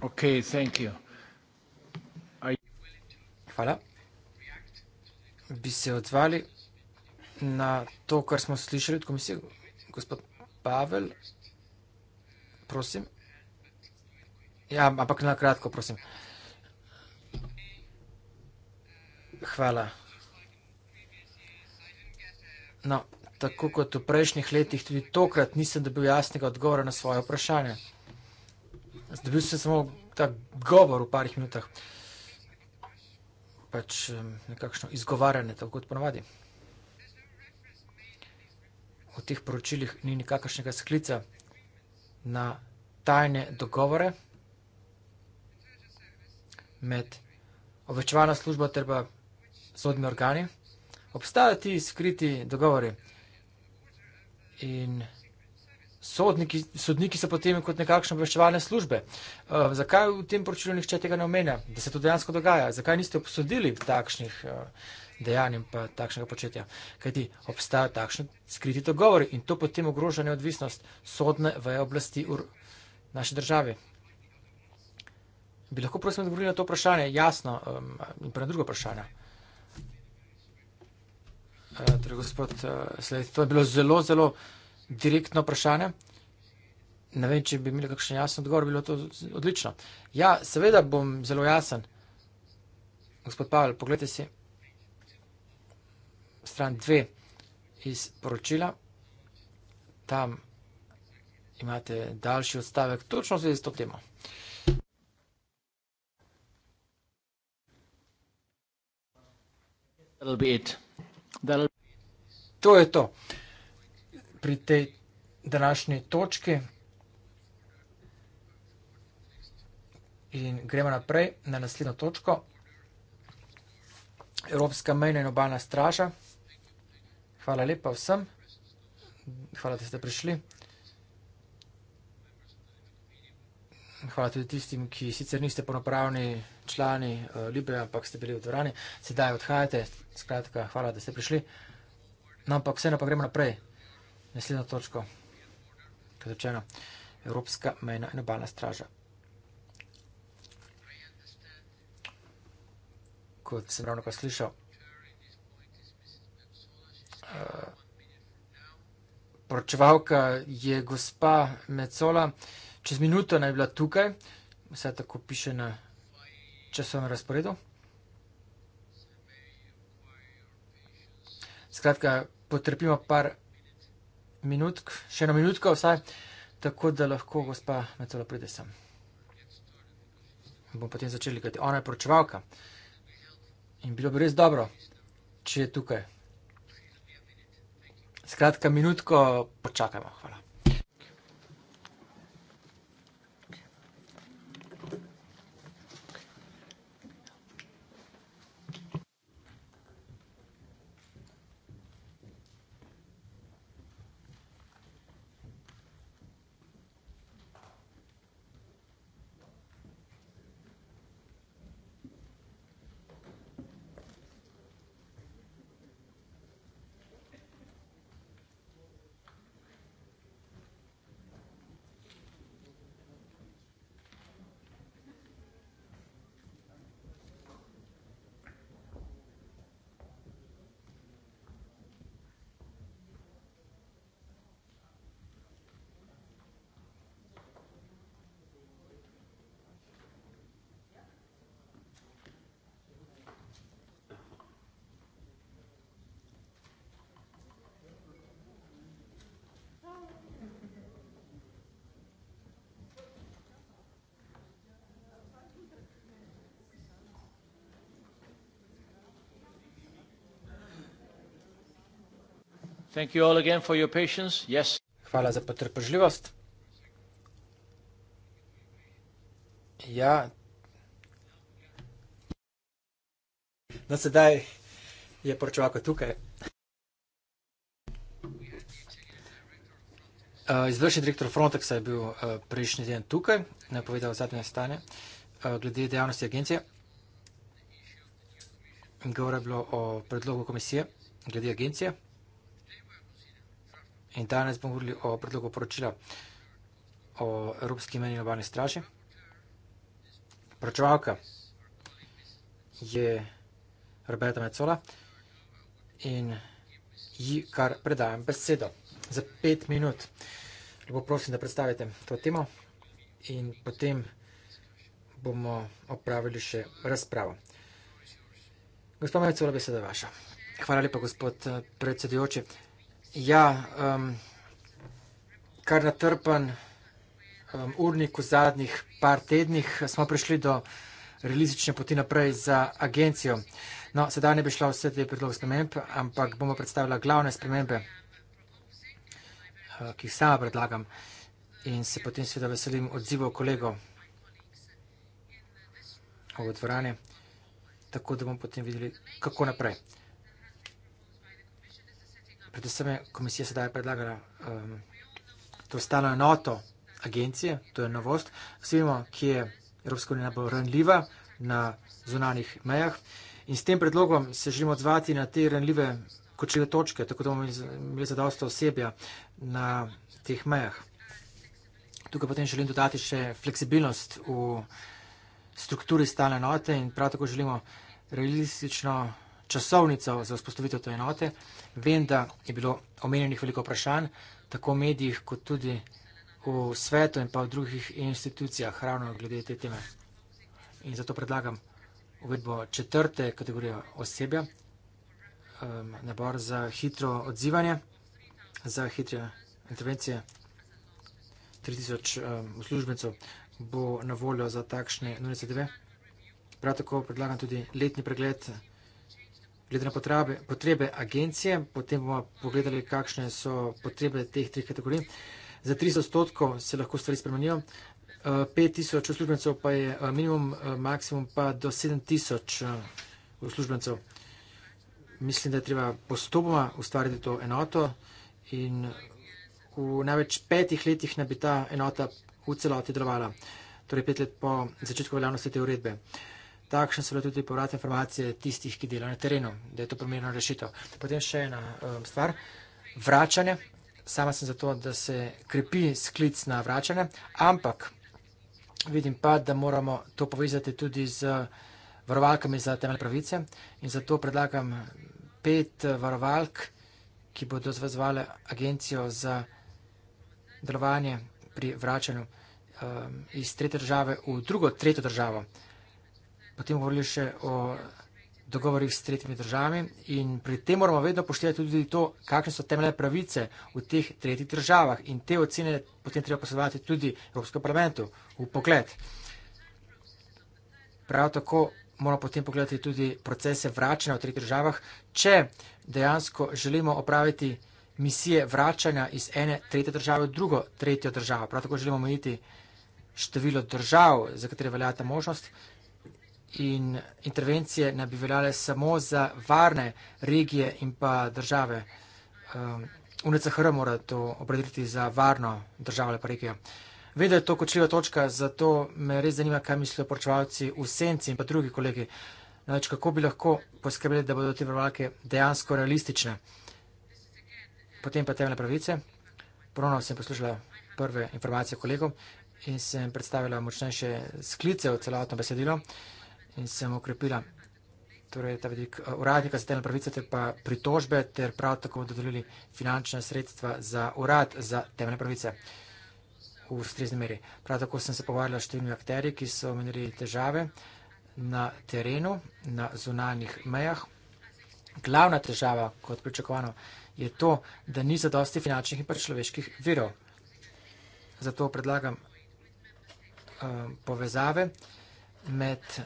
Okay, thank you. I... Hvala. Bi se odzvali na to, kar smo slišali od komisije? Gospod Pavel, prosim. Ja, ampak na kratko, prosim. Hvala. No, tako kot v prejšnjih letih, tudi tokrat nisem dobil jasnega odgovora na svoje vprašanje. Zdobil sem samo ta govor v parih minutah. Pač nekakšno izgovarjanje, tako kot ponavadi. V teh poročilih ni nikakršnega sklica na tajne dogovore med obveščevalno službo ter pa sodni organi obstajajo ti skriti dogovori. In sodniki, sodniki so potem kot nekakšne obveščevalne službe. Uh, zakaj v tem poročilu nihče tega ne omenja, da se to dejansko dogaja? Zakaj niste obsodili takšnih uh, dejanj in takšnega početja? Ker ti obstajajo takšni skriti dogovori in to potem ogroža neodvisnost sodne v oblasti v naši državi. Bi lahko prosim odgovorili na to vprašanje? Jasno, um, in pa na drugo vprašanje. Eh, torej gospod eh, Sled. To je bilo zelo, zelo direktno vprašanje. Ne vem, če bi imeli kakšen jasen odgovor, bilo to odlično. Ja, seveda bom zelo jasen. Gospod Pavel, pogledajte si stran dve iz poročila. Tam imate daljši odstavek, točno zvezi s to temo. A little bit. Del... To je to. Pri tej današnji točki. In gremo naprej na naslednjo točko. Evropska mejna in obalna straža. Hvala lepa vsem. Hvala, da ste prišli. hvala tudi tistim, ki sicer niste ponopravni člani uh, Libe, ampak ste bili v dvorani, sedaj odhajate. Skratka, hvala, da ste prišli. No, ampak vseeno pa gremo naprej. Naslednjo točko, kot rečeno, Evropska mejna in obalna straža. Kot sem ravno kar slišal, uh, poročevalka je gospa Mecola. Uh, čez minuto naj bila tukaj, vse tako piše na časovnem razporedu. Skratka, potrpimo par minut, še eno minutko vsaj, tako da lahko gospa Metola pride sem. Bomo potem začeli, kajti ona je poročevalka. In bilo bi res dobro, če je tukaj. Skratka, minutko počakajmo. Hvala. Yes. Hvala za potrpežljivost. Ja. No, sedaj je poročevalka tukaj. Uh, izvršni direktor Frontexa je bil uh, prejšnji teden tukaj, ne povedal zadnje stanje uh, glede dejavnosti agencije. Govora je bilo o predlogu komisije glede agencije. In danes bomo govorili o predlogu poročila o Evropski meni in obalni straži. Poročevalka je Roberta Mecola in ji kar predajam besedo za pet minut. Lepo prosim, da predstavite to temo in potem bomo opravili še razpravo. Gospod Mecola, beseda je vaša. Hvala lepa, gospod eh, predsedujoči. Ja, um, kar natrpan um, urnik v zadnjih par tednih smo prišli do realistične poti naprej za agencijo. No, sedaj ne bi šla vse te predloge sprememb, ampak bomo predstavila glavne spremembe, eh, ki jih sama predlagam in se potem seveda veselim odzivov kolegov v dvorani, tako da bomo potem videli, kako naprej predvsem je komisija sedaj predlagala um, to stano enoto agencije, to je novost. Vsi vemo, kje je Evropska unija najbolj ranljiva na zunanih mejah in s tem predlogom se želimo odzvati na te ranljive kočile točke, tako da bomo imeli zadosto osebja na teh mejah. Tukaj potem želim dodati še fleksibilnost v strukturi stalne note in prav tako želimo realistično časovnico za vzpostavitev te enote. Vem, da je bilo omenjenih veliko vprašanj, tako v medijih, kot tudi v svetu in pa v drugih institucijah, ravno glede te teme. In zato predlagam uvedbo četrte kategorije osebja, um, nabor za hitro odzivanje, za hitre intervencije. 3000 um, službencev bo na voljo za takšne nujne zadeve. Prav tako predlagam tudi letni pregled glede na potrebe, potrebe agencije, potem bomo pogledali, kakšne so potrebe teh treh kategorij. Za 300 odstotkov se lahko stvari spremenijo, 5000 eh, uslužbencev pa je eh, minimum, eh, maksimum pa do 7000 uslužbencev. Mislim, da je treba postopoma ustvariti to enoto in v največ petih letih naj bi ta enota v celoti delovala, torej pet let po začetku veljavnosti te uredbe takšne so tudi povratne informacije tistih, ki delajo na terenu, da je to primerno rešitev. Potem še ena um, stvar, vračanje. Sama sem zato, da se krepi sklic na vračanje, ampak vidim pa, da moramo to povezati tudi z varovalkami za temeljne pravice in zato predlagam pet varovalk, ki bodo zvezvale agencijo za delovanje pri vračanju um, iz tretje države v drugo, tretjo državo potem govorili še o dogovorih s tretjimi državami in pri tem moramo vedno poštevati tudi to, kakšne so temeljne pravice v teh tretjih državah in te ocene potem treba posredovati tudi Evropskem parlamentu v pogled. Prav tako moramo potem pogledati tudi procese vračanja v tretjih državah, če dejansko želimo opraviti misije vračanja iz ene tretje države v drugo tretjo državo. Prav tako želimo omejiti število držav, za katere veljata možnost, in intervencije ne bi veljale samo za varne regije in pa države. Um, UNCHR mora to opredeliti za varno državo ali pa regijo. Vedno je to kočljiva točka, zato me res zanima, kaj mislijo poročevalci v senci in pa drugi kolegi. Največ, kako bi lahko poskrbeli, da bodo te varovalke dejansko realistične. Potem pa temeljne pravice. Ponovno sem poslušala prve informacije kolegov in sem predstavila močnejše sklice v celotno besedilo in sem okrepila. Torej, ta vidik eh, uradnika za temeljne pravice ter pa pritožbe ter prav tako dodelili finančne sredstva za urad za temeljne pravice v strezni meri. Prav tako sem se pogovarjala s številnimi akteri, ki so omenili težave na terenu, na zunanjih mejah. Glavna težava, kot pričakovano, je to, da ni zadosti finančnih in pa človeških virov. Zato predlagam um, povezave med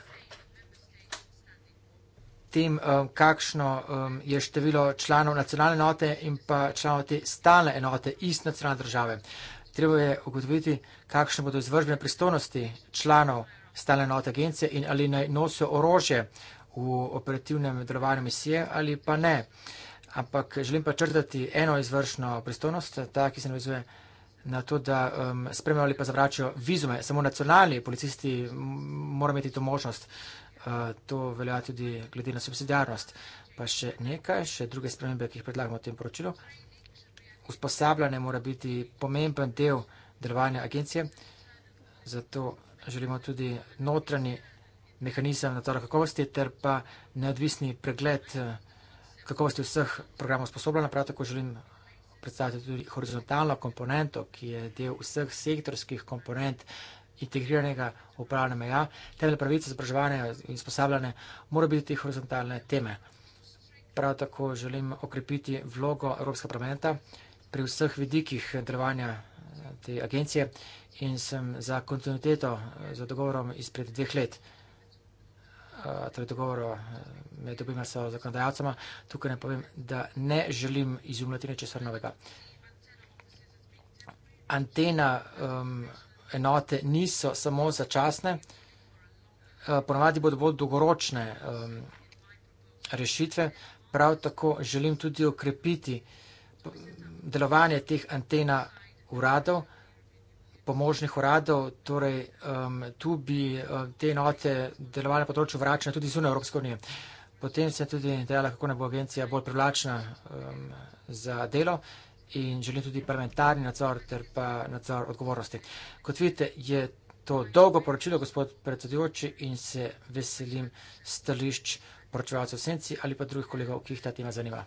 tem, um, kakšno um, je število članov nacionalne enote in pa članov te stalne enote iz nacionalne države. Treba je ugotoviti, kakšne bodo izvržbene pristojnosti članov stalne enote agencije in ali naj nosijo orožje v operativnem delovanju misije ali pa ne. Ampak želim pa črtati eno izvršno pristojnost, ta, ki se navizuje na to, da um, spremljajo ali pa zavračajo vizume. Samo nacionalni policisti morajo imeti to možnost. Uh, Eh, to velja tudi glede na subsidijarnost. Pa še nekaj, še druge spremembe, ki jih predlagamo v tem poročilu. Usposabljanje mora biti pomemben del delovanja agencije, zato želimo tudi notranji mehanizem nadzora kakovosti ter pa neodvisni pregled eh, kakovosti vseh programov usposabljanja. Prav tako želim predstaviti tudi horizontalno komponento, ki je del vseh sektorskih komponent integriranega upravljanja meja, temelj pravice zapraževanja in sposabljanja mora biti horizontalne teme. Prav tako želim okrepiti vlogo Evropskega parlamenta pri vseh vidikih delovanja eh, te agencije in sem za kontinuiteto eh, za dogovorom izpred dveh let, eh, torej dogovoro med obima so zakonodajalcema, tukaj ne povem, da ne želim izumljati nečesar novega. Antena um, enote niso samo začasne, eh, ponovadi bodo bolj dolgoročne eh, rešitve. Prav tako želim tudi okrepiti delovanje teh antena uradov, pomožnih uradov, torej tu bi eh, te enote delovali na področju vračanja tudi zunaj Evropske unije. Potem se je tudi dejala, kako ne bo agencija bolj privlačna za delo in želim tudi parlamentarni nadzor ter pa nadzor odgovornosti. Kot vidite, je to dolgo poročilo, gospod predsedujoči, in se veselim stališč poročevalcev senci ali pa drugih kolegov, ki jih ta tema zanima.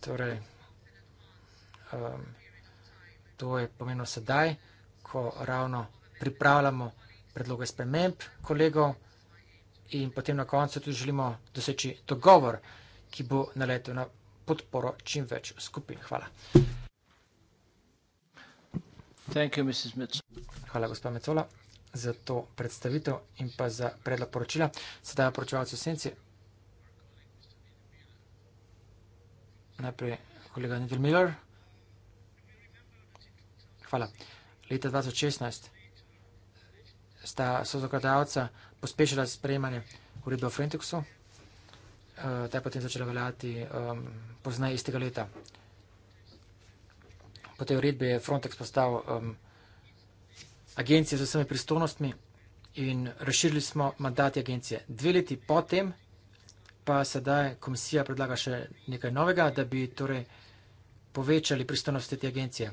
Torej, um, to je pomenilo sedaj, ko ravno pripravljamo predloge sprememb kolegov in potem na koncu tudi želimo doseči dogovor, ki bo naletel na podporo čim več skupin. Hvala. You, Hvala, gospod Mecola, za to predstavitev in pa za predlog poročila. Sedaj poročevalci v senci. Najprej kolega Nedel Miller. Hvala. Leta 2016 sta sozakladajalca pospešila sprejemanje uredbe o Frentexu uh, ta je potem začela veljati um, ehm, poznaj istega leta. Po tej uredbi je Frontex postal um, agencija z vsemi pristojnostmi in razširili smo mandati agencije. Dve leti potem pa sedaj komisija predlaga še nekaj novega, da bi torej povečali pristojnosti te agencije.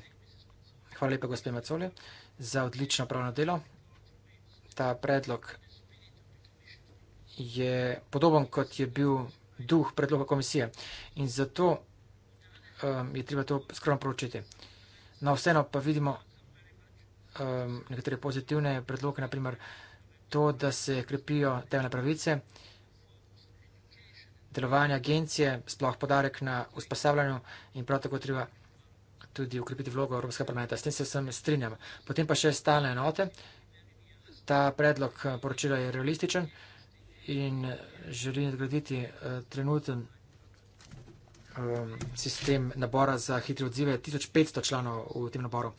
Hvala lepa, gospod Macoli, za odlično pravno delo. Ta predlog je podoben, kot je bil duh predloga komisije. In zato um, je treba to skromno proučiti. Na no, vseeno pa vidimo um, nekatere pozitivne predloge, naprimer to, da se krepijo temeljne pravice, delovanje agencije, sploh podarek na usposabljanju in prav tako treba tudi ukrepiti vlogo Evropskega parlamenta. S tem se sem strinjam. Potem pa še stalne enote. Ta predlog uh, poročila je realističen in eh, želi nadgraditi uh, trenuten um, sistem nabora za hitre odzive. 1500 članov v tem naboru.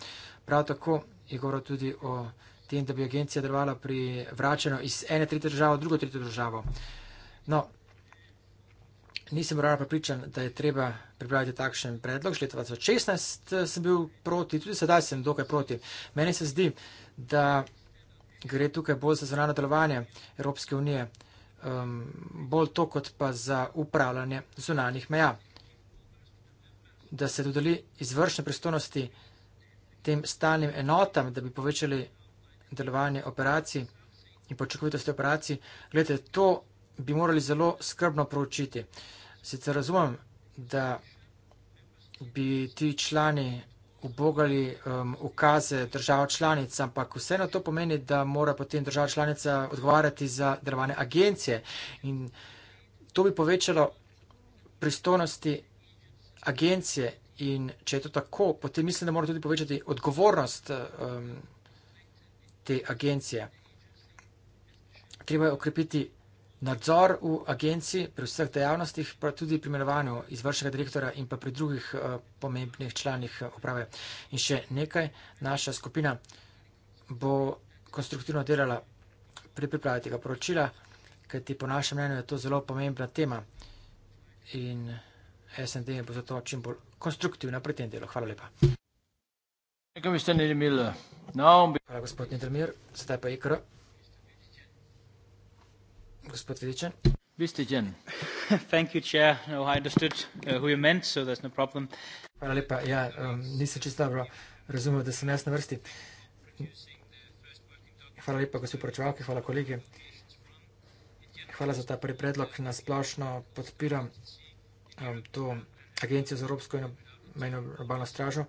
Prav tako je govoril tudi o tem, da bi agencija delovala pri vračanju iz ene tretje države v drugo tretjo državo. No, nisem ravno prepričan, da je treba pripraviti takšen predlog. Že leta 2016 eh, sem bil proti, tudi sedaj sem dokaj proti. Meni se zdi, da gre tukaj bolj za zvonano delovanje Evropske unije. Uh, um, bolj to, kot pa za upravljanje zunanih meja. Da se dodeli izvršne pristojnosti tem stalnim enotam, da bi povečali delovanje operacij in počakovitosti operacij, gledajte, to bi morali zelo skrbno proučiti. Sicer razumem, da bi ti člani ubogali um, ukaze država članica, ampak vseeno to pomeni, da mora potem država članica odgovarjati za delovanje agencije in to bi povečalo pristojnosti agencije in če je to tako, potem mislim, da mora tudi povečati odgovornost um, te agencije. Treba je okrepiti nadzor v agenciji pri vseh dejavnostih, pa tudi pri imenovanju izvršnega direktora in pa pri drugih eh, pomembnih članih eh, uprave. In še nekaj, naša skupina bo konstruktivno delala pri pripravi tega poročila, kajti po našem mnenju je to zelo pomembna tema in SND bo zato čim bolj konstruktivna pri tem delu. Hvala lepa. Hvala, gospod Nedemir. Sedaj pa je kar gospod Vedičan. Vestičan. Thank you, chair. No, I understood uh, who you meant, so there's no problem. Hvala lepa. Ja, um, nisem čisto dobro razumel, da sem jaz na vrsti. Hvala lepa, gospod poročevalki, hvala kolegi. Hvala za ta prvi predlog. Na splošno podpiram um, to agencijo za evropsko in mejno obalno stražo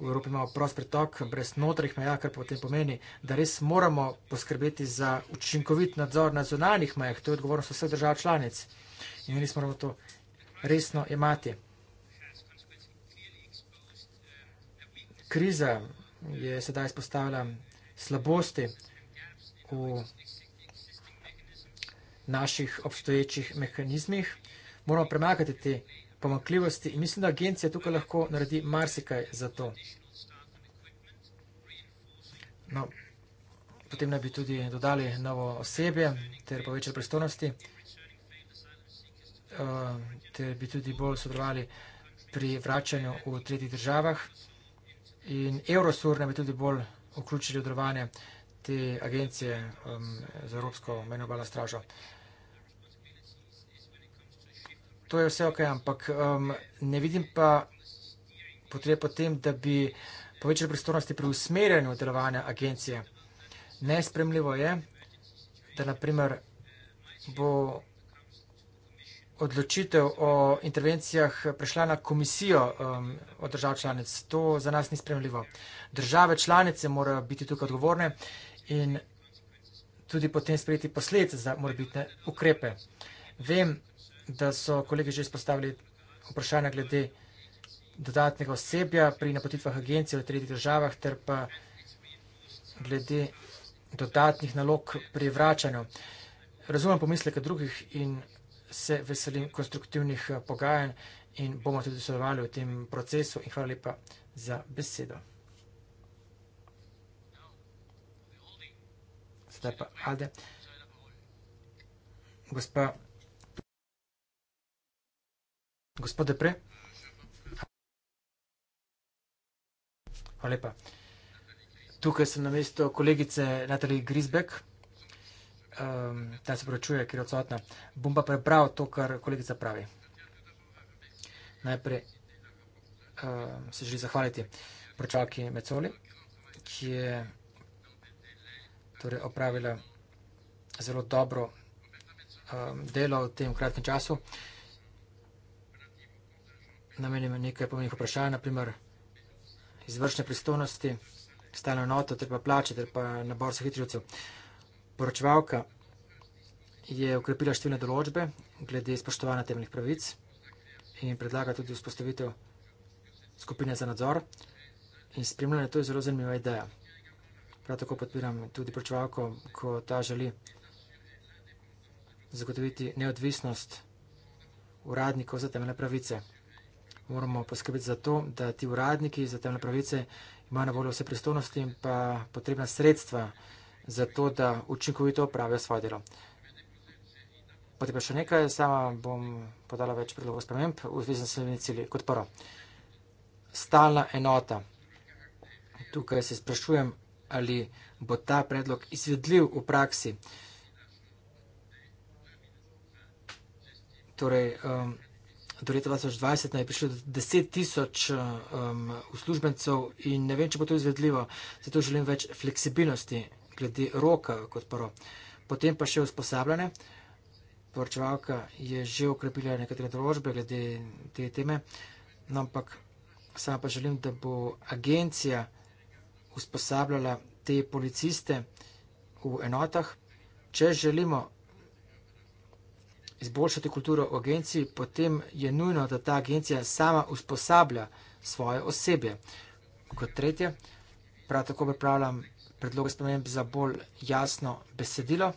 v Evropi imamo prost pretok brez notranjih meja, kar potem pomeni, da res moramo poskrbeti za učinkovit nadzor na zonanih mejah. To je odgovornost vseh držav članic in mi moramo to resno imati. Kriza je sedaj izpostavila slabosti v naših obstoječih mehanizmih. Moramo premagati te pomakljivosti in mislim, da agencija tukaj lahko naredi marsikaj za to. No, potem naj bi tudi dodali novo osebje ter povečali pristojnosti eh, ter bi tudi bolj sodelovali pri vračanju v tretjih državah in Eurosur naj bi tudi bolj vključili v delovanje te agencije um, za Evropsko menobalno stražo to je vse ok, ampak um, ne vidim pa potrebe po tem, da bi povečali pristornosti pri usmerjanju delovanja agencije. Nespremljivo je, da naprimer bo odločitev o intervencijah prešla na komisijo um, od držav članic. To za nas ni spremljivo. Države članice morajo biti tukaj odgovorne in tudi potem sprejeti posledice za morbitne ukrepe. Vem, da so kolegi že izpostavili vprašanja glede dodatnega osebja pri napotitvah agencij v tretjih državah ter pa glede dodatnih nalog pri vračanju. Razumem pomisleke drugih in se veselim konstruktivnih eh, pogajanj in bomo tudi sodelovali v tem procesu in hvala lepa za besedo. Zdaj pa Alde. Gospa Gospod Depre? Hvala lepa. Tukaj sem na mesto kolegice Natalije Grisbek, um, ta se pravčuje, ker je odsotna. Bom pa prebral to, kar kolegica pravi. Najprej um, se želi zahvaliti pročalki Mecoli, ki je torej, opravila zelo dobro um, delo v tem kratkem času. Uh, namenim nekaj pomenih vprašanj, naprimer izvršne pristojnosti, stalno noto, ter pa plače, ter pa nabor se hitrilcev. Poročevalka je ukrepila številne določbe glede spoštovanja temeljnih pravic in predlaga tudi vzpostavitev skupine za nadzor in spremljanje. To je zelo zanimiva ideja. Prav tako podpiram tudi poročevalko, ko ta želi zagotoviti neodvisnost uradnikov za temeljne pravice moramo poskrbeti za to, da ti uradniki za temne pravice imajo na voljo vse pristojnosti in pa potrebna sredstva za to, da učinkovito opravijo svoje delo. Potem pa še nekaj, sama bom podala več predlogov sprememb v zvezi s temi cilji. Kot prvo, stalna enota. Tukaj se sprašujem, ali bo ta predlog izvedljiv v praksi. Torej, um, do leta 2020 naj prišlo 10 tisoč um, uslužbencev in ne vem, če bo to izvedljivo, zato želim več fleksibilnosti glede roka kot prvo. Potem pa še usposabljanje. Poročevalka je že okrepila nekatere določbe glede te teme, no, ampak sama pa želim, da bo agencija usposabljala te policiste v enotah, če želimo izboljšati kulturo v agenciji, potem je nujno, da ta agencija sama usposablja svoje osebje. Kot tretje, prav tako pripravljam predloge spremenb za bolj jasno besedilo,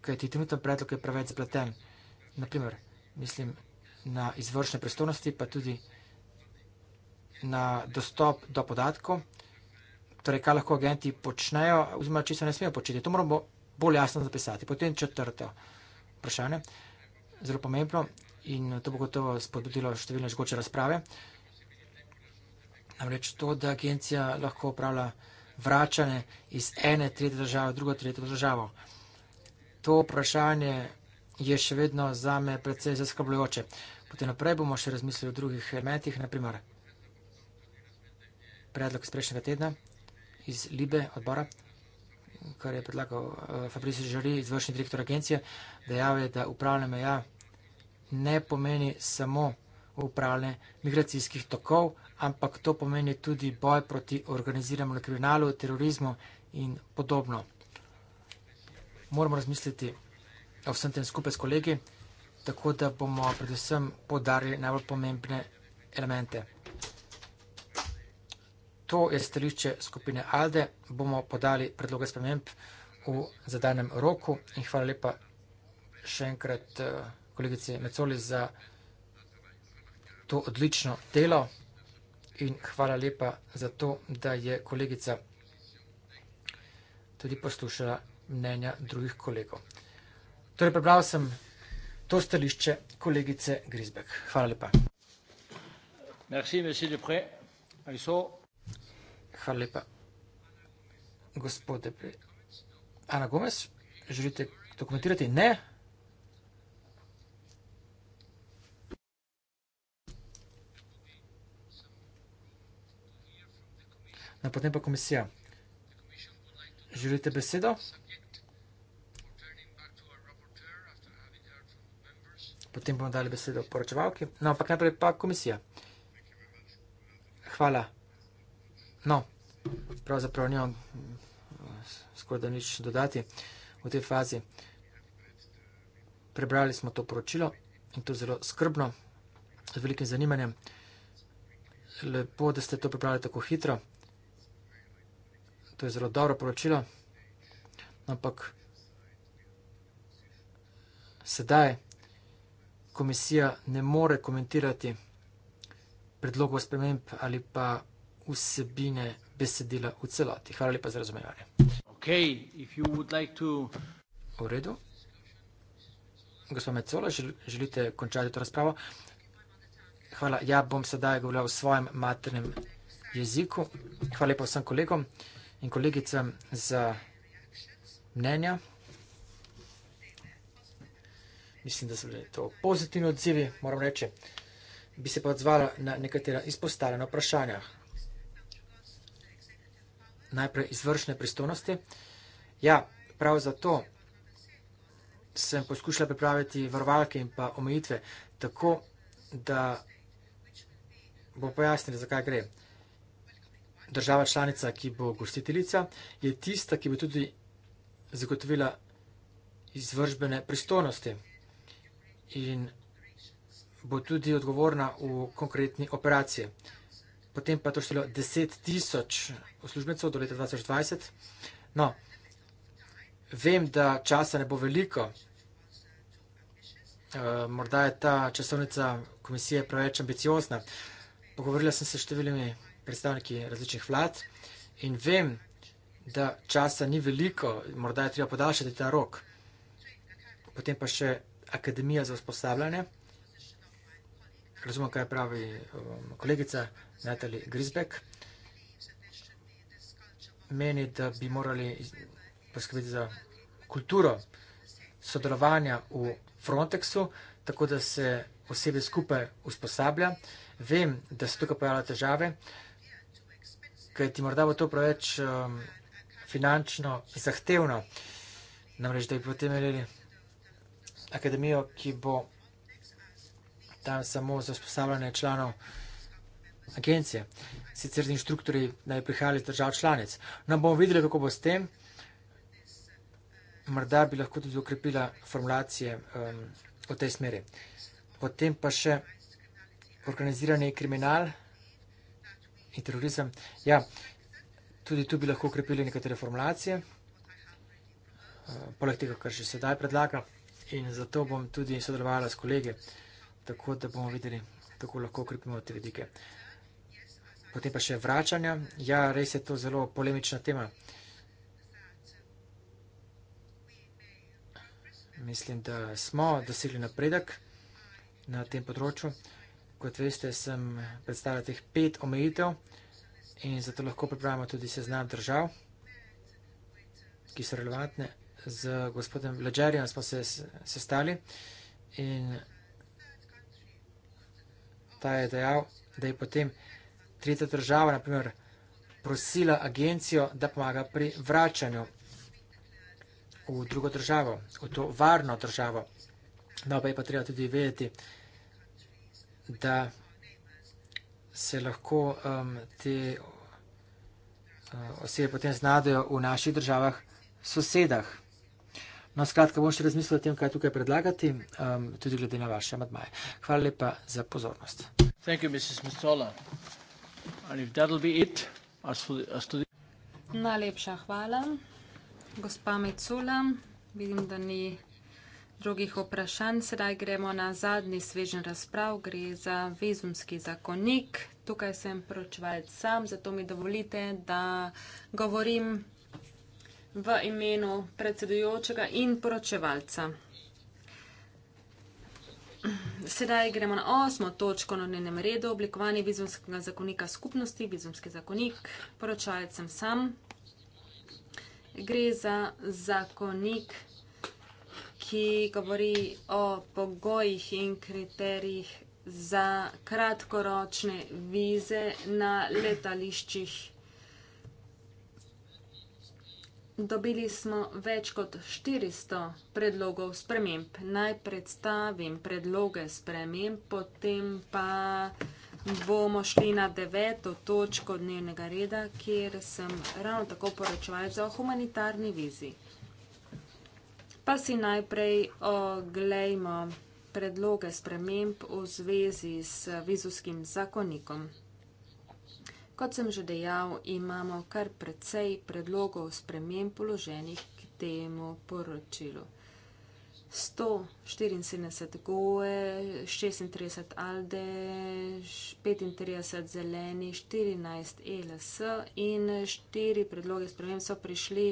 kajti trenutno predlog je preveč zapleten. Naprimer, mislim na izvršne pristojnosti, pa tudi na dostop do podatkov, torej kaj lahko agenti počnejo, oziroma če se ne smejo početi. To moramo bolj jasno zapisati. Potem četrto vprašanje, zelo pomembno in to bo gotovo spodbudilo številne žgoče razprave. Namreč to, da agencija lahko upravlja vračanje iz ene tretje države v drugo tretjo državo. To vprašanje je še vedno zame predvsej zaskrbljujoče. Potem naprej bomo še razmislili o drugih elementih, naprimer predlog iz prejšnjega tedna iz Libe odbora kar je predlagal eh, Fabrice Žari, izvršni direktor agencije, dejal je, da upravljanje meja ne pomeni samo upravljanje migracijskih tokov, ampak to pomeni tudi boj proti organiziranemu kriminalu, terorizmu in podobno. Moramo razmisliti o vsem tem skupaj s kolegi, tako da bomo predvsem podarili najbolj pomembne elemente. To je stališče skupine ALDE. Bomo podali predloge sprememb v zadanem roku. In hvala lepa še enkrat eh, kolegici Mecoli za to odlično delo. In hvala lepa za to, da je kolegica tudi poslušala mnenja drugih kolegov. Torej, prebral sem to stališče kolegice Grisbek. Hvala lepa. Merci, monsieur Dupré. Aj so. Hvala lepa. Gospode, Ana Gomez, želite to komentirati? Ne? Na potem pa komisija. Želite besedo? Potem bomo dali besedo poročevalki. No, ampak najprej pa komisija. Hvala. No, pravzaprav nimam mm, skoraj nič dodati v tej fazi. Prebrali smo to poročilo in to zelo skrbno, z velikim zanimanjem. Lepo, da ste to prebrali tako hitro. To je zelo dobro poročilo. Ampak sedaj komisija ne more komentirati predlogov sprememb ali pa vsebine besedila v celoti. Hvala lepa za razumevanje. Okay, like to... V redu. Gospod Mecola, želite končati to razpravo? Hvala. Ja bom sedaj govorila v svojem maternem jeziku. Hvala lepa vsem kolegom in kolegicam za mnenja. Mislim, da so bili to pozitivni odzivi, moram reči. Bi se pa odzvala na nekatera izpostavljena vprašanja najprej izvršne pristojnosti. Ja, prav zato sem poskušala pripraviti varovalke in pa omejitve, tako da bom pojasnila, zakaj gre. Država članica, ki bo gostiteljica, je tista, ki bo tudi zagotovila izvršbene pristojnosti in bo tudi odgovorna v konkretni operaciji potem pa je to število 10 tisoč uslužbencev do leta 2020. No, vem, da časa ne bo veliko. Eh, morda je ta časovnica komisije preveč ambiciozna. Pogovorila sem se s številimi predstavniki različnih vlad in vem, da časa ni veliko, morda je treba podaljšati ta rok. Potem pa še Akademija za usposabljanje. Razumem, kaj pravi um, kolegica. Natalie Grisbeck, meni, da bi morali poskrbeti za kulturo sodelovanja v Frontexu, tako da se osebe skupaj usposablja. Vem, da se tukaj pojavljajo težave, ker ti morda bo to preveč um, finančno zahtevno. Namreč, da bi potem imeli akademijo, ki bo tam samo za usposabljanje članov agencije, sicer z inštruktori naj prihajali z držav članic. No, bomo videli, kako bo s tem. Morda bi lahko tudi ukrepila formulacije um, v tej smeri. Potem pa še organizirani kriminal in terorizem. Ja, tudi tu bi lahko ukrepili nekatere formulacije, uh, poleg tega, kar še sedaj predlaga. In zato bom tudi sodelovala s kolege, tako da bomo videli, kako lahko ukrepimo te vidike. Potem pa še vračanja. Ja, res je to zelo polemična tema. Mislim, da smo dosegli napredek na tem področju. Kot veste, sem predstavljal teh pet omejitev in zato lahko pripravimo tudi seznam držav, ki so relevantne. Z gospodem Ledžerjem smo se sestali in ta je dejal, da je potem tretja država, naprimer, prosila agencijo, da pomaga pri vračanju v drugo državo, v to varno državo. No, pa je pa treba tudi vedeti, da se lahko um, te uh, osebe potem znadejo v naših državah, sosedah. No, skratka, bom še razmislil o tem, kaj tukaj predlagati, um, tudi glede na vaše madmaje. Hvala lepa za pozornost. Thank you, Mrs. Mistola. Najlepša hvala. Gospa Mecula, vidim, da ni drugih vprašanj. Sedaj gremo na zadnji svežen razprav. Gre za vizumski zakonik. Tukaj sem pročvalc sam, zato mi dovolite, da govorim v imenu predsedujočega in poročevalca. Sedaj gremo na osmo točko na dnevnem redu, oblikovanje vizumskega zakonika skupnosti, vizumski zakonik, poročajec sem sam. Gre za zakonik, ki govori o pogojih in kriterijih za kratkoročne vize na letališčih. Dobili smo več kot 400 predlogov sprememb. Naj predstavim predloge sprememb, potem pa bomo šli na deveto točko dnevnega reda, kjer sem ravno tako poročevalj za humanitarni vizi. Pa si najprej oglejmo predloge sprememb v zvezi s vizovskim zakonikom. Kot sem že dejal, imamo kar precej predlogov spremem položenih k temu poročilu. 174 goje, 36 alde, 35 zeleni, 14 e LS in 4 predloge sprememb so prišli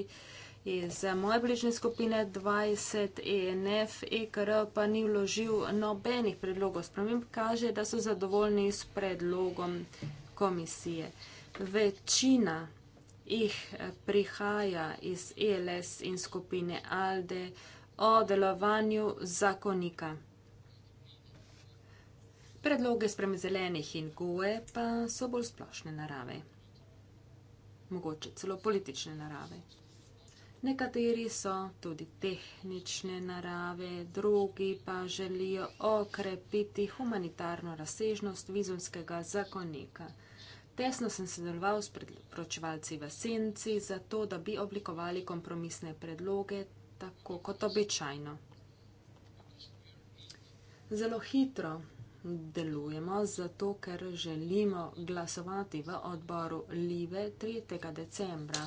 iz moje bližnje skupine 20 ENF, EKR pa ni vložil nobenih predlogov sprememb, kaže, da so zadovoljni s predlogom komisije. Večina jih eh, prihaja iz ELS in skupine ALDE o delovanju zakonika. Predloge sprem zelenih in goje pa so bolj splošne narave, mogoče celo politične narave. Nekateri so tudi tehnične narave, drugi pa želijo okrepiti humanitarno razsežnost vizumskega zakonika. Tesno sem sodeloval s pročevalci v senci, zato da bi oblikovali kompromisne predloge, tako kot običajno. Zelo hitro delujemo, zato ker želimo glasovati v odboru Live 3. decembra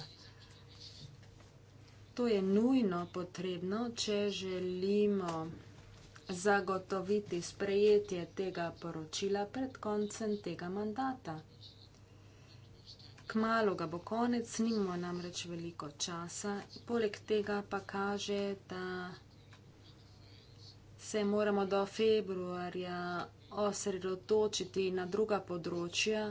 to je nujno potrebno, če želimo zagotoviti sprejetje tega poročila pred koncem tega mandata. Kmalo ga bo konec, nimamo namreč veliko časa, poleg tega pa kaže, da se moramo do februarja osredotočiti na druga področja,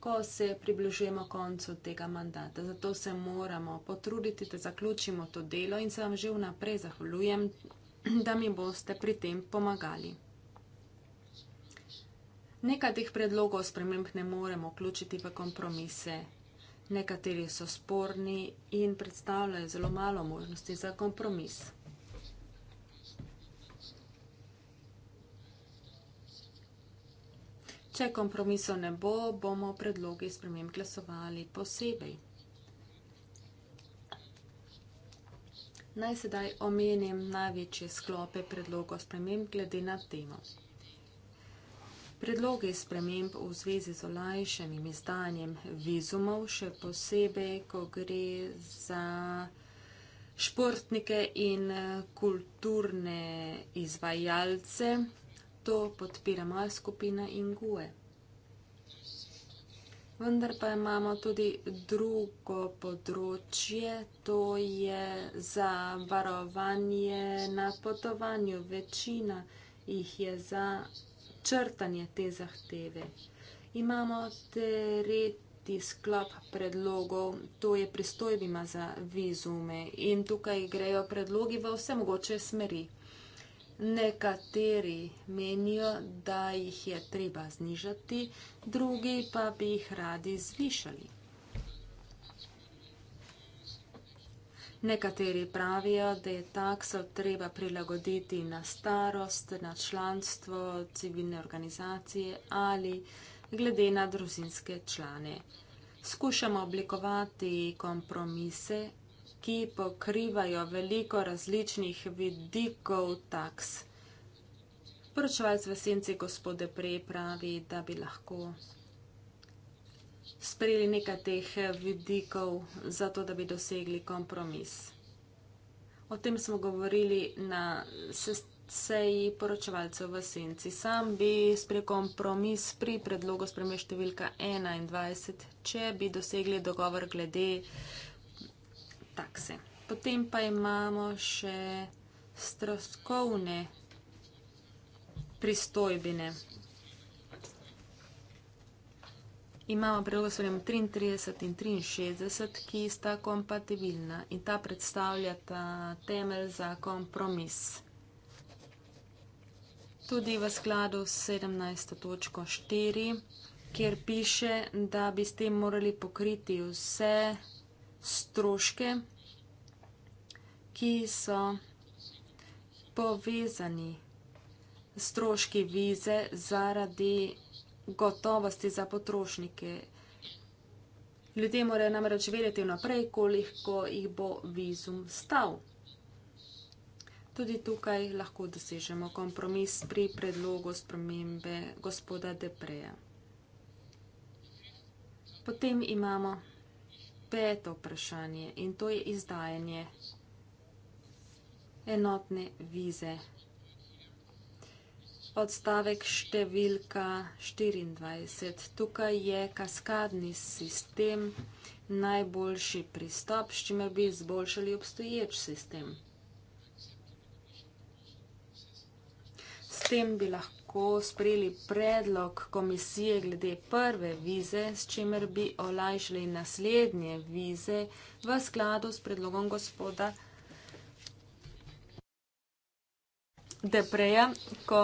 ko se približujemo koncu tega mandata. Zato se moramo potruditi, da zaključimo to delo in se vam že vnaprej zahvaljujem, da mi boste pri tem pomagali. Nekaj teh predlogov sprememb ne moremo vključiti v kompromise. Nekateri so sporni in predstavljajo zelo malo možnosti za kompromis. Če kompromisov ne bo, bomo predlogi spremem glasovali posebej. Naj sedaj omenim največje sklope predlogov sprememb glede na temo. Predlogi sprememb v zvezi z olajšanjem izdanjem vizumov, še posebej, ko gre za športnike in kulturne izvajalce, To podpira moja skupina Ingue. Vendar pa imamo tudi drugo področje, to je za varovanje na potovanju. Večina jih je za črtanje te zahteve. Imamo tretji sklop predlogov, to je pristojbima za vizume in tukaj grejo predlogi v vse mogoče smeri. Nekateri menijo, da jih je treba znižati, drugi pa bi jih radi zvišali. Nekateri pravijo, da je takso treba prilagoditi na starost, na članstvo civilne organizacije ali glede na družinske člane. Skušamo oblikovati kompromise, ki pokrivajo veliko različnih vidikov taks. Poročevalc v senci gospode prej pravi, da bi lahko sprejeli nekaj teh vidikov, zato da bi dosegli kompromis. O tem smo govorili na seji poročevalcev v senci. Sam bi sprejel kompromis pri predlogu spremembe številka 21, če bi dosegli dogovor glede takse. Potem pa imamo še stroškovne pristojbine. Imamo prilogoslovje 33 in 63, ki sta kompatibilna in ta predstavljata temelj za kompromis. Tudi v skladu 17.4, kjer piše, da bi s tem morali pokriti vse temelje, stroške, ki so povezani stroški vize zaradi gotovosti za potrošnike. Ljudje morajo namreč vedeti vnaprej, koliko jih bo vizum stal. Tudi tukaj lahko dosežemo kompromis pri predlogu spremembe gospoda Depreja. Potem imamo peto vprašanje in to je izdajanje enotne vize. Odstavek številka 24. Tukaj je kaskadni sistem najboljši pristop, s čimer bi izboljšali obstoječ sistem. S tem bi lahko lahko sprejeli predlog komisije glede prve vize, s čimer bi olajšali naslednje vize v skladu s predlogom gospoda Depreja, ko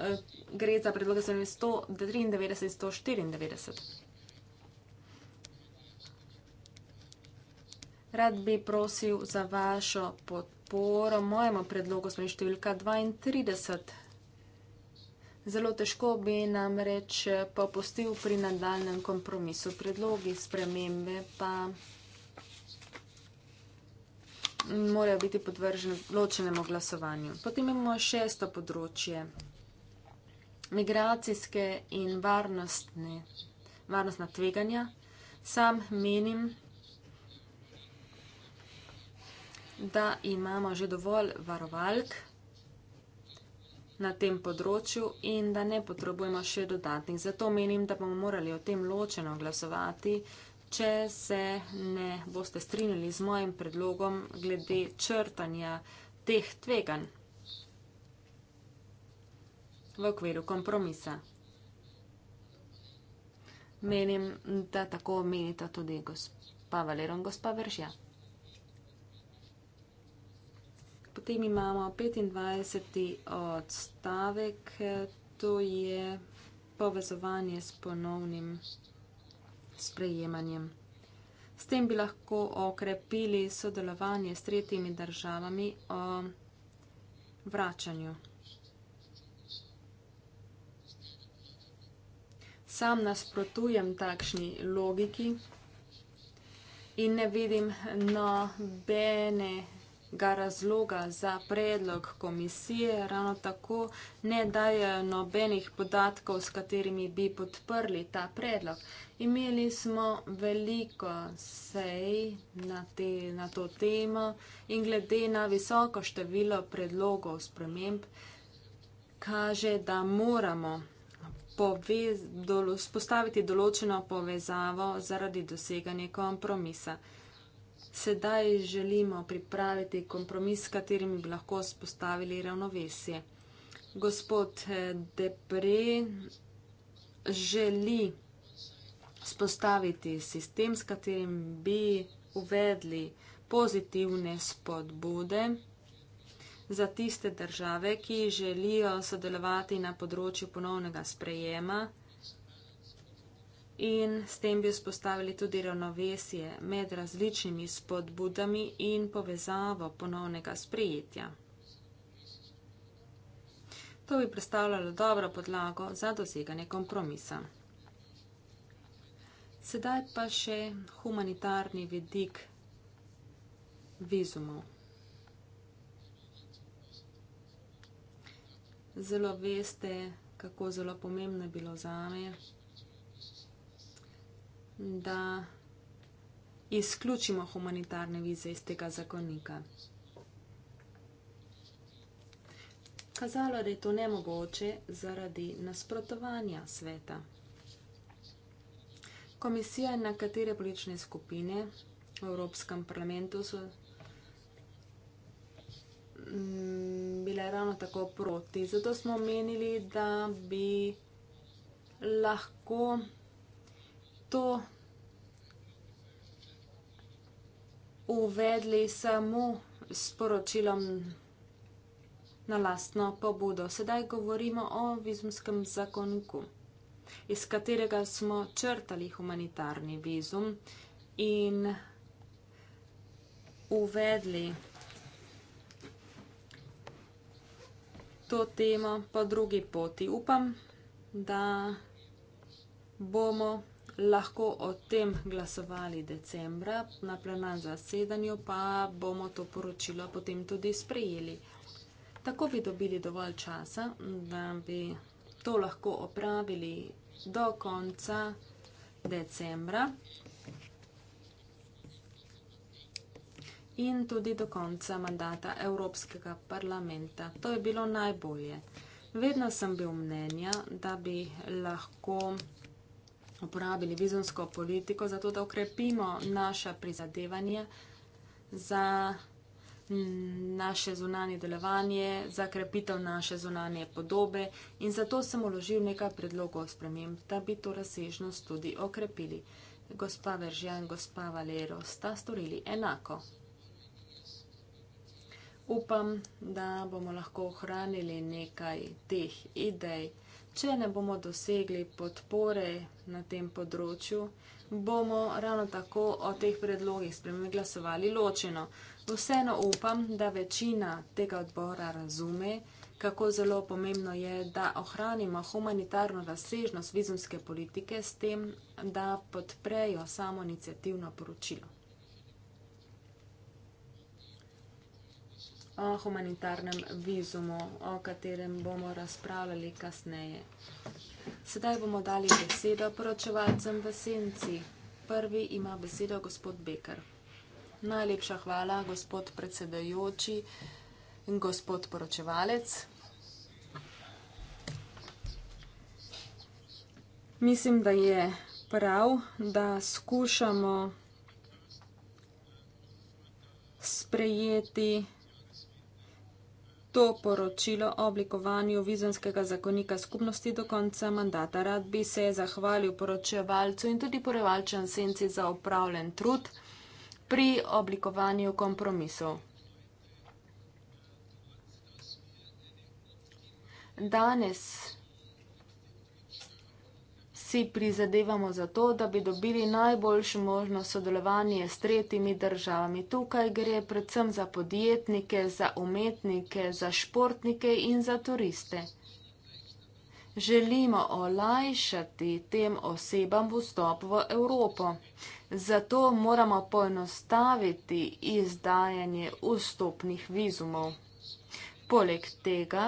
eh, gre za predlog za 193 in 194. Rad bi prosil za vašo podporo mojemu predlogu, smo številka 32. Zelo težko bi nam reč eh, popustil pri nadaljnem kompromisu. Predlogi spremembe pa morajo biti podvrženi ločenemu glasovanju. Potem imamo šesto področje. Migracijske in varnostne, varnostna tveganja. Sam menim, da imamo že dovolj varovalk na tem področju in da ne potrebujemo še dodatnih. Zato menim, da bomo morali o tem ločeno glasovati, če se ne boste strinjali z mojim predlogom glede črtanja teh tveganj v okviru kompromisa. Menim, da tako menita tudi gospa Valeron, gospa Veržja. Potem imamo 25. odstavek, to je povezovanje s ponovnim sprejemanjem. S tem bi lahko okrepili sodelovanje s tretjimi državami o vračanju. Sam nasprotujem takšni logiki in ne vidim nobene. No, ga razloga za predlog komisije, ravno tako ne dajo nobenih podatkov, s katerimi bi podprli ta predlog. Imeli smo veliko sej na, te, na to temo in glede na visoko število predlogov sprememb, kaže, da moramo spostaviti določeno povezavo zaradi doseganja kompromisa. Sedaj želimo pripraviti kompromis, s katerim bi lahko spostavili ravnovesje. Gospod eh, Depre želi spostaviti sistem, s katerim bi uvedli pozitivne spodbude za tiste države, ki želijo sodelovati na področju ponovnega sprejema in s tem bi vzpostavili tudi ravnovesje med različnimi spodbudami in povezavo ponovnega sprejetja. To bi predstavljalo dobro podlago za doseganje kompromisa. Sedaj pa še humanitarni vidik vizumov. Zelo veste, kako zelo pomembno je bilo za me da izključimo humanitarne vize iz tega zakonika. Kazalo, da je to nemogoče zaradi nasprotovanja sveta. Komisija in nekatere politične skupine v Evropskem parlamentu so mm, bile ravno tako proti. Zato smo menili, da bi lahko to uvedli samo s poročilom na lastno pobudo. Sedaj govorimo o vizumskem zakonku, iz katerega smo črtali humanitarni vizum in uvedli to temo po drugi poti. Upam, da bomo lahko o tem glasovali decembra, na plenarnem zasedanju pa bomo to poročilo potem tudi sprejeli. Tako bi dobili dovolj časa, da bi to lahko opravili do konca decembra in tudi do konca mandata Evropskega parlamenta. To je bilo najbolje. Vedno sem bil mnenja, da bi lahko uporabili vizonsko politiko, zato da ukrepimo naša prizadevanja za naše zunanje delovanje, za krepitev naše zunanje podobe in zato sem uložil nekaj predlogov sprememb, da bi to razsežnost tudi okrepili. Gospa Veržja in gospa Valero sta storili enako. Upam, da bomo lahko ohranili nekaj teh idej, če ne bomo dosegli podpore na tem področju, bomo ravno tako o teh predlogih spremembe glasovali ločeno. Vseeno upam, da večina tega odbora razume, kako zelo pomembno je, da ohranimo humanitarno razsežnost vizumske politike s tem, da podprejo samo inicijativno poročilo. o humanitarnem vizumu, o katerem bomo razpravljali kasneje. Sedaj bomo dali besedo poročevalcem v senci. Prvi ima besedo gospod Beker. Najlepša hvala, gospod predsedajoči in gospod poročevalec. Mislim, da je prav, da skušamo sprejeti To poročilo o oblikovanju vizanskega zakonika skupnosti do konca mandata rad bi se zahvalil poročevalcu in tudi porevalčan senci za upravljen trud pri oblikovanju kompromisov. Danes si prizadevamo za to, da bi dobili najboljšo možno sodelovanje s tretjimi državami. Tukaj gre predvsem za podjetnike, za umetnike, za športnike in za turiste. Želimo olajšati tem osebam vstop v Evropo. Zato moramo poenostaviti izdajanje vstopnih vizumov. Poleg tega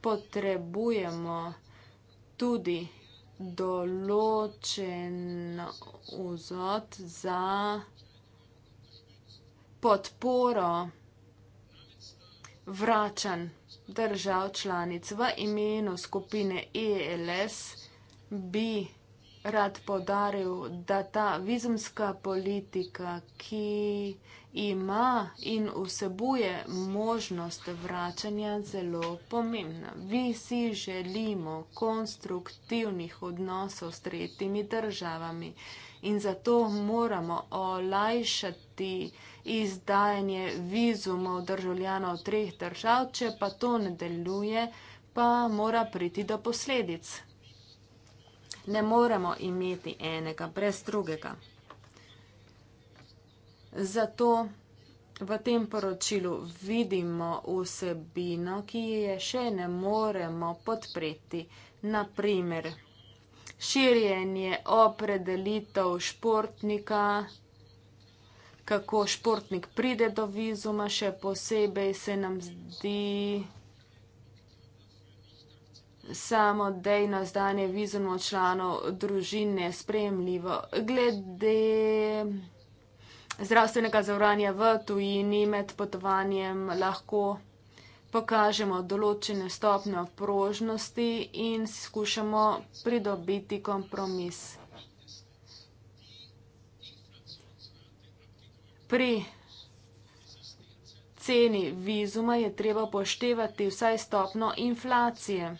potrebujemo tudi določen vzod za podporo vračanj držav članic v imenu skupine ELS bi rad podaril, da ta vizumska politika, ki ima in vsebuje možnost vračanja, zelo pomembna. Vi si želimo konstruktivnih odnosov s tretjimi državami in zato moramo olajšati izdajanje vizumov državljanov treh držav, če pa to ne deluje, pa mora priti do posledic. Ne moremo imeti enega brez drugega. Zato v tem poročilu vidimo vsebino, ki je še ne moremo podpreti. Naprimer, širjenje opredelitev športnika, kako športnik pride do vizuma, še posebej se nam zdi samo dejno zdanje vizumo članov družin nespremljivo. Glede zdravstvenega zavranja v tujini med potovanjem lahko pokažemo določene stopnje prožnosti in skušamo pridobiti kompromis. Pri ceni vizuma je treba poštevati vsaj stopno inflacije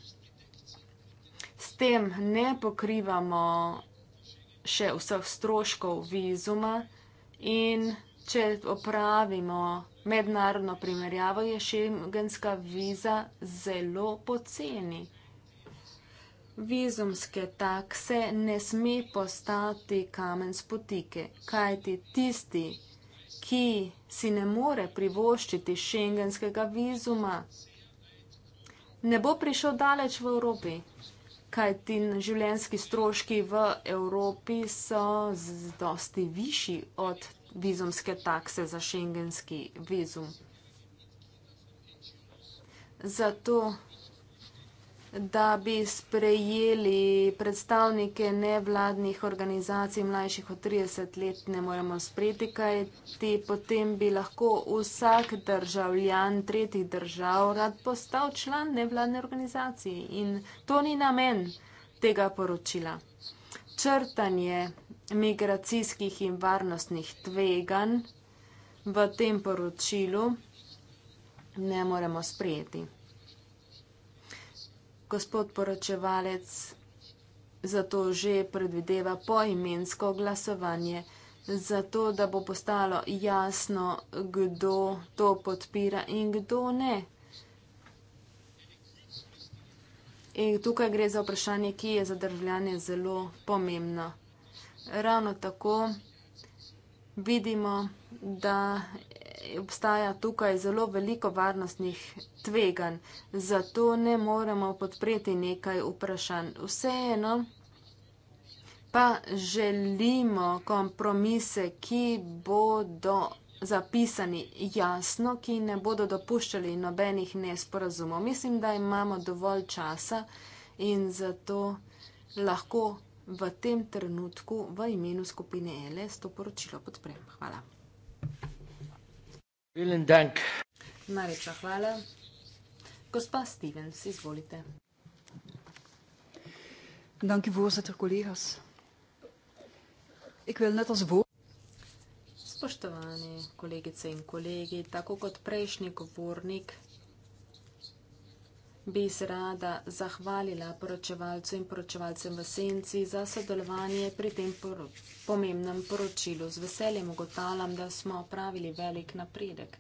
tem ne pokrivamo še vseh stroškov vizuma in če opravimo mednarodno primerjavo, je šengenska viza zelo poceni. Vizumske takse ne sme postati kamen spotike, kajti tisti, ki si ne more privoščiti šengenskega vizuma, ne bo prišel daleč v Evropi kaj ti življenjski stroški v Evropi so dosti višji od vizumske takse za šengenski vizum. Zato da bi sprejeli predstavnike nevladnih organizacij mlajših od 30 let, ne moremo sprejeti, kaj ti potem bi lahko vsak državljan tretjih držav rad postal član nevladne organizacije. In to ni namen tega poročila. Črtanje migracijskih in varnostnih tveganj v tem poročilu ne moremo sprejeti gospod poročevalec zato že predvideva poimensko glasovanje, zato da bo postalo jasno, kdo to podpira in kdo ne. In tukaj gre za vprašanje, ki je za državljane zelo pomembno. Ravno tako vidimo, da obstaja tukaj zelo veliko varnostnih tveganj, zato ne moremo podpreti nekaj vprašanj. Vseeno pa želimo kompromise, ki bodo zapisani jasno, ki ne bodo dopuščali nobenih nesporazumov. Mislim, da imamo dovolj časa in zato lahko v tem trenutku v imenu skupine LS to poročilo podprem. Hvala. Najlepša hvala. Gospa Stevens, izvolite. Danke, voziter, kolegas. Ik wil net als voor... Spoštovani kolegice in kolegi, tako kot prejšnji govornik, bi se rada zahvalila poročevalcu in poročevalcem v senci za sodelovanje pri tem por pomembnem poročilu. Z veseljem ugotavljam, da smo opravili velik napredek.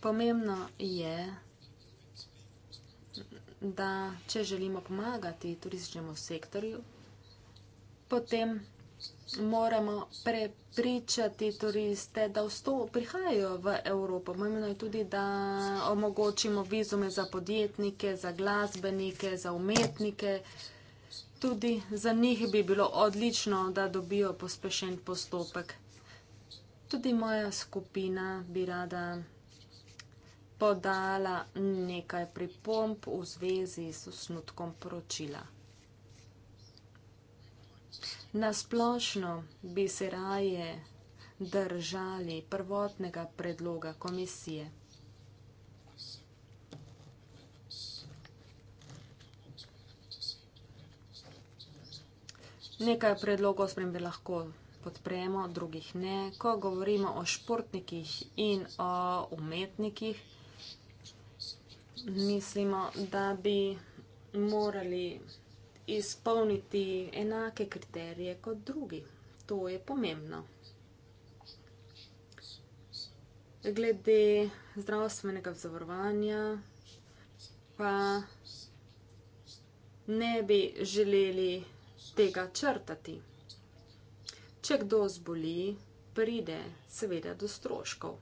Pomembno je, da če želimo pomagati turističnemu sektorju, potem moramo prepričati turiste, da vsto prihajajo v Evropo. Pomembno je tudi, da omogočimo vizume za podjetnike, za glasbenike, za umetnike. Tudi za njih bi bilo odlično, da dobijo pospešen postopek. Tudi moja skupina bi rada podala nekaj pripomp v zvezi s osnutkom poročila. Nasplošno bi se raje držali prvotnega predloga komisije. Nekaj predlogov sprem bi lahko podpremo, drugih ne. Ko govorimo o športnikih in o umetnikih, mislimo, da bi morali vsega, izpolniti enake kriterije kot drugi. To je pomembno. Glede zdravstvenega vzorovanja pa ne bi želeli tega črtati. Če kdo zboli, pride seveda do stroškov.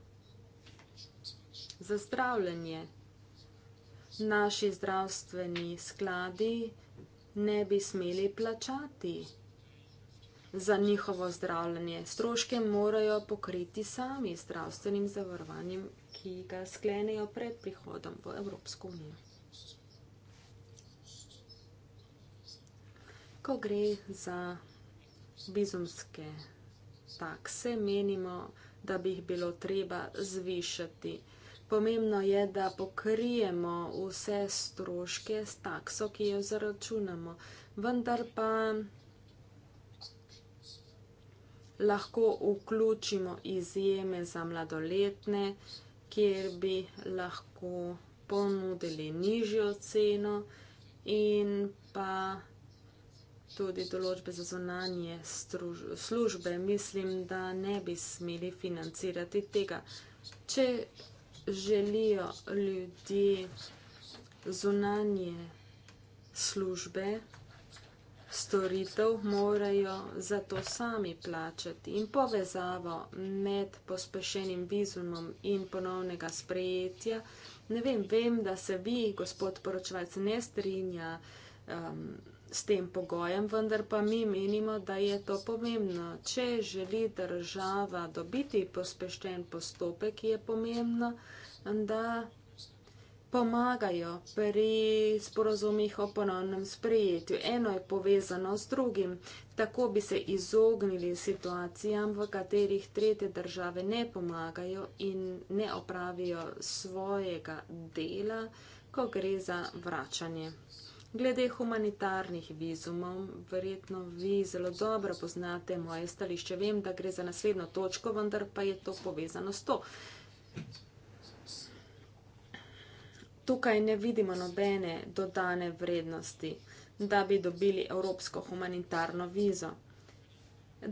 Za zdravljenje naši zdravstveni skladi ne bi smeli plačati za njihovo zdravljenje. Stroške morajo pokriti sami s zdravstvenim zavarovanjem, ki ga sklenijo pred prihodom v Evropsko unijo. Ko gre za bizumske takse, menimo, da bi jih bilo treba zvišati vsega. Pomembno je, da pokrijemo vse stroške s takso, ki jo zaračunamo. Vendar pa lahko vključimo izjeme za mladoletne, kjer bi lahko ponudili nižjo ceno in pa tudi določbe za zonanje službe. Mislim, da ne bi smeli financirati tega. Če želijo ljudi zunanje službe, storitev, morajo za to sami plačati. In povezavo med pospešenim vizumom in ponovnega sprejetja, ne vem, vem, da se vi, gospod poročevalc, ne strinja. Um, s tem pogojem, vendar pa mi menimo, da je to pomembno. Če želi država dobiti pospešten postopek, je pomembno, da pomagajo pri sporozumih o ponovnem sprejetju. Eno je povezano s drugim, tako bi se izognili situacijam, v katerih tretje države ne pomagajo in ne opravijo svojega dela, ko gre za vračanje. Glede humanitarnih vizumov, verjetno vi zelo dobro poznate moje stališče. Vem, da gre za naslednjo točko, vendar pa je to povezano s to. Tukaj ne vidimo nobene dodane vrednosti, da bi dobili evropsko humanitarno vizo.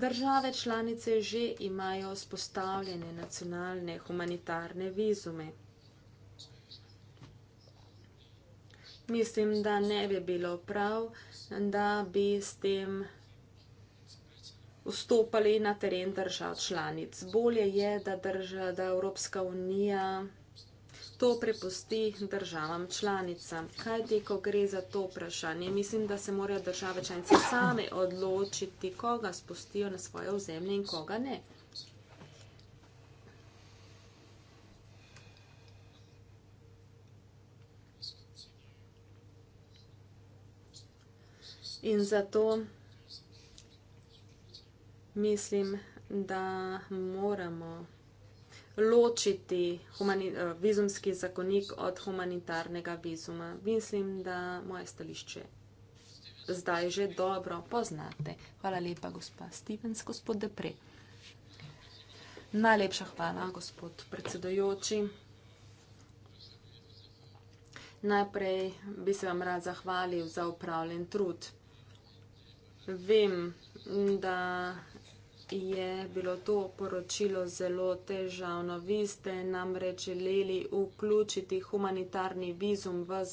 Države članice že imajo spostavljene nacionalne humanitarne vizume. Mislim, da ne bi bilo prav, da bi s tem vstopali na teren držav članic. Bolje je, da, drža, da Evropska unija to prepusti državam članicam. Kaj ti, ko gre za to vprašanje? Mislim, da se morajo države članice same odločiti, koga spustijo na svoje ozemlje in koga ne. In zato mislim, da moramo ločiti eh, vizumski zakonik od humanitarnega vizuma. Mislim, da moje stališče zdaj že dobro poznate. Hvala lepa, gospa Stevens, gospod Depre. Najlepša hvala, gospod predsedojoči. Najprej bi se vam rad zahvalil za upravljen trud vem, da je bilo to poročilo zelo težavno. Vi ste namreč želeli vključiti humanitarni vizum v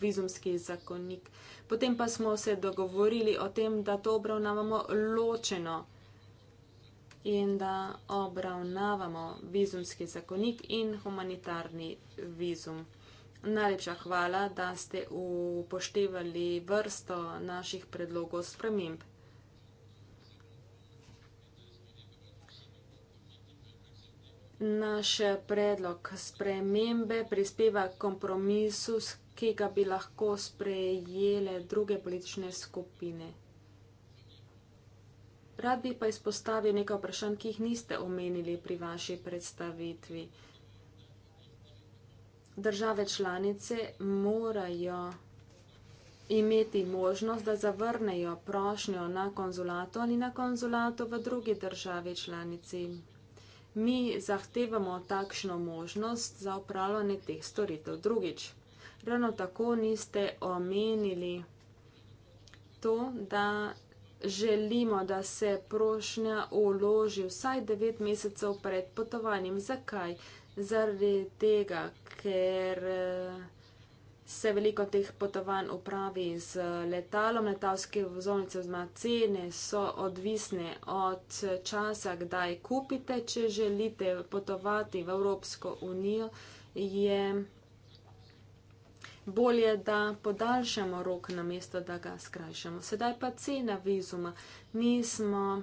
vizumski zakonik. Potem pa smo se dogovorili o tem, da to obravnavamo ločeno in da obravnavamo vizumski zakonik in humanitarni vizum. Najlepša hvala, da ste upoštevali vrsto naših predlogov sprememb. Naš predlog spremembe prispeva kompromisu, ki ga bi lahko sprejele druge politične skupine. Rad bi pa izpostavil nekaj vprašanj, ki jih niste omenili pri vaši predstavitvi države članice morajo imeti možnost, da zavrnejo prošnjo na konzulato ali na konzulato v drugi državi članici. Mi zahtevamo takšno možnost za upravljanje teh storitev. Drugič, ravno tako niste omenili to, da želimo, da se prošnja uloži vsaj devet mesecev pred potovanjem. Zakaj? zaradi tega, ker eh, se veliko teh potovanj upravi z eh, letalom, letalske vozovnice oziroma cene so odvisne od eh, časa, kdaj kupite, če želite potovati v Evropsko unijo, je bolje, da podaljšamo rok na mesto, da ga skrajšamo. Sedaj pa cena vizuma. Mi smo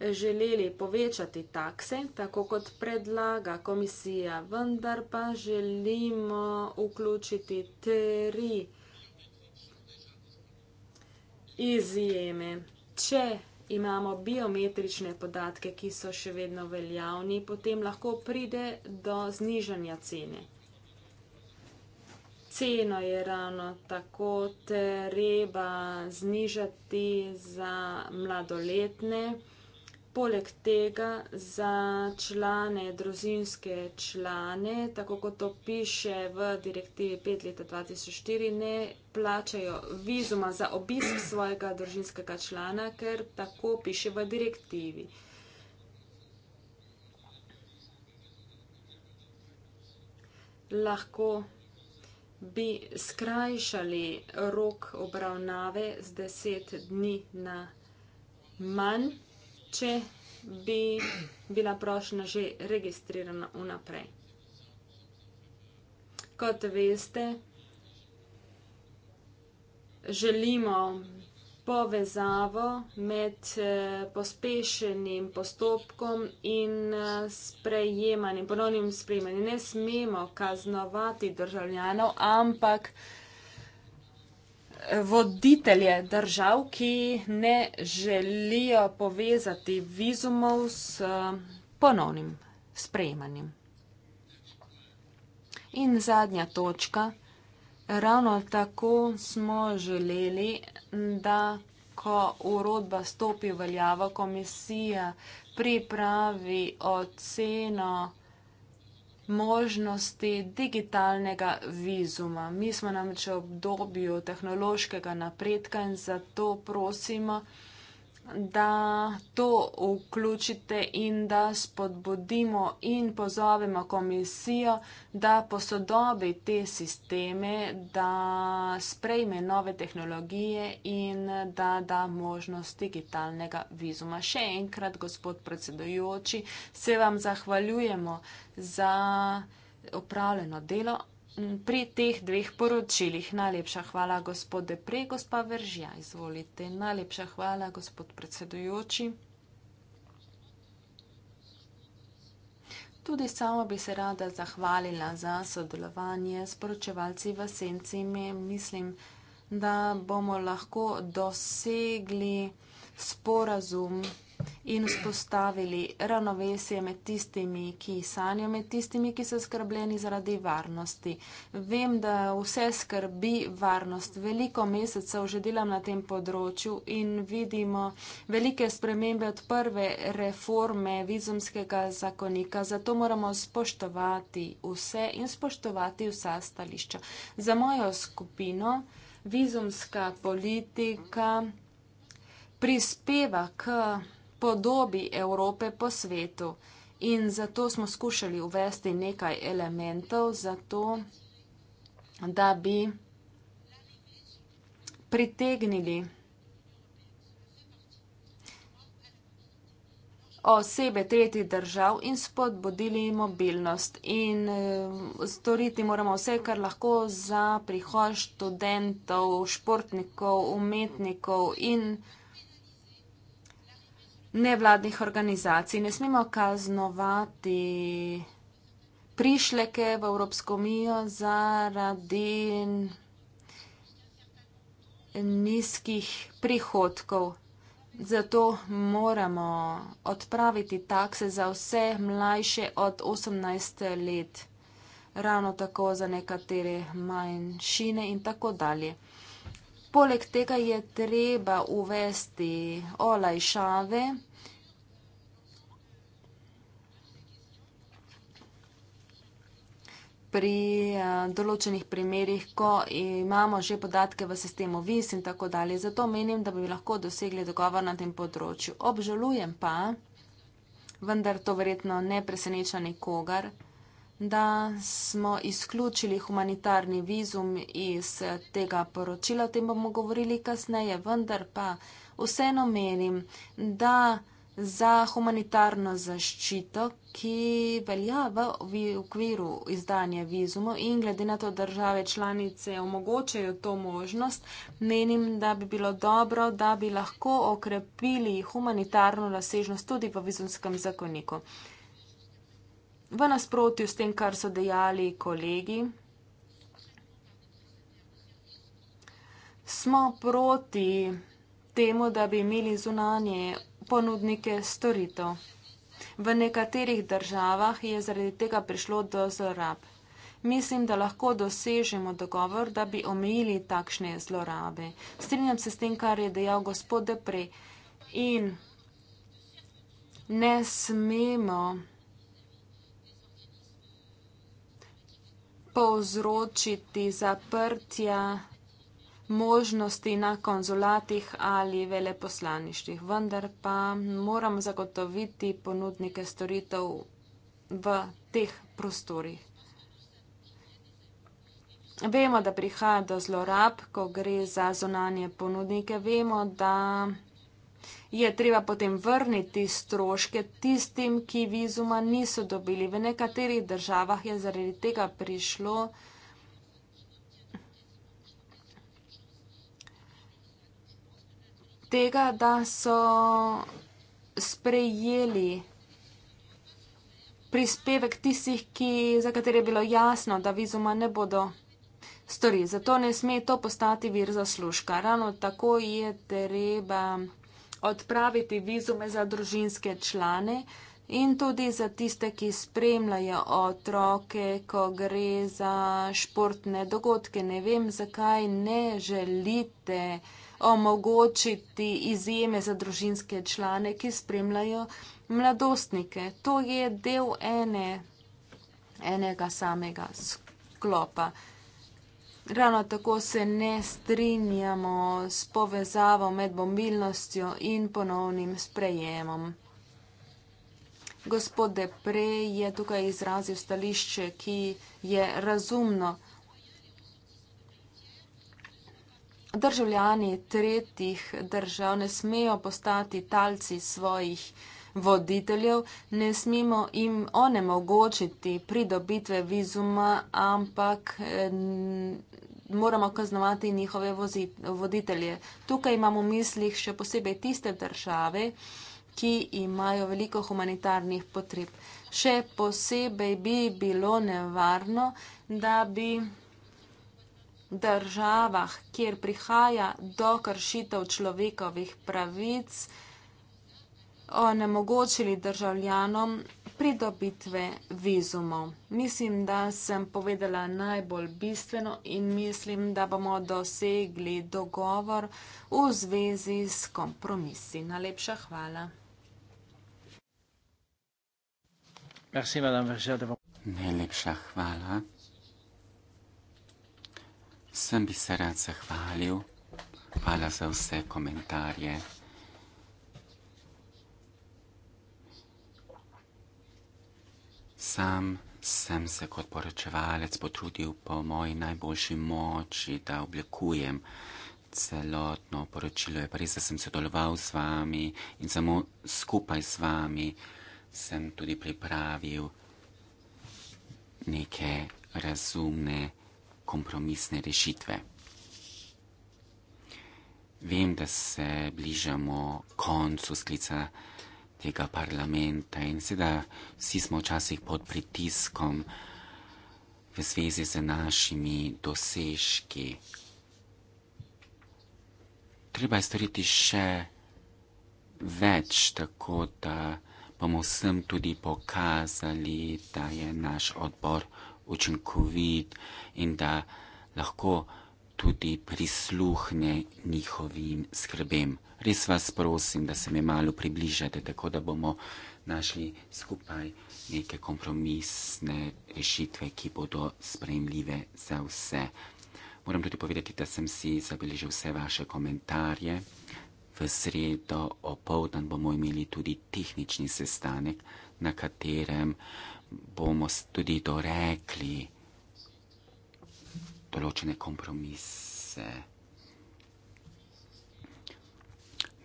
želeli povečati takse, tako kot predlaga komisija, vendar pa želimo vključiti tri izjeme. Če imamo biometrične podatke, ki so še vedno veljavni, potem lahko pride do znižanja cene. Ceno je ravno tako treba znižati za mladoletne podatke, poleg tega za člane, družinske člane, tako kot to piše v direktivi 5 leta 2004, ne plačajo vizuma za obisk svojega družinskega člana, ker tako piše v direktivi. Lahko bi skrajšali rok obravnave z 10 dni na manj če bi bila prošnja že registrirana vnaprej. Kot veste, želimo povezavo med eh, pospešenim postopkom in eh, sprejemanjem, ponovnim sprejemanjem. Ne smemo kaznovati državljanov, ampak vsega, voditelje držav, ki ne želijo povezati vizumov s eh, ponovnim sprejemanjem. In zadnja točka. Ravno tako smo želeli, da ko urodba stopi v veljavo, komisija pripravi oceno možnosti digitalnega vizuma. Mi smo namreč v obdobju tehnološkega napredka in zato prosimo, da to vključite in da spodbudimo in pozovemo komisijo, da posodobi te sisteme, da sprejme nove tehnologije in da da možnost digitalnega vizuma. Še enkrat, gospod predsedujoči, se vam zahvaljujemo za upravljeno delo pri teh dveh poročilih. Najlepša hvala, gospod Depre, gospa Veržja, izvolite. Najlepša hvala, gospod predsedujoči. Tudi sama bi se rada zahvalila za sodelovanje s poročevalci v Senci. Mislim, da bomo lahko dosegli eh, sporazum in vzpostavili ravnovesje med tistimi, ki sanjajo, med tistimi, ki so skrbljeni zaradi varnosti. Vem, da vse skrbi varnost. Veliko mesecev že delam na tem področju in vidimo velike spremembe od prve reforme vizumskega zakonika. Zato moramo spoštovati vse in spoštovati vsa stališča. Za mojo skupino vizumska politika prispeva k podobi Evrope po svetu. In zato smo skušali uvesti nekaj elementov, zato da bi pritegnili osebe tretjih držav in spodbudili mobilnost. In eh, storiti moramo vse, kar lahko za prihod študentov, športnikov, umetnikov in vsega nevladnih organizacij. Ne smemo kaznovati prišleke v Evropsko unijo zaradi nizkih prihodkov. Zato moramo odpraviti takse za vse mlajše od 18 let, ravno tako za nekatere manjšine in tako dalje. Poleg tega je treba uvesti olajšave, pri eh, določenih primerjih, ko imamo že podatke v sistemu VIS in tako dalje. Zato menim, da bi lahko dosegli dogovor na tem področju. Obžalujem pa, vendar to verjetno ne preseneča nikogar, da smo izključili humanitarni vizum iz tega poročila, o tem bomo govorili kasneje, vendar pa vseeno menim, da za humanitarno zaščito, ki velja v okviru izdanja vizumo in glede na to države članice omogočajo to možnost, menim, da bi bilo dobro, da bi lahko okrepili humanitarno razsežnost tudi v vizumskem zakoniku v nasprotju s tem, kar so dejali kolegi. Smo proti temu, da bi imeli zunanje ponudnike storitev. V nekaterih državah je zaradi tega prišlo do zlorab. Mislim, da lahko dosežemo dogovor, da bi omejili takšne zlorabe. Strinjam se s tem, kar je dejal gospod Depre. In ne smemo. povzročiti zaprtja možnosti na konzulatih ali veleposlaniščih. Vendar pa moramo zagotoviti ponudnike storitev v teh prostorih. Vemo, da prihaja do zlorab, ko gre za zunanje ponudnike. Vemo, da je treba potem vrniti stroške tistim, ki vizuma niso dobili. V nekaterih državah je zaradi tega prišlo tega, da so sprejeli prispevek tistih, ki, za katere je bilo jasno, da vizuma ne bodo storili. Zato ne sme to postati vir zaslužka. Ravno tako je treba odpraviti vizume za družinske člane in tudi za tiste, ki spremljajo otroke, ko gre za športne dogodke. Ne vem, zakaj ne želite omogočiti izjeme za družinske člane, ki spremljajo mladostnike. To je del ene, enega samega sklopa. Ravno tako se ne strinjamo s povezavo med mobilnostjo in ponovnim sprejemom. Gospod Depre je tukaj izrazil stališče, ki je razumno. Državljani tretjih držav ne smejo postati talci svojih državljanov voditeljev, ne smemo jim onemogočiti pridobitve vizuma, ampak eh, moramo kaznovati njihove voditelje. Tukaj imamo v mislih še posebej tiste države, ki imajo veliko humanitarnih potreb. Še posebej bi bilo nevarno, da bi državah, kjer prihaja do kršitev človekovih pravic, onemogočili državljanom pridobitve vizumov. Mislim, da sem povedala najbolj bistveno in mislim, da bomo dosegli dogovor v zvezi s kompromisi. Najlepša hvala. Merci, Najlepša hvala. Sem bi se rad zahvalil. Hvala za vse komentarje. Sam sem se kot poročevalec potrudil po moji najboljši moči, da oblikujem celotno poročilo. Je pa res, da sem sodeloval z vami in samo skupaj z vami sem tudi pripravil neke razumne kompromisne rešitve. Vem, da se bližamo koncu sklica tega parlamenta in seveda vsi smo včasih pod pritiskom v zvezi z našimi dosežki. Treba je storiti še več, tako da bomo vsem tudi pokazali, da je naš odbor učinkovit in da lahko tudi prisluhne njihovim skrbem. Res vas prosim, da se mi malo približate, tako da bomo našli skupaj neke kompromisne rešitve, ki bodo sprejemljive za vse. Moram tudi povedati, da sem si zabeležil vse vaše komentarje. V sredo opoldan bomo imeli tudi tehnični sestanek, na katerem bomo tudi dorekli določene kompromise.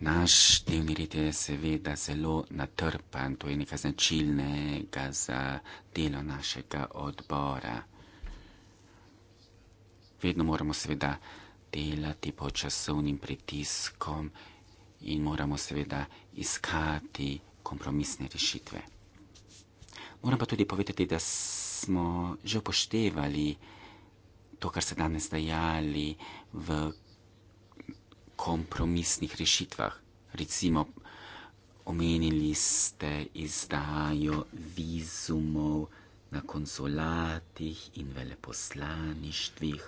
Naš dimirit je seveda zelo natrpan, to je nekaj značilnega za delo našega odbora. Vedno moramo seveda delati pod časovnim pritiskom in moramo seveda iskati kompromisne rešitve. Moram pa tudi povedati, da smo že upoštevali to, kar ste danes dajali v kompromisnih rešitvah. Recimo, omenili ste izdajo vizumov na konsulatih in veleposlaništvih.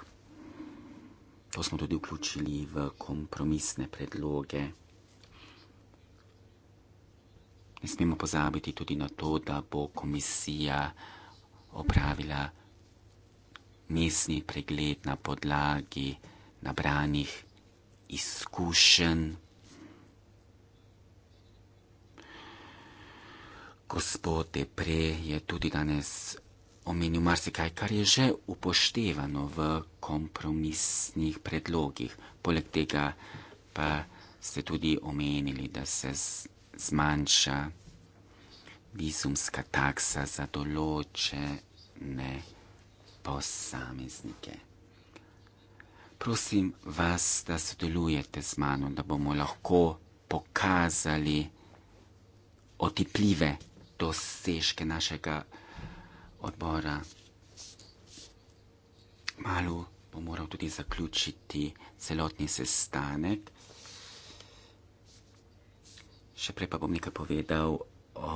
To smo tudi vključili v kompromisne predloge. Ne smemo pozabiti tudi na to, da bo komisija opravila mestni pregled na podlagi nabranih izkušenj. Gospod Depre je tudi danes omenil marsikaj, kar je že upoštevano v kompromisnih predlogih. Poleg tega pa ste tudi omenili, da se zmanjša vizumska taksa za določene posameznike prosim vas, da sodelujete z mano, da bomo lahko pokazali otipljive dosežke našega odbora. Malo bo moral tudi zaključiti celotni sestanek. Še prej pa bom nekaj povedal o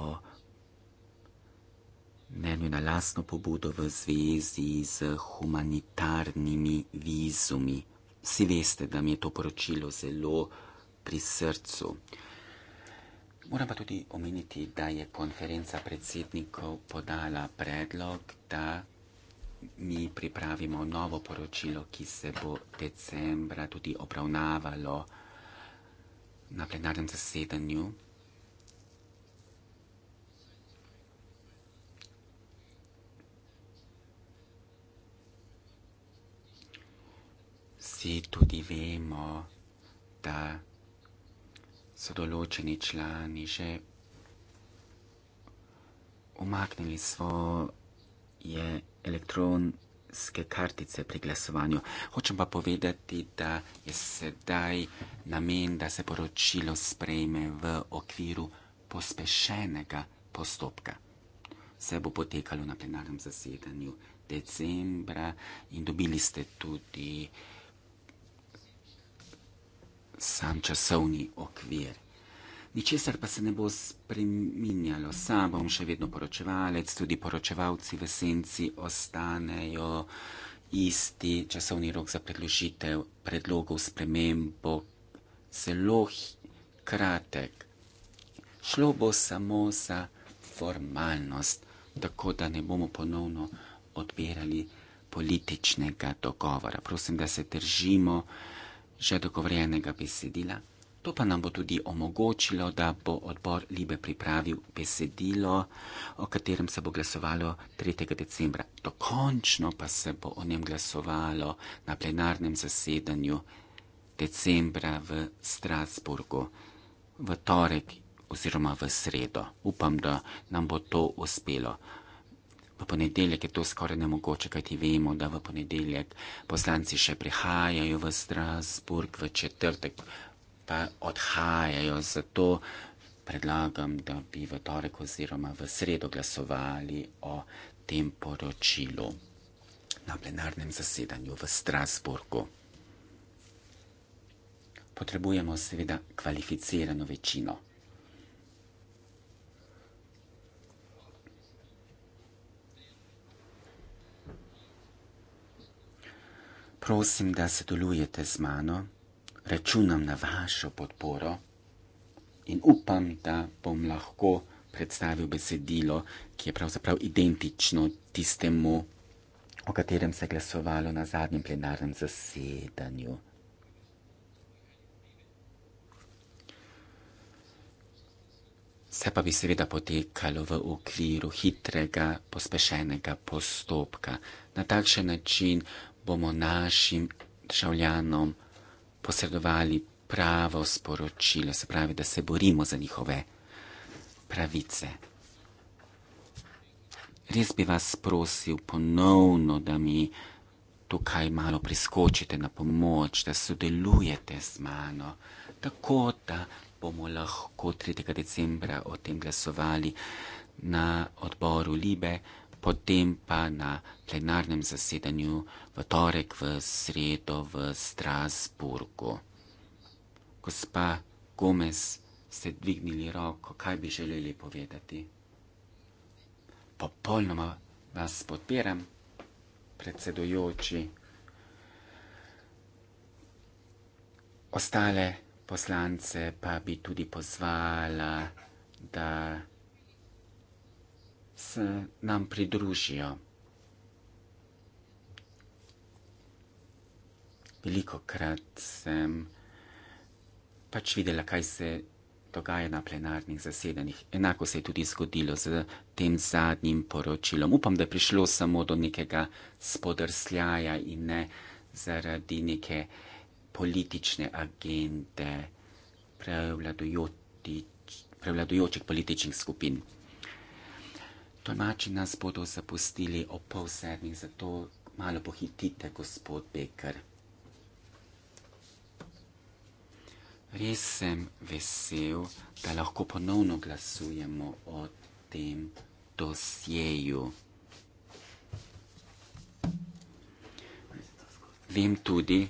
ne nujno na lastno pobudo v zvezi z humanitarnimi vizumi. Vsi veste, da mi je to poročilo zelo pri srcu. Moram pa tudi omeniti, da je konferenca predsednikov podala predlog, da mi pripravimo novo poročilo, ki se bo decembra tudi obravnavalo na plenarnem zasedanju vsi tudi vemo, da so določeni člani že umaknili svoje elektronske kartice pri glasovanju. Hočem pa povedati, da je sedaj namen, da se poročilo sprejme v okviru pospešenega postopka. Vse bo potekalo na plenarnem zasedanju decembra in dobili ste tudi uh, sam časovni okvir. Ničesar pa se ne bo spreminjalo, sam bom še vedno poročevalec, tudi poročevalci v senci ostanejo isti časovni rok za predložitev predlogov sprememb, zelo kratek. Šlo bo samo za formalnost, tako da ne bomo ponovno odbirali političnega dogovora. Prosim, da se držimo že dogovorjenega besedila. To pa nam bo tudi omogočilo, da bo odbor Libe pripravil besedilo, o katerem se bo glasovalo 3. decembra. Dokončno pa se bo o njem glasovalo na plenarnem zasedanju decembra v Strasburgu, v torek oziroma v sredo. Upam, da nam bo to uspelo. V ponedeljek je to skoraj nemogoče, kajti vemo, da v ponedeljek poslanci še prihajajo v Strasburg, v četrtek pa odhajajo. Zato predlagam, da bi v torek oziroma v sredo glasovali o tem poročilu na plenarnem zasedanju v Strasburgu. Potrebujemo seveda kvalificirano večino. prosim, da sodelujete z mano, računam na vašo podporo in upam, da bom lahko predstavil besedilo, ki je pravzaprav identično tistemu, o katerem se je glasovalo na zadnjem plenarnem zasedanju. Vse pa bi seveda potekalo v okviru hitrega, pospešenega postopka. Na takšen način bomo našim državljanom posredovali pravo sporočilo, se pravi, da se borimo za njihove pravice. Res bi vas prosil ponovno, da mi tukaj malo priskočite na pomoč, da sodelujete z mano, tako da bomo lahko 3. decembra o tem glasovali na odboru Libe potem pa na plenarnem zasedanju v torek, v sredo, v Strasburgu. Gospa Gomez, ste dvignili roko, kaj bi želeli povedati? Popolnoma vas podpiram, predsedujoči. Ostale poslance pa bi tudi pozvala, da se nam pridružijo. Veliko krat sem pač videla, kaj se dogaja na plenarnih zasedanjih. Enako se je tudi zgodilo z tem zadnjim poročilom. Upam, da je prišlo samo do nekega spodrsljaja in ne zaradi neke politične agende prevladujočih političnih skupin. Tolmači nas bodo zapustili ob pol sedmih, zato malo pohitite, gospod Beker. Res sem vesel, da lahko ponovno glasujemo o tem dosjeju. Vem tudi,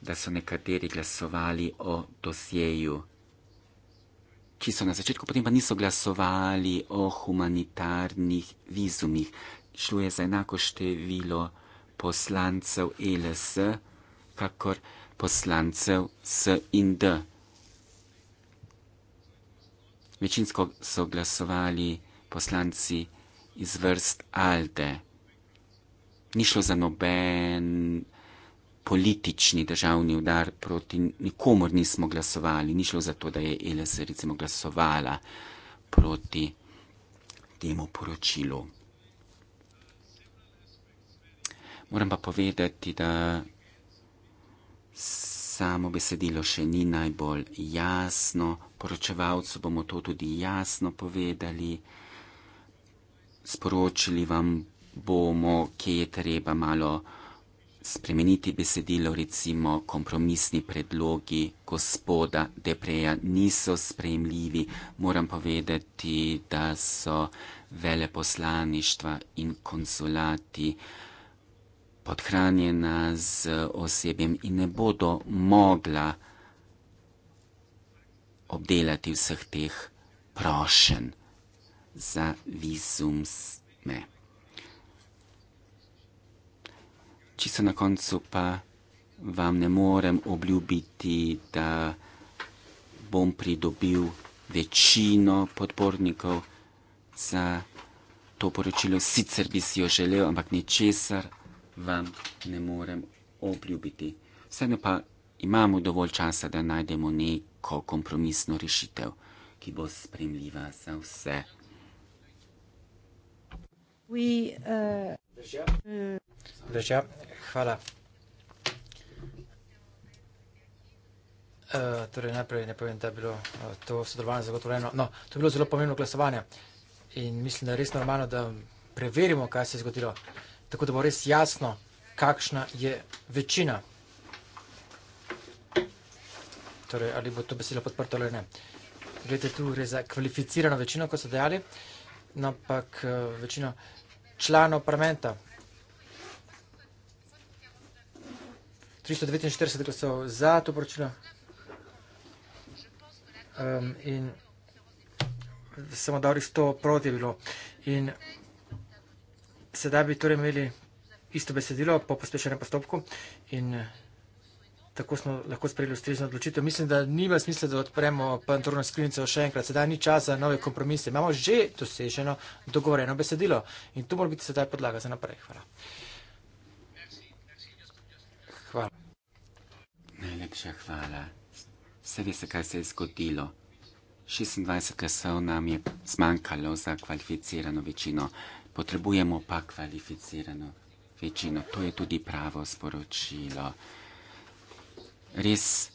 da so nekateri glasovali o dosjeju ki so na začetku, potem pa niso glasovali o humanitarnih vizumih. Šlo je za enako število poslancev e LS, kakor poslancev S in D. Večinsko so glasovali poslanci iz vrst Alde. Ni šlo za noben politični državni udar proti nikomor nismo glasovali. Ni šlo za to, da je ELS recimo glasovala proti temu poročilu. Moram pa povedati, da samo besedilo še ni najbolj jasno. Poročevalcu bomo to tudi jasno povedali. Sporočili vam bomo, kje je treba malo spremeniti besedilo, recimo kompromisni predlogi gospoda Depreja niso sprejemljivi. Moram povedati, da so veleposlaništva in konsulati podhranjena z osebjem in ne bodo mogla obdelati vseh teh prošen za vizumsme. čisto na koncu pa vam ne morem obljubiti, da bom pridobil večino podpornikov za to poročilo. Sicer bi si jo želel, ampak ničesar vam ne morem obljubiti. Vseeno pa imamo dovolj časa, da najdemo neko kompromisno rešitev, ki bo spremljiva za vse. Uh, Držja. Hvala. Eh, torej, najprej ne povem, da je bilo eh, to sodelovanje zagotovljeno. No, to je bilo zelo pomembno glasovanje in mislim, da je res normalno, da preverimo, kaj se je zgodilo, tako da bo res jasno, kakšna je večina. Torej, ali bo to besedilo podprto ali ne. Gledajte, tu gre za kvalificirano večino, kot so dejali ampak eh, večino članov parlamenta. 349 glasov za to poročilo. Um, in samo dobrih 100 proti je bilo. In sedaj bi torej imeli isto besedilo po pospešenem postopku. In tako smo lahko sprejeli ustrezno odločitev. Mislim, da nima smisla, da odpremo Pantorno skrinjico še enkrat. Sedaj ni čas za nove kompromise. Imamo že doseženo dogovorjeno besedilo in to mora biti sedaj podlaga za naprej. Hvala. Hvala. Najlepša hvala. Vse veste, kaj se je zgodilo. 26 glasov nam je zmanjkalo za kvalificirano večino. Potrebujemo pa kvalificirano večino. To je tudi pravo sporočilo res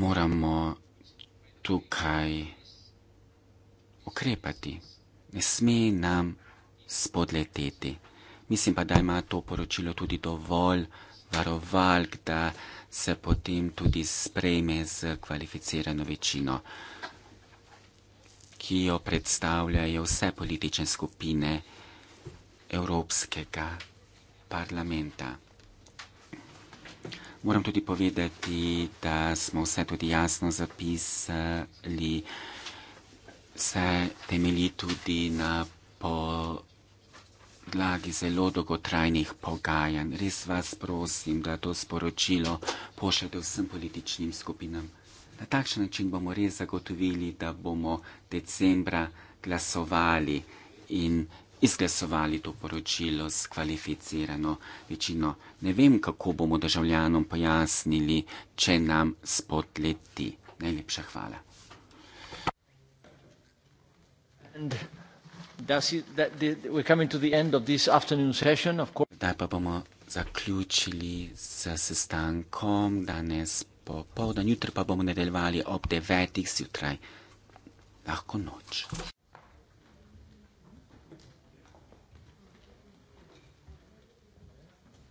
moramo tukaj ukrepati. Ne sme nam spodleteti. Mislim pa, da ima to poročilo tudi dovolj varovalk, da se potem tudi sprejme z kvalificirano večino, ki jo predstavljajo vse politične skupine Evropskega parlamenta. Moram tudi povedati, da smo vse tudi jasno zapisali, se temelji tudi na podlagi zelo dolgotrajnih pogajanj. Res vas prosim, da to sporočilo pošljete vsem političnim skupinam. Na takšen način bomo res zagotovili, da bomo decembra glasovali in izglasovali to poročilo s kvalificirano večino. Ne vem, kako bomo državljanom pojasnili, če nam spot leti. Najlepša hvala. Zdaj pa bomo zaključili z sestankom danes popoldan, jutri pa bomo nadaljevali ob devetih zjutraj. Lahko noč.